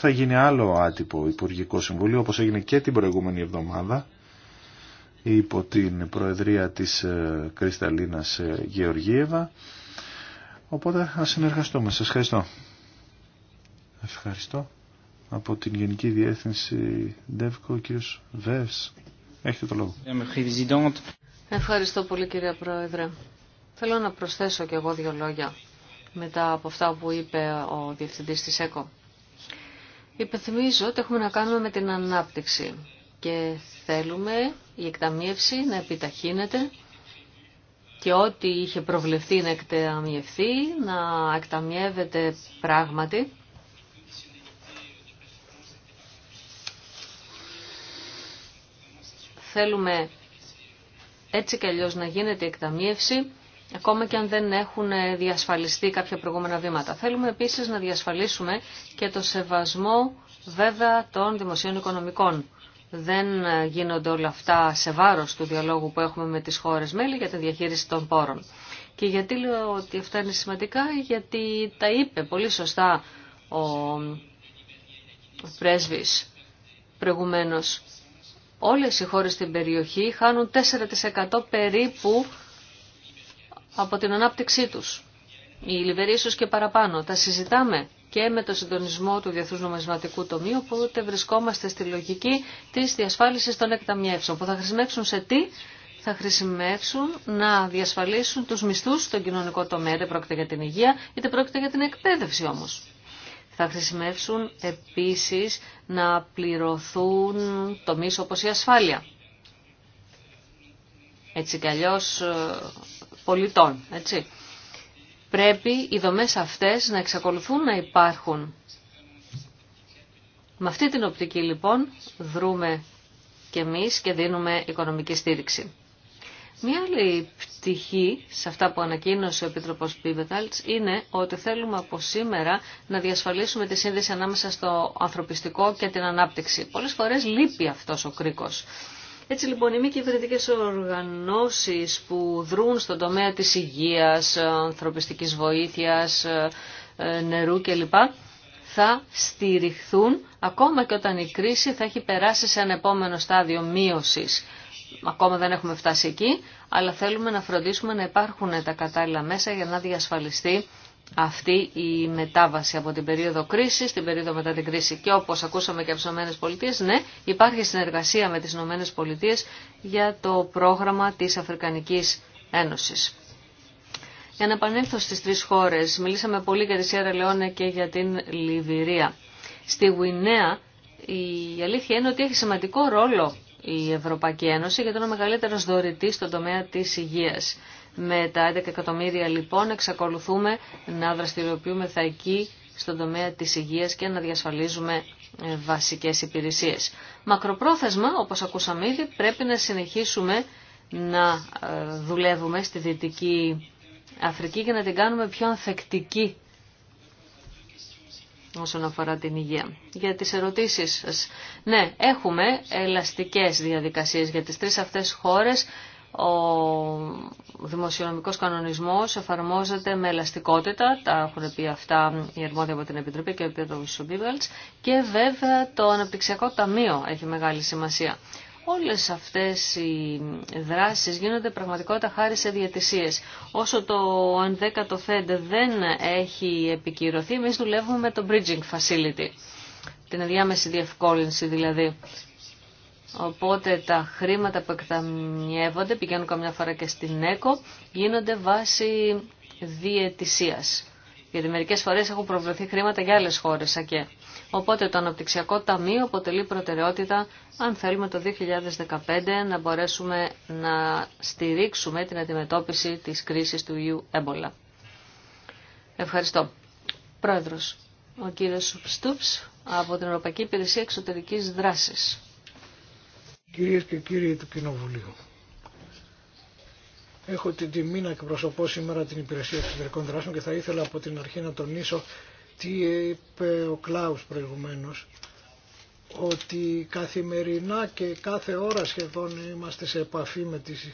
S3: Θα γίνει άλλο άτυπο Υπουργικό Συμβούλιο, όπως έγινε και την προηγούμενη εβδομάδα, υπό την Προεδρία της ε, Κρυσταλίνας ε, Γεωργίευα. Οπότε θα συνεργαστούμε. Σας ευχαριστώ. Ευχαριστώ. Από την Γενική Διεύθυνση ΔΕΒΚΟ, ο κύριος Βεύς. Έχετε το λόγο.
S2: Ευχαριστώ πολύ κυρία Πρόεδρε. Θέλω να προσθέσω και εγώ δύο λόγια μετά από αυτά που είπε ο Διευθυντής της ΕΚΟ. Υπενθυμίζω ότι έχουμε να κάνουμε με την ανάπτυξη και θέλουμε η εκταμίευση να επιταχύνεται και ό,τι είχε προβλεφθεί να εκταμιευθεί, να εκταμιεύεται πράγματι θέλουμε έτσι και αλλιώς να γίνεται η εκταμίευση, ακόμα και αν δεν έχουν διασφαλιστεί κάποια προηγούμενα βήματα. Θέλουμε επίσης να διασφαλίσουμε και το σεβασμό βέβαια των δημοσίων οικονομικών. Δεν γίνονται όλα αυτά σε βάρος του διαλόγου που έχουμε με τις χώρες μέλη για τη διαχείριση των πόρων. Και γιατί λέω ότι αυτά είναι σημαντικά, γιατί τα είπε πολύ σωστά ο πρέσβης προηγουμένως όλες οι χώρες στην περιοχή χάνουν 4% περίπου από την ανάπτυξή τους. Η Λιβερία ίσως και παραπάνω. Τα συζητάμε και με το συντονισμό του Διεθνούς Νομισματικού Τομείου, οπότε βρισκόμαστε στη λογική της διασφάλισης των εκταμιεύσεων, που θα χρησιμεύσουν σε τι θα χρησιμεύσουν να διασφαλίσουν τους μισθούς στον κοινωνικό τομέα, είτε πρόκειται για την υγεία, είτε πρόκειται για την εκπαίδευση όμως. Θα χρησιμεύσουν επίσης να πληρωθούν τομείς όπως η ασφάλεια. Έτσι κι αλλιώς ε, πολιτών, έτσι. Πρέπει οι δομές αυτές να εξακολουθούν να υπάρχουν. Με αυτή την οπτική λοιπόν δρούμε και εμείς και δίνουμε οικονομική στήριξη. Μια άλλη πτυχή σε αυτά που ανακοίνωσε ο Επίτροπος Πίβεταλτς είναι ότι θέλουμε από σήμερα να διασφαλίσουμε τη σύνδεση ανάμεσα στο ανθρωπιστικό και την ανάπτυξη. Πολλές φορές λείπει αυτός ο κρίκος. Έτσι λοιπόν οι μη κυβερνητικέ οργανώσεις που δρούν στον τομέα της υγείας, ανθρωπιστικής βοήθειας, ε, νερού κλπ θα στηριχθούν ακόμα και όταν η κρίση θα έχει περάσει σε ένα επόμενο στάδιο μείωσης ακόμα δεν έχουμε φτάσει εκεί, αλλά θέλουμε να φροντίσουμε να υπάρχουν τα κατάλληλα μέσα για να διασφαλιστεί αυτή η μετάβαση από την περίοδο κρίση την περίοδο μετά την κρίση. Και όπω ακούσαμε και από τι ΗΠΑ, ναι, υπάρχει συνεργασία με τι ΗΠΑ για το πρόγραμμα τη Αφρικανική Ένωση. Για να επανέλθω στι τρει χώρε, μιλήσαμε πολύ για τη Σιέρα Λεόνε και για την Λιβυρία. Στη Γουινέα η αλήθεια είναι ότι έχει σημαντικό ρόλο η Ευρωπαϊκή Ένωση γιατί είναι ο μεγαλύτερος δωρητής στον τομέα της υγείας. Με τα 11 εκατομμύρια λοιπόν εξακολουθούμε να δραστηριοποιούμε θα εκεί στον τομέα της υγείας και να διασφαλίζουμε ε, βασικές υπηρεσίες. Μακροπρόθεσμα, όπως ακούσαμε ήδη, πρέπει να συνεχίσουμε να ε, δουλεύουμε στη Δυτική Αφρική και να την κάνουμε πιο ανθεκτική όσον αφορά την υγεία. Για τις ερωτήσεις σας. Ναι, έχουμε ελαστικές διαδικασίες για τις τρεις αυτές χώρες. Ο δημοσιονομικός κανονισμός εφαρμόζεται με ελαστικότητα, τα έχουν πει αυτά οι αρμόδια από την Επιτροπή και ο Επίτροπος Σουμπίβελτς, και βέβαια το Αναπτυξιακό Ταμείο έχει μεγάλη σημασία. Όλες αυτές οι δράσεις γίνονται πραγματικότητα χάρη σε διατησίες. Όσο το ανδέκατο ΦΕΔ δεν έχει επικυρωθεί, εμεί δουλεύουμε με το Bridging Facility, την διάμεση διευκόλυνση δηλαδή. Οπότε τα χρήματα που εκταμιεύονται, πηγαίνουν καμιά φορά και στην ΕΚΟ, γίνονται βάσει διαιτησίας. Γιατί μερικές φορές έχουν προβληθεί χρήματα για άλλες χώρες, ακέ. Οπότε το Αναπτυξιακό Ταμείο αποτελεί προτεραιότητα αν θέλουμε το 2015 να μπορέσουμε να στηρίξουμε την αντιμετώπιση της κρίσης του ιού έμπολα. Ευχαριστώ. Πρόεδρος, ο κύριος Στούπς από την Ευρωπαϊκή Υπηρεσία Εξωτερικής Δράσης.
S1: Κυρίες και κύριοι του Κοινοβουλίου, έχω την τιμή να εκπροσωπώ σήμερα την Υπηρεσία Εξωτερικών Δράσεων και θα ήθελα από την αρχή να τονίσω τι είπε ο Κλάους προηγουμένως, ότι καθημερινά και κάθε ώρα σχεδόν είμαστε σε επαφή με τις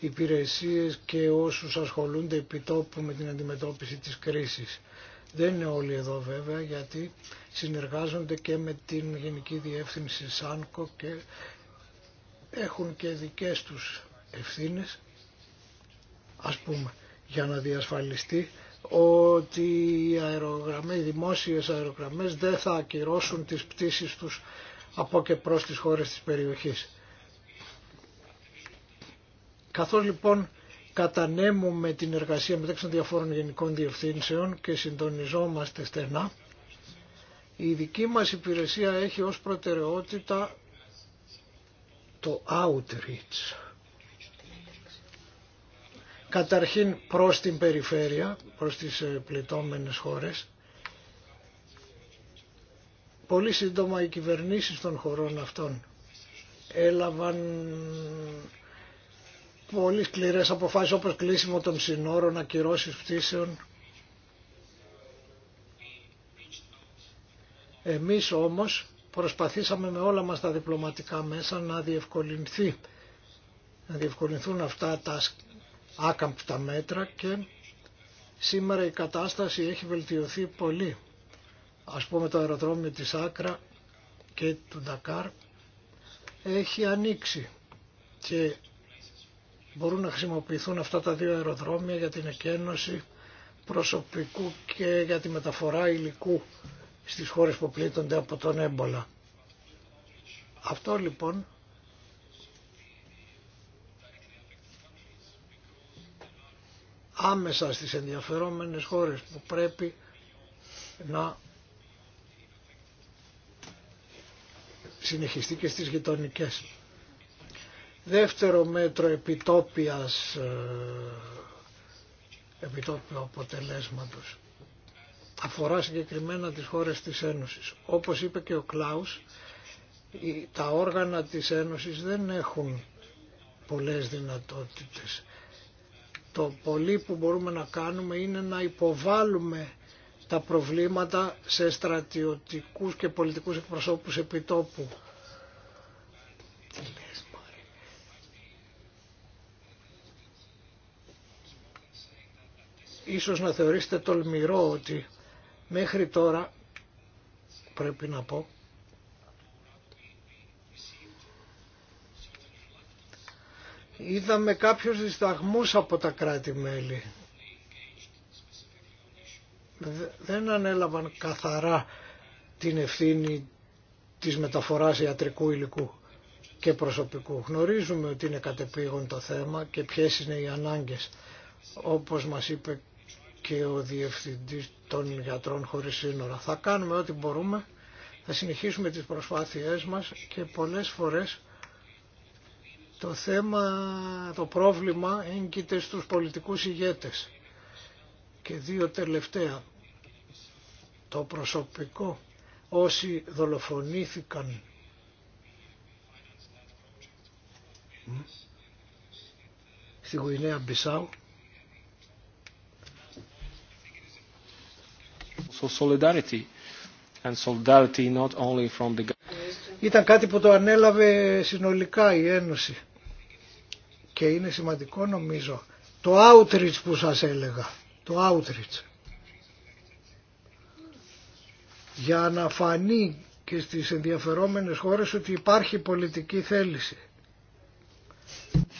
S1: υπηρεσίες και όσους ασχολούνται επιτόπου με την αντιμετώπιση της κρίσης. Δεν είναι όλοι εδώ βέβαια γιατί συνεργάζονται και με την Γενική Διεύθυνση ΣΑΝΚΟ και έχουν και δικές τους ευθύνες, ας πούμε, για να διασφαλιστεί ότι οι, αερογραμμές, οι δημόσιες αερογραμμές δεν θα ακυρώσουν τις πτήσεις τους από και προς τις χώρες της περιοχής. Καθώς λοιπόν κατανέμουμε την εργασία μεταξύ των διαφόρων γενικών διευθύνσεων και συντονιζόμαστε στενά, η δική μας υπηρεσία έχει ως προτεραιότητα το outreach καταρχήν προς την περιφέρεια, προς τις ε, πληττόμενες χώρες. Πολύ σύντομα οι κυβερνήσεις των χωρών αυτών έλαβαν πολύ σκληρές αποφάσεις όπως κλείσιμο των συνόρων, ακυρώσεις πτήσεων. Εμείς όμως προσπαθήσαμε με όλα μας τα διπλωματικά μέσα να διευκολυνθεί να διευκολυνθούν αυτά τα άκαμπτα μέτρα και σήμερα η κατάσταση έχει βελτιωθεί πολύ. Ας πούμε το αεροδρόμιο της Άκρα και του Ντακάρ έχει ανοίξει και μπορούν να χρησιμοποιηθούν αυτά τα δύο αεροδρόμια για την εκένωση προσωπικού και για τη μεταφορά υλικού στις χώρες που πλήττονται από τον έμπολα. Αυτό λοιπόν άμεσα στις ενδιαφερόμενες χώρες που πρέπει να συνεχιστεί και στις γειτονικές. Δεύτερο μέτρο επιτόπιας, ε, επιτόπιου αποτελέσματος αφορά συγκεκριμένα τις χώρες της Ένωσης. Όπως είπε και ο Κλάους, τα όργανα της Ένωσης δεν έχουν πολλές δυνατότητες το πολύ που μπορούμε να κάνουμε είναι να υποβάλουμε τα προβλήματα σε στρατιωτικούς και πολιτικούς εκπροσώπους επιτόπου. Τι Ίσως να θεωρήσετε τολμηρό ότι μέχρι τώρα πρέπει να πω είδαμε κάποιους δισταγμούς από τα κράτη-μέλη. Δεν ανέλαβαν καθαρά την ευθύνη της μεταφοράς ιατρικού υλικού και προσωπικού. Γνωρίζουμε ότι είναι κατεπήγον το θέμα και ποιες είναι οι ανάγκες. Όπως μας είπε και ο Διευθυντής των Γιατρών Χωρίς Σύνορα. Θα κάνουμε ό,τι μπορούμε, θα συνεχίσουμε τις προσπάθειές μας και πολλές φορές το θέμα, το πρόβλημα έγκυται στους πολιτικούς ηγέτες. Και δύο τελευταία. Το προσωπικό. Όσοι δολοφονήθηκαν στη Γουινέα Μπισάου. Ήταν κάτι που το ανέλαβε συνολικά η Ένωση και είναι σημαντικό νομίζω το outreach που σας έλεγα, το outreach. Για να φανεί και στις ενδιαφερόμενες χώρες ότι υπάρχει πολιτική θέληση.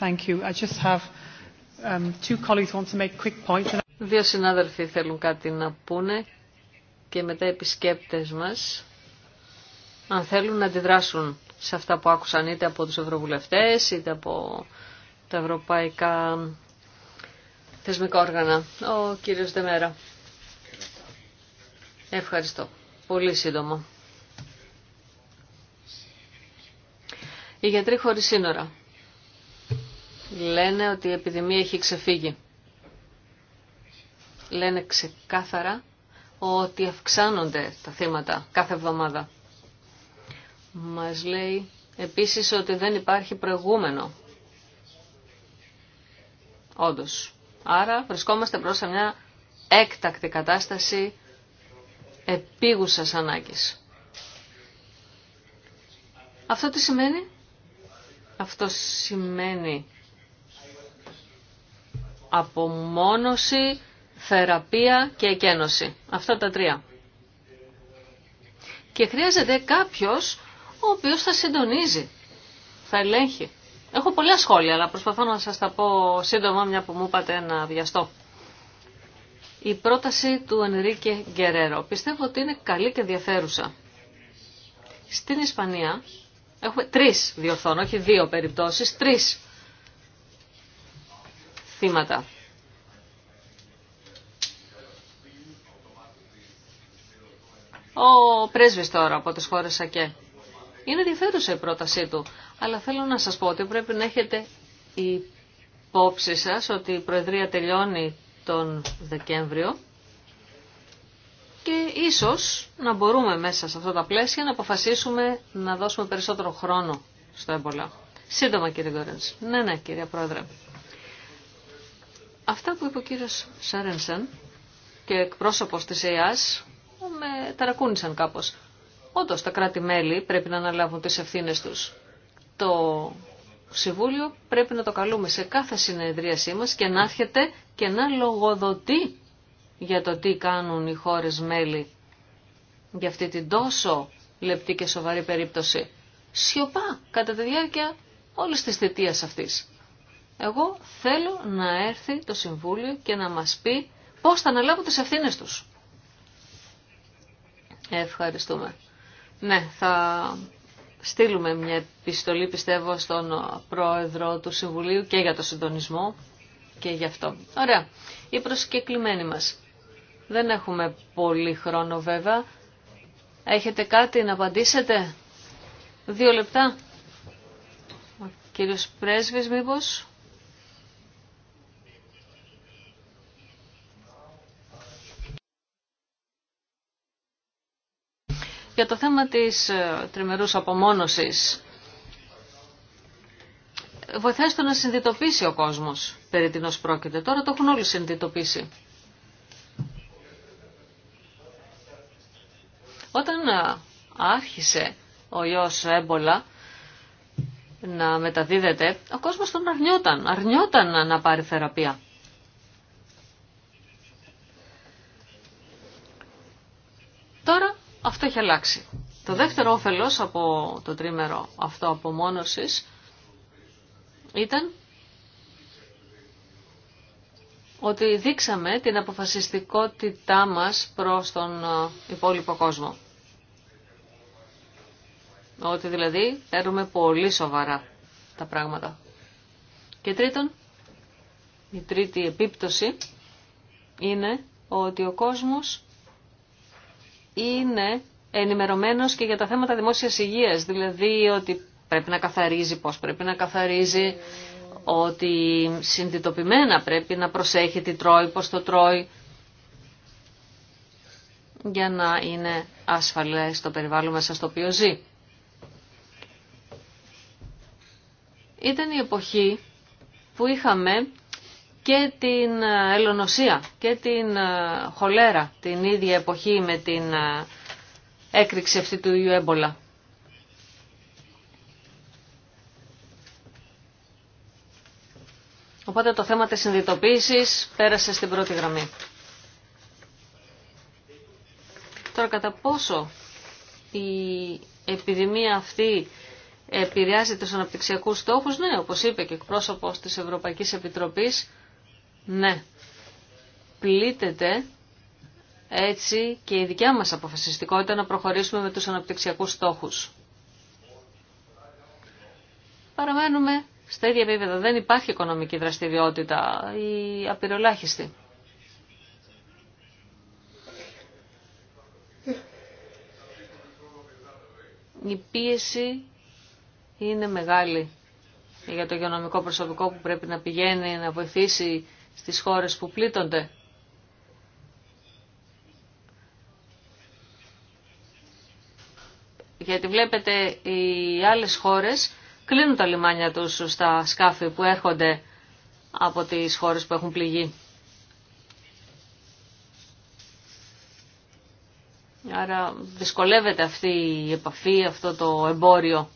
S2: Thank you. I just have um, two colleagues want to make quick Δύο συνάδελφοι θέλουν κάτι να πούνε και μετά επισκέπτες μας αν θέλουν να αντιδράσουν σε αυτά που άκουσαν είτε από τους ευρωβουλευτές είτε από τα ευρωπαϊκά θεσμικά όργανα. Ο κύριος Δεμέρα. Ευχαριστώ. Πολύ σύντομα. Οι γιατροί χωρίς σύνορα λένε ότι η επιδημία έχει ξεφύγει. Λένε ξεκάθαρα ότι αυξάνονται τα θύματα κάθε εβδομάδα. Μας λέει επίσης ότι δεν υπάρχει προηγούμενο όντως. Άρα βρισκόμαστε μπρος σε μια έκτακτη κατάσταση επίγουσας ανάγκης. Αυτό τι σημαίνει? Αυτό σημαίνει απομόνωση, θεραπεία και εκένωση. Αυτά τα τρία. Και χρειάζεται κάποιος ο οποίος θα συντονίζει, θα ελέγχει. Έχω πολλά σχόλια, αλλά προσπαθώ να σας τα πω σύντομα, μια που μου είπατε να βιαστώ. Η πρόταση του Ενρίκε Γκερέρο πιστεύω ότι είναι καλή και ενδιαφέρουσα. Στην Ισπανία έχουμε τρεις διορθών, όχι δύο περιπτώσεις, τρεις θύματα. Ο πρέσβης τώρα από τις χώρες ΑΚΕ. Είναι ενδιαφέρουσα η πρότασή του, αλλά θέλω να σας πω ότι πρέπει να έχετε υπόψη σας ότι η Προεδρία τελειώνει τον Δεκέμβριο και ίσως να μπορούμε μέσα σε αυτά τα πλαίσια να αποφασίσουμε να δώσουμε περισσότερο χρόνο στο έμπολα. Σύντομα κύριε Γκόρενς. Ναι, ναι κύριε Πρόεδρε. Αυτά που είπε ο κύριος Σάρενσεν και εκπρόσωπος της ΕΑΣ με ταρακούνησαν κάπως. Όντως τα κράτη-μέλη πρέπει να αναλάβουν τις ευθύνες τους το Συμβούλιο πρέπει να το καλούμε σε κάθε συνεδρίασή μας και να έρχεται και να λογοδοτεί για το τι κάνουν οι χώρες μέλη για αυτή την τόσο λεπτή και σοβαρή περίπτωση. Σιωπά κατά τη διάρκεια όλης της θητείας αυτής. Εγώ θέλω να έρθει το Συμβούλιο και να μας πει πώς θα αναλάβουν τις ευθύνες τους. Ευχαριστούμε. Ναι, θα στείλουμε μια επιστολή πιστεύω στον πρόεδρο του Συμβουλίου και για το συντονισμό και γι' αυτό. Ωραία. Οι προσκεκλημένοι μας. Δεν έχουμε πολύ χρόνο βέβαια. Έχετε κάτι να απαντήσετε. Δύο λεπτά. Ο κύριος Πρέσβης μήπως. Για το θέμα της ε, τριμερούς απομόνωσης, βοηθάει στο να συνειδητοποιήσει ο κόσμος περί ως πρόκειται. Τώρα το έχουν όλοι συνειδητοποιήσει. Όταν ε, άρχισε ο ιός έμπολα να μεταδίδεται, ο κόσμος τον αρνιόταν. Αρνιόταν να πάρει θεραπεία. Αυτό έχει αλλάξει. Το δεύτερο όφελος από το τρίμερο αυτό απομόνωσης ήταν ότι δείξαμε την αποφασιστικότητά μας προς τον ε, υπόλοιπο κόσμο. Ότι δηλαδή παίρνουμε πολύ σοβαρά τα πράγματα. Και τρίτον, η τρίτη επίπτωση είναι ότι ο κόσμος είναι ενημερωμένος και για τα θέματα δημόσιας υγείας, δηλαδή ότι πρέπει να καθαρίζει, πώς πρέπει να καθαρίζει, ότι συνειδητοποιημένα πρέπει να προσέχει τι τρώει, πώς το τρώει, για να είναι ασφαλές το περιβάλλον μέσα στο οποίο ζει. Ήταν η εποχή που είχαμε και την ε, ελονοσία και την ε, χολέρα την ίδια εποχή με την ε, έκρηξη αυτή του ιού έμπολα. Οπότε το θέμα της συνδυτοποίησης πέρασε στην πρώτη γραμμή. Τώρα κατά πόσο η επιδημία αυτή επηρεάζει τους αναπτυξιακούς στόχους, ναι, όπως είπε και εκπρόσωπος της Ευρωπαϊκής Επιτροπής, ναι, πλήττεται έτσι και η δικιά μας αποφασιστικότητα να προχωρήσουμε με τους αναπτυξιακούς στόχους. Παραμένουμε στα ίδια επίπεδα. Δεν υπάρχει οικονομική δραστηριότητα ή απειρολάχιστη. Η πίεση είναι μεγάλη για το υγειονομικό προσωπικό που πρέπει να πηγαίνει να βοηθήσει στις χώρες που πλήττονται. Γιατί βλέπετε οι άλλες χώρες κλείνουν τα λιμάνια τους στα σκάφη που έρχονται από τις χώρες που έχουν πληγεί. Άρα δυσκολεύεται αυτή η επαφή, αυτό το εμπόριο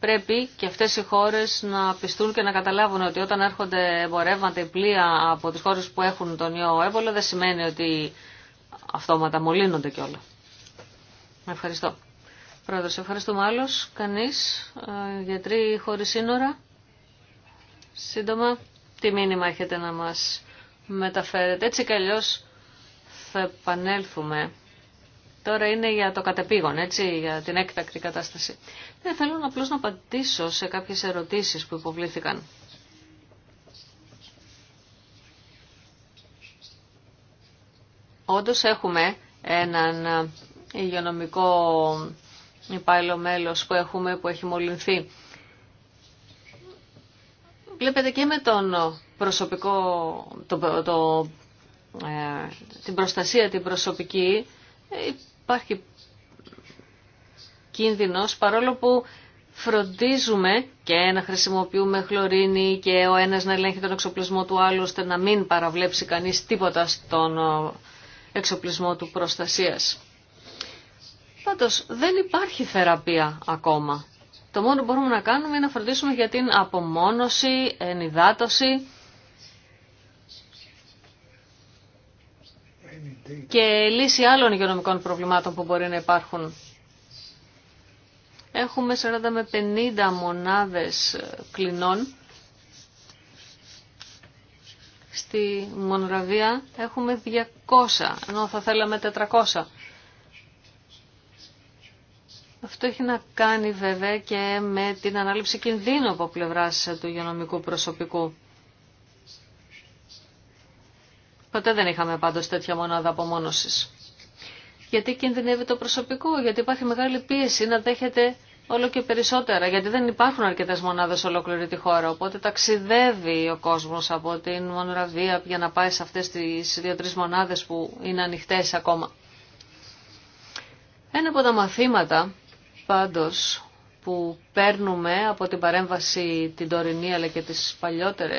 S2: πρέπει και αυτές οι χώρες να πιστούν και να καταλάβουν ότι όταν έρχονται εμπορεύματα ή πλοία από τις χώρες που έχουν τον ιό έβολο δεν σημαίνει ότι αυτόματα μολύνονται κιόλα. Ευχαριστώ. Πρόεδρος, ευχαριστούμε άλλος. Κανείς, ε, γιατροί χωρίς σύνορα. Σύντομα, τι μήνυμα έχετε να μας μεταφέρετε. Έτσι κι αλλιώς θα επανέλθουμε Τώρα είναι για το κατεπήγον, έτσι, για την έκτακτη κατάσταση. Δεν ναι, θέλω απλώ να απαντήσω σε κάποιες ερωτήσεις που υποβλήθηκαν. Όντω έχουμε έναν υγειονομικό υπάλληλο μέλο που έχουμε που έχει μολυνθεί. Βλέπετε και με τον προσωπικό, το, ε, την προστασία την προσωπική ε, υπάρχει κίνδυνος παρόλο που φροντίζουμε και να χρησιμοποιούμε χλωρίνη και ο ένας να ελέγχει τον εξοπλισμό του άλλου ώστε να μην παραβλέψει κανείς τίποτα στον ε, εξοπλισμό του προστασίας. Πάντως δεν υπάρχει θεραπεία ακόμα. Το μόνο που μπορούμε να κάνουμε είναι να φροντίσουμε για την απομόνωση, ενυδάτωση και λύση άλλων υγειονομικών προβλημάτων που μπορεί να υπάρχουν. Έχουμε 40 με 50 μονάδες κλινών. Στη Μονραβία έχουμε 200, ενώ θα θέλαμε 400. Αυτό έχει να κάνει βέβαια και με την ανάληψη κινδύνου από πλευράς του υγειονομικού προσωπικού. Ποτέ δεν είχαμε πάντως τέτοια μονάδα απομόνωσης. Γιατί κινδυνεύει το προσωπικό, γιατί υπάρχει μεγάλη πίεση να δέχεται όλο και περισσότερα, γιατί δεν υπάρχουν αρκετές μονάδες ολόκληρη τη χώρα, οπότε ταξιδεύει ο κόσμος από την Μονοραβία για να πάει σε αυτές τις δυο τρει μονάδες που είναι ανοιχτέ ακόμα. Ένα από τα μαθήματα πάντως που παίρνουμε από την παρέμβαση την τωρινή αλλά και τι παλιότερε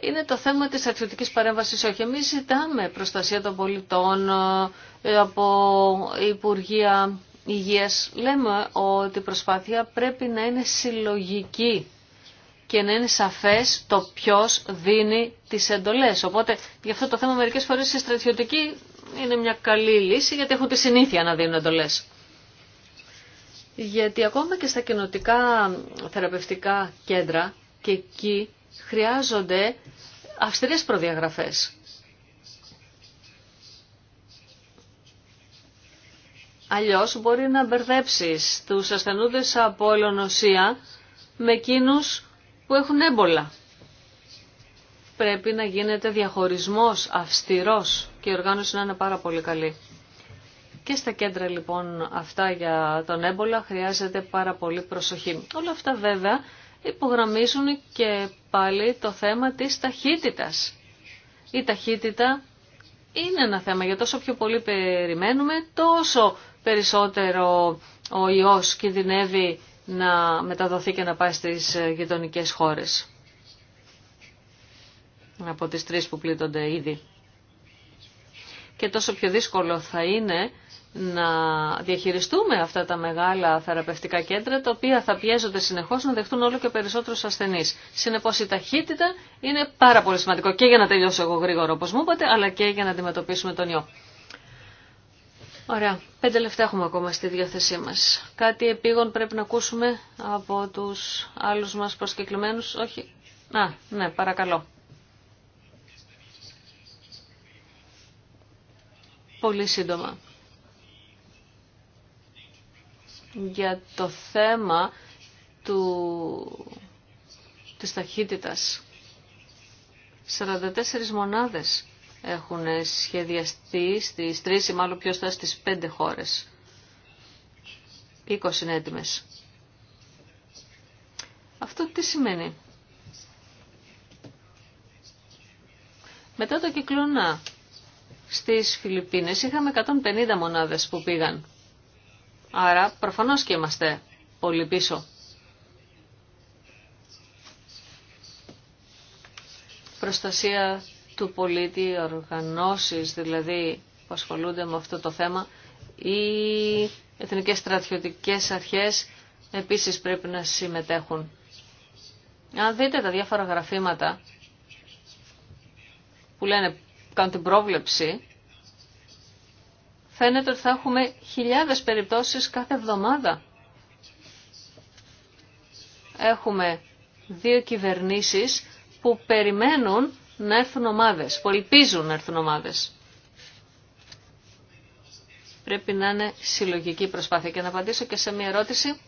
S2: είναι το θέμα της αξιωτικής παρέμβασης. Όχι, εμείς ζητάμε προστασία των πολιτών ε, από Υπουργεία Υγείας. Λέμε ότι η προσπάθεια πρέπει να είναι συλλογική και να είναι σαφές το ποιος δίνει τις εντολές. Οπότε γι' αυτό το θέμα μερικές φορές η στρατιωτική είναι μια καλή λύση γιατί έχουν τη συνήθεια να δίνουν εντολές. Γιατί ακόμα και στα κοινοτικά θεραπευτικά κέντρα και εκεί χρειάζονται αυστηρές προδιαγραφές. Αλλιώς μπορεί να μπερδέψεις τους ασθενούντες από ελονοσία με εκείνους που έχουν έμπολα. Πρέπει να γίνεται διαχωρισμός αυστηρός και η οργάνωση να είναι πάρα πολύ καλή. Και στα κέντρα λοιπόν αυτά για τον έμπολα χρειάζεται πάρα πολύ προσοχή. Όλα αυτά βέβαια υπογραμμίζουν και πάλι το θέμα της ταχύτητας. Η ταχύτητα είναι ένα θέμα, για τόσο πιο πολύ περιμένουμε, τόσο περισσότερο ο ιός κινδυνεύει να μεταδοθεί και να πάει στις γειτονικές χώρες. Από τις τρεις που πλήττονται ήδη. Και τόσο πιο δύσκολο θα είναι να διαχειριστούμε αυτά τα μεγάλα θεραπευτικά κέντρα τα οποία θα πιέζονται συνεχώς να δεχτούν όλο και περισσότερους ασθενείς. Συνεπώς η ταχύτητα είναι πάρα πολύ σημαντικό και για να τελειώσω εγώ γρήγορα όπως μου είπατε αλλά και για να αντιμετωπίσουμε τον ιό. Ωραία. Πέντε λεφτά έχουμε ακόμα στη διάθεσή μας. Κάτι επίγον πρέπει να ακούσουμε από τους άλλους μας προσκεκλημένους. Όχι. Α, ναι, παρακαλώ. Πολύ σύντομα για το θέμα του... της ταχύτητας. 44 μονάδες έχουν σχεδιαστεί στις τρεις ή μάλλον πιο στα στις πέντε χώρες. 20 είναι έτοιμες. Αυτό τι σημαίνει. Μετά το κυκλώνα στις Φιλιππίνες είχαμε 150 μονάδες που πήγαν. Άρα προφανώς και είμαστε πολύ πίσω. Προστασία του πολίτη, οργανώσεις δηλαδή που ασχολούνται με αυτό το θέμα ή εθνικές στρατιωτικές αρχές επίσης πρέπει να συμμετέχουν. Αν δείτε τα διάφορα γραφήματα που λένε κάνουν την πρόβλεψη φαίνεται ότι θα έχουμε χιλιάδες περιπτώσεις κάθε εβδομάδα. Έχουμε δύο κυβερνήσεις που περιμένουν να έρθουν ομάδες, που ελπίζουν να έρθουν ομάδες. Πρέπει να είναι συλλογική προσπάθεια. Και να απαντήσω και σε μια ερώτηση.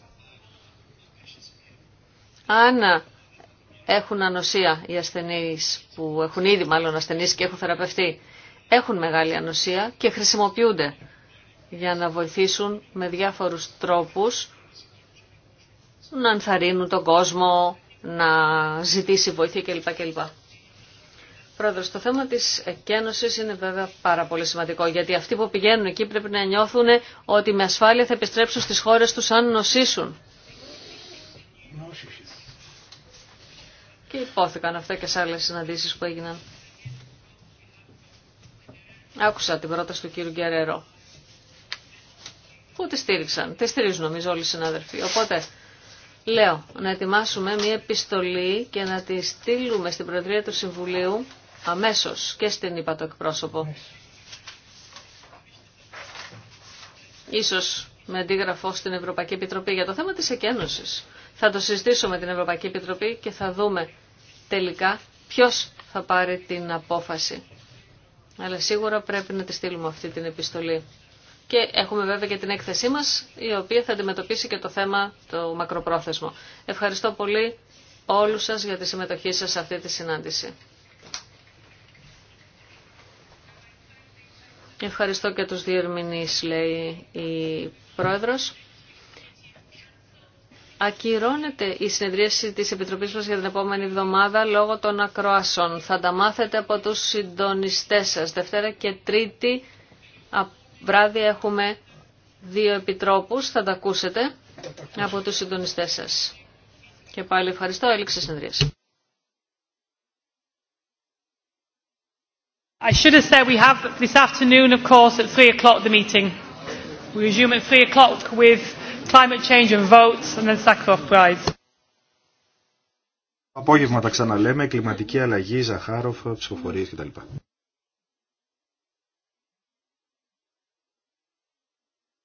S2: Αν έχουν ανοσία οι ασθενείς που έχουν ήδη μάλλον ασθενείς και έχουν θεραπευτεί, έχουν μεγάλη ανοσία και χρησιμοποιούνται για να βοηθήσουν με διάφορους τρόπους να ανθαρρύνουν τον κόσμο, να ζητήσει βοήθεια κλπ. κλπ. Πρόεδρος, το θέμα της εκένωσης είναι βέβαια πάρα πολύ σημαντικό, γιατί αυτοί που πηγαίνουν εκεί πρέπει να νιώθουν ότι με ασφάλεια θα επιστρέψουν στις χώρες τους αν νοσήσουν. Και υπόθηκαν αυτά και σε άλλες συναντήσεις που έγιναν. Άκουσα την πρόταση του κύριου Γκερέρο. Πού τη στήριξαν. Τη στηρίζουν νομίζω όλοι οι συνάδελφοι. Οπότε λέω να ετοιμάσουμε μια επιστολή και να τη στείλουμε στην Προεδρία του Συμβουλίου αμέσως και στην είπα το εκπρόσωπο. Ίσως με αντίγραφο στην Ευρωπαϊκή Επιτροπή για το θέμα της εκένωσης. Θα το συζητήσω με την Ευρωπαϊκή Επιτροπή και θα δούμε τελικά ποιος θα πάρει την απόφαση. Αλλά σίγουρα πρέπει να τη στείλουμε αυτή την επιστολή. Και έχουμε βέβαια και την έκθεσή μας, η οποία θα αντιμετωπίσει και το θέμα το μακροπρόθεσμο. Ευχαριστώ πολύ όλους σας για τη συμμετοχή σας σε αυτή τη συνάντηση. Ευχαριστώ και τους διερμηνείς, λέει η Πρόεδρος. Ακυρώνεται η συνεδρίαση της Επιτροπής μας για την επόμενη εβδομάδα λόγω των ακροασών. Θα τα μάθετε από τους συντονιστές σας. Δευτέρα και Τρίτη βράδυ έχουμε δύο επιτρόπους. Θα τα ακούσετε από τους συντονιστές σας. Και πάλι ευχαριστώ. Έλειξε η συνεδρίαση. I should have said we have this afternoon, of course, at 3 o'clock the meeting. We resume at 3 o'clock with climate change and votes and then Sakharov Prize.
S3: Απόγευμα τα ξαναλέμε, κλιματική αλλαγή, Ζαχάροφ, ψηφοφορίες κτλ.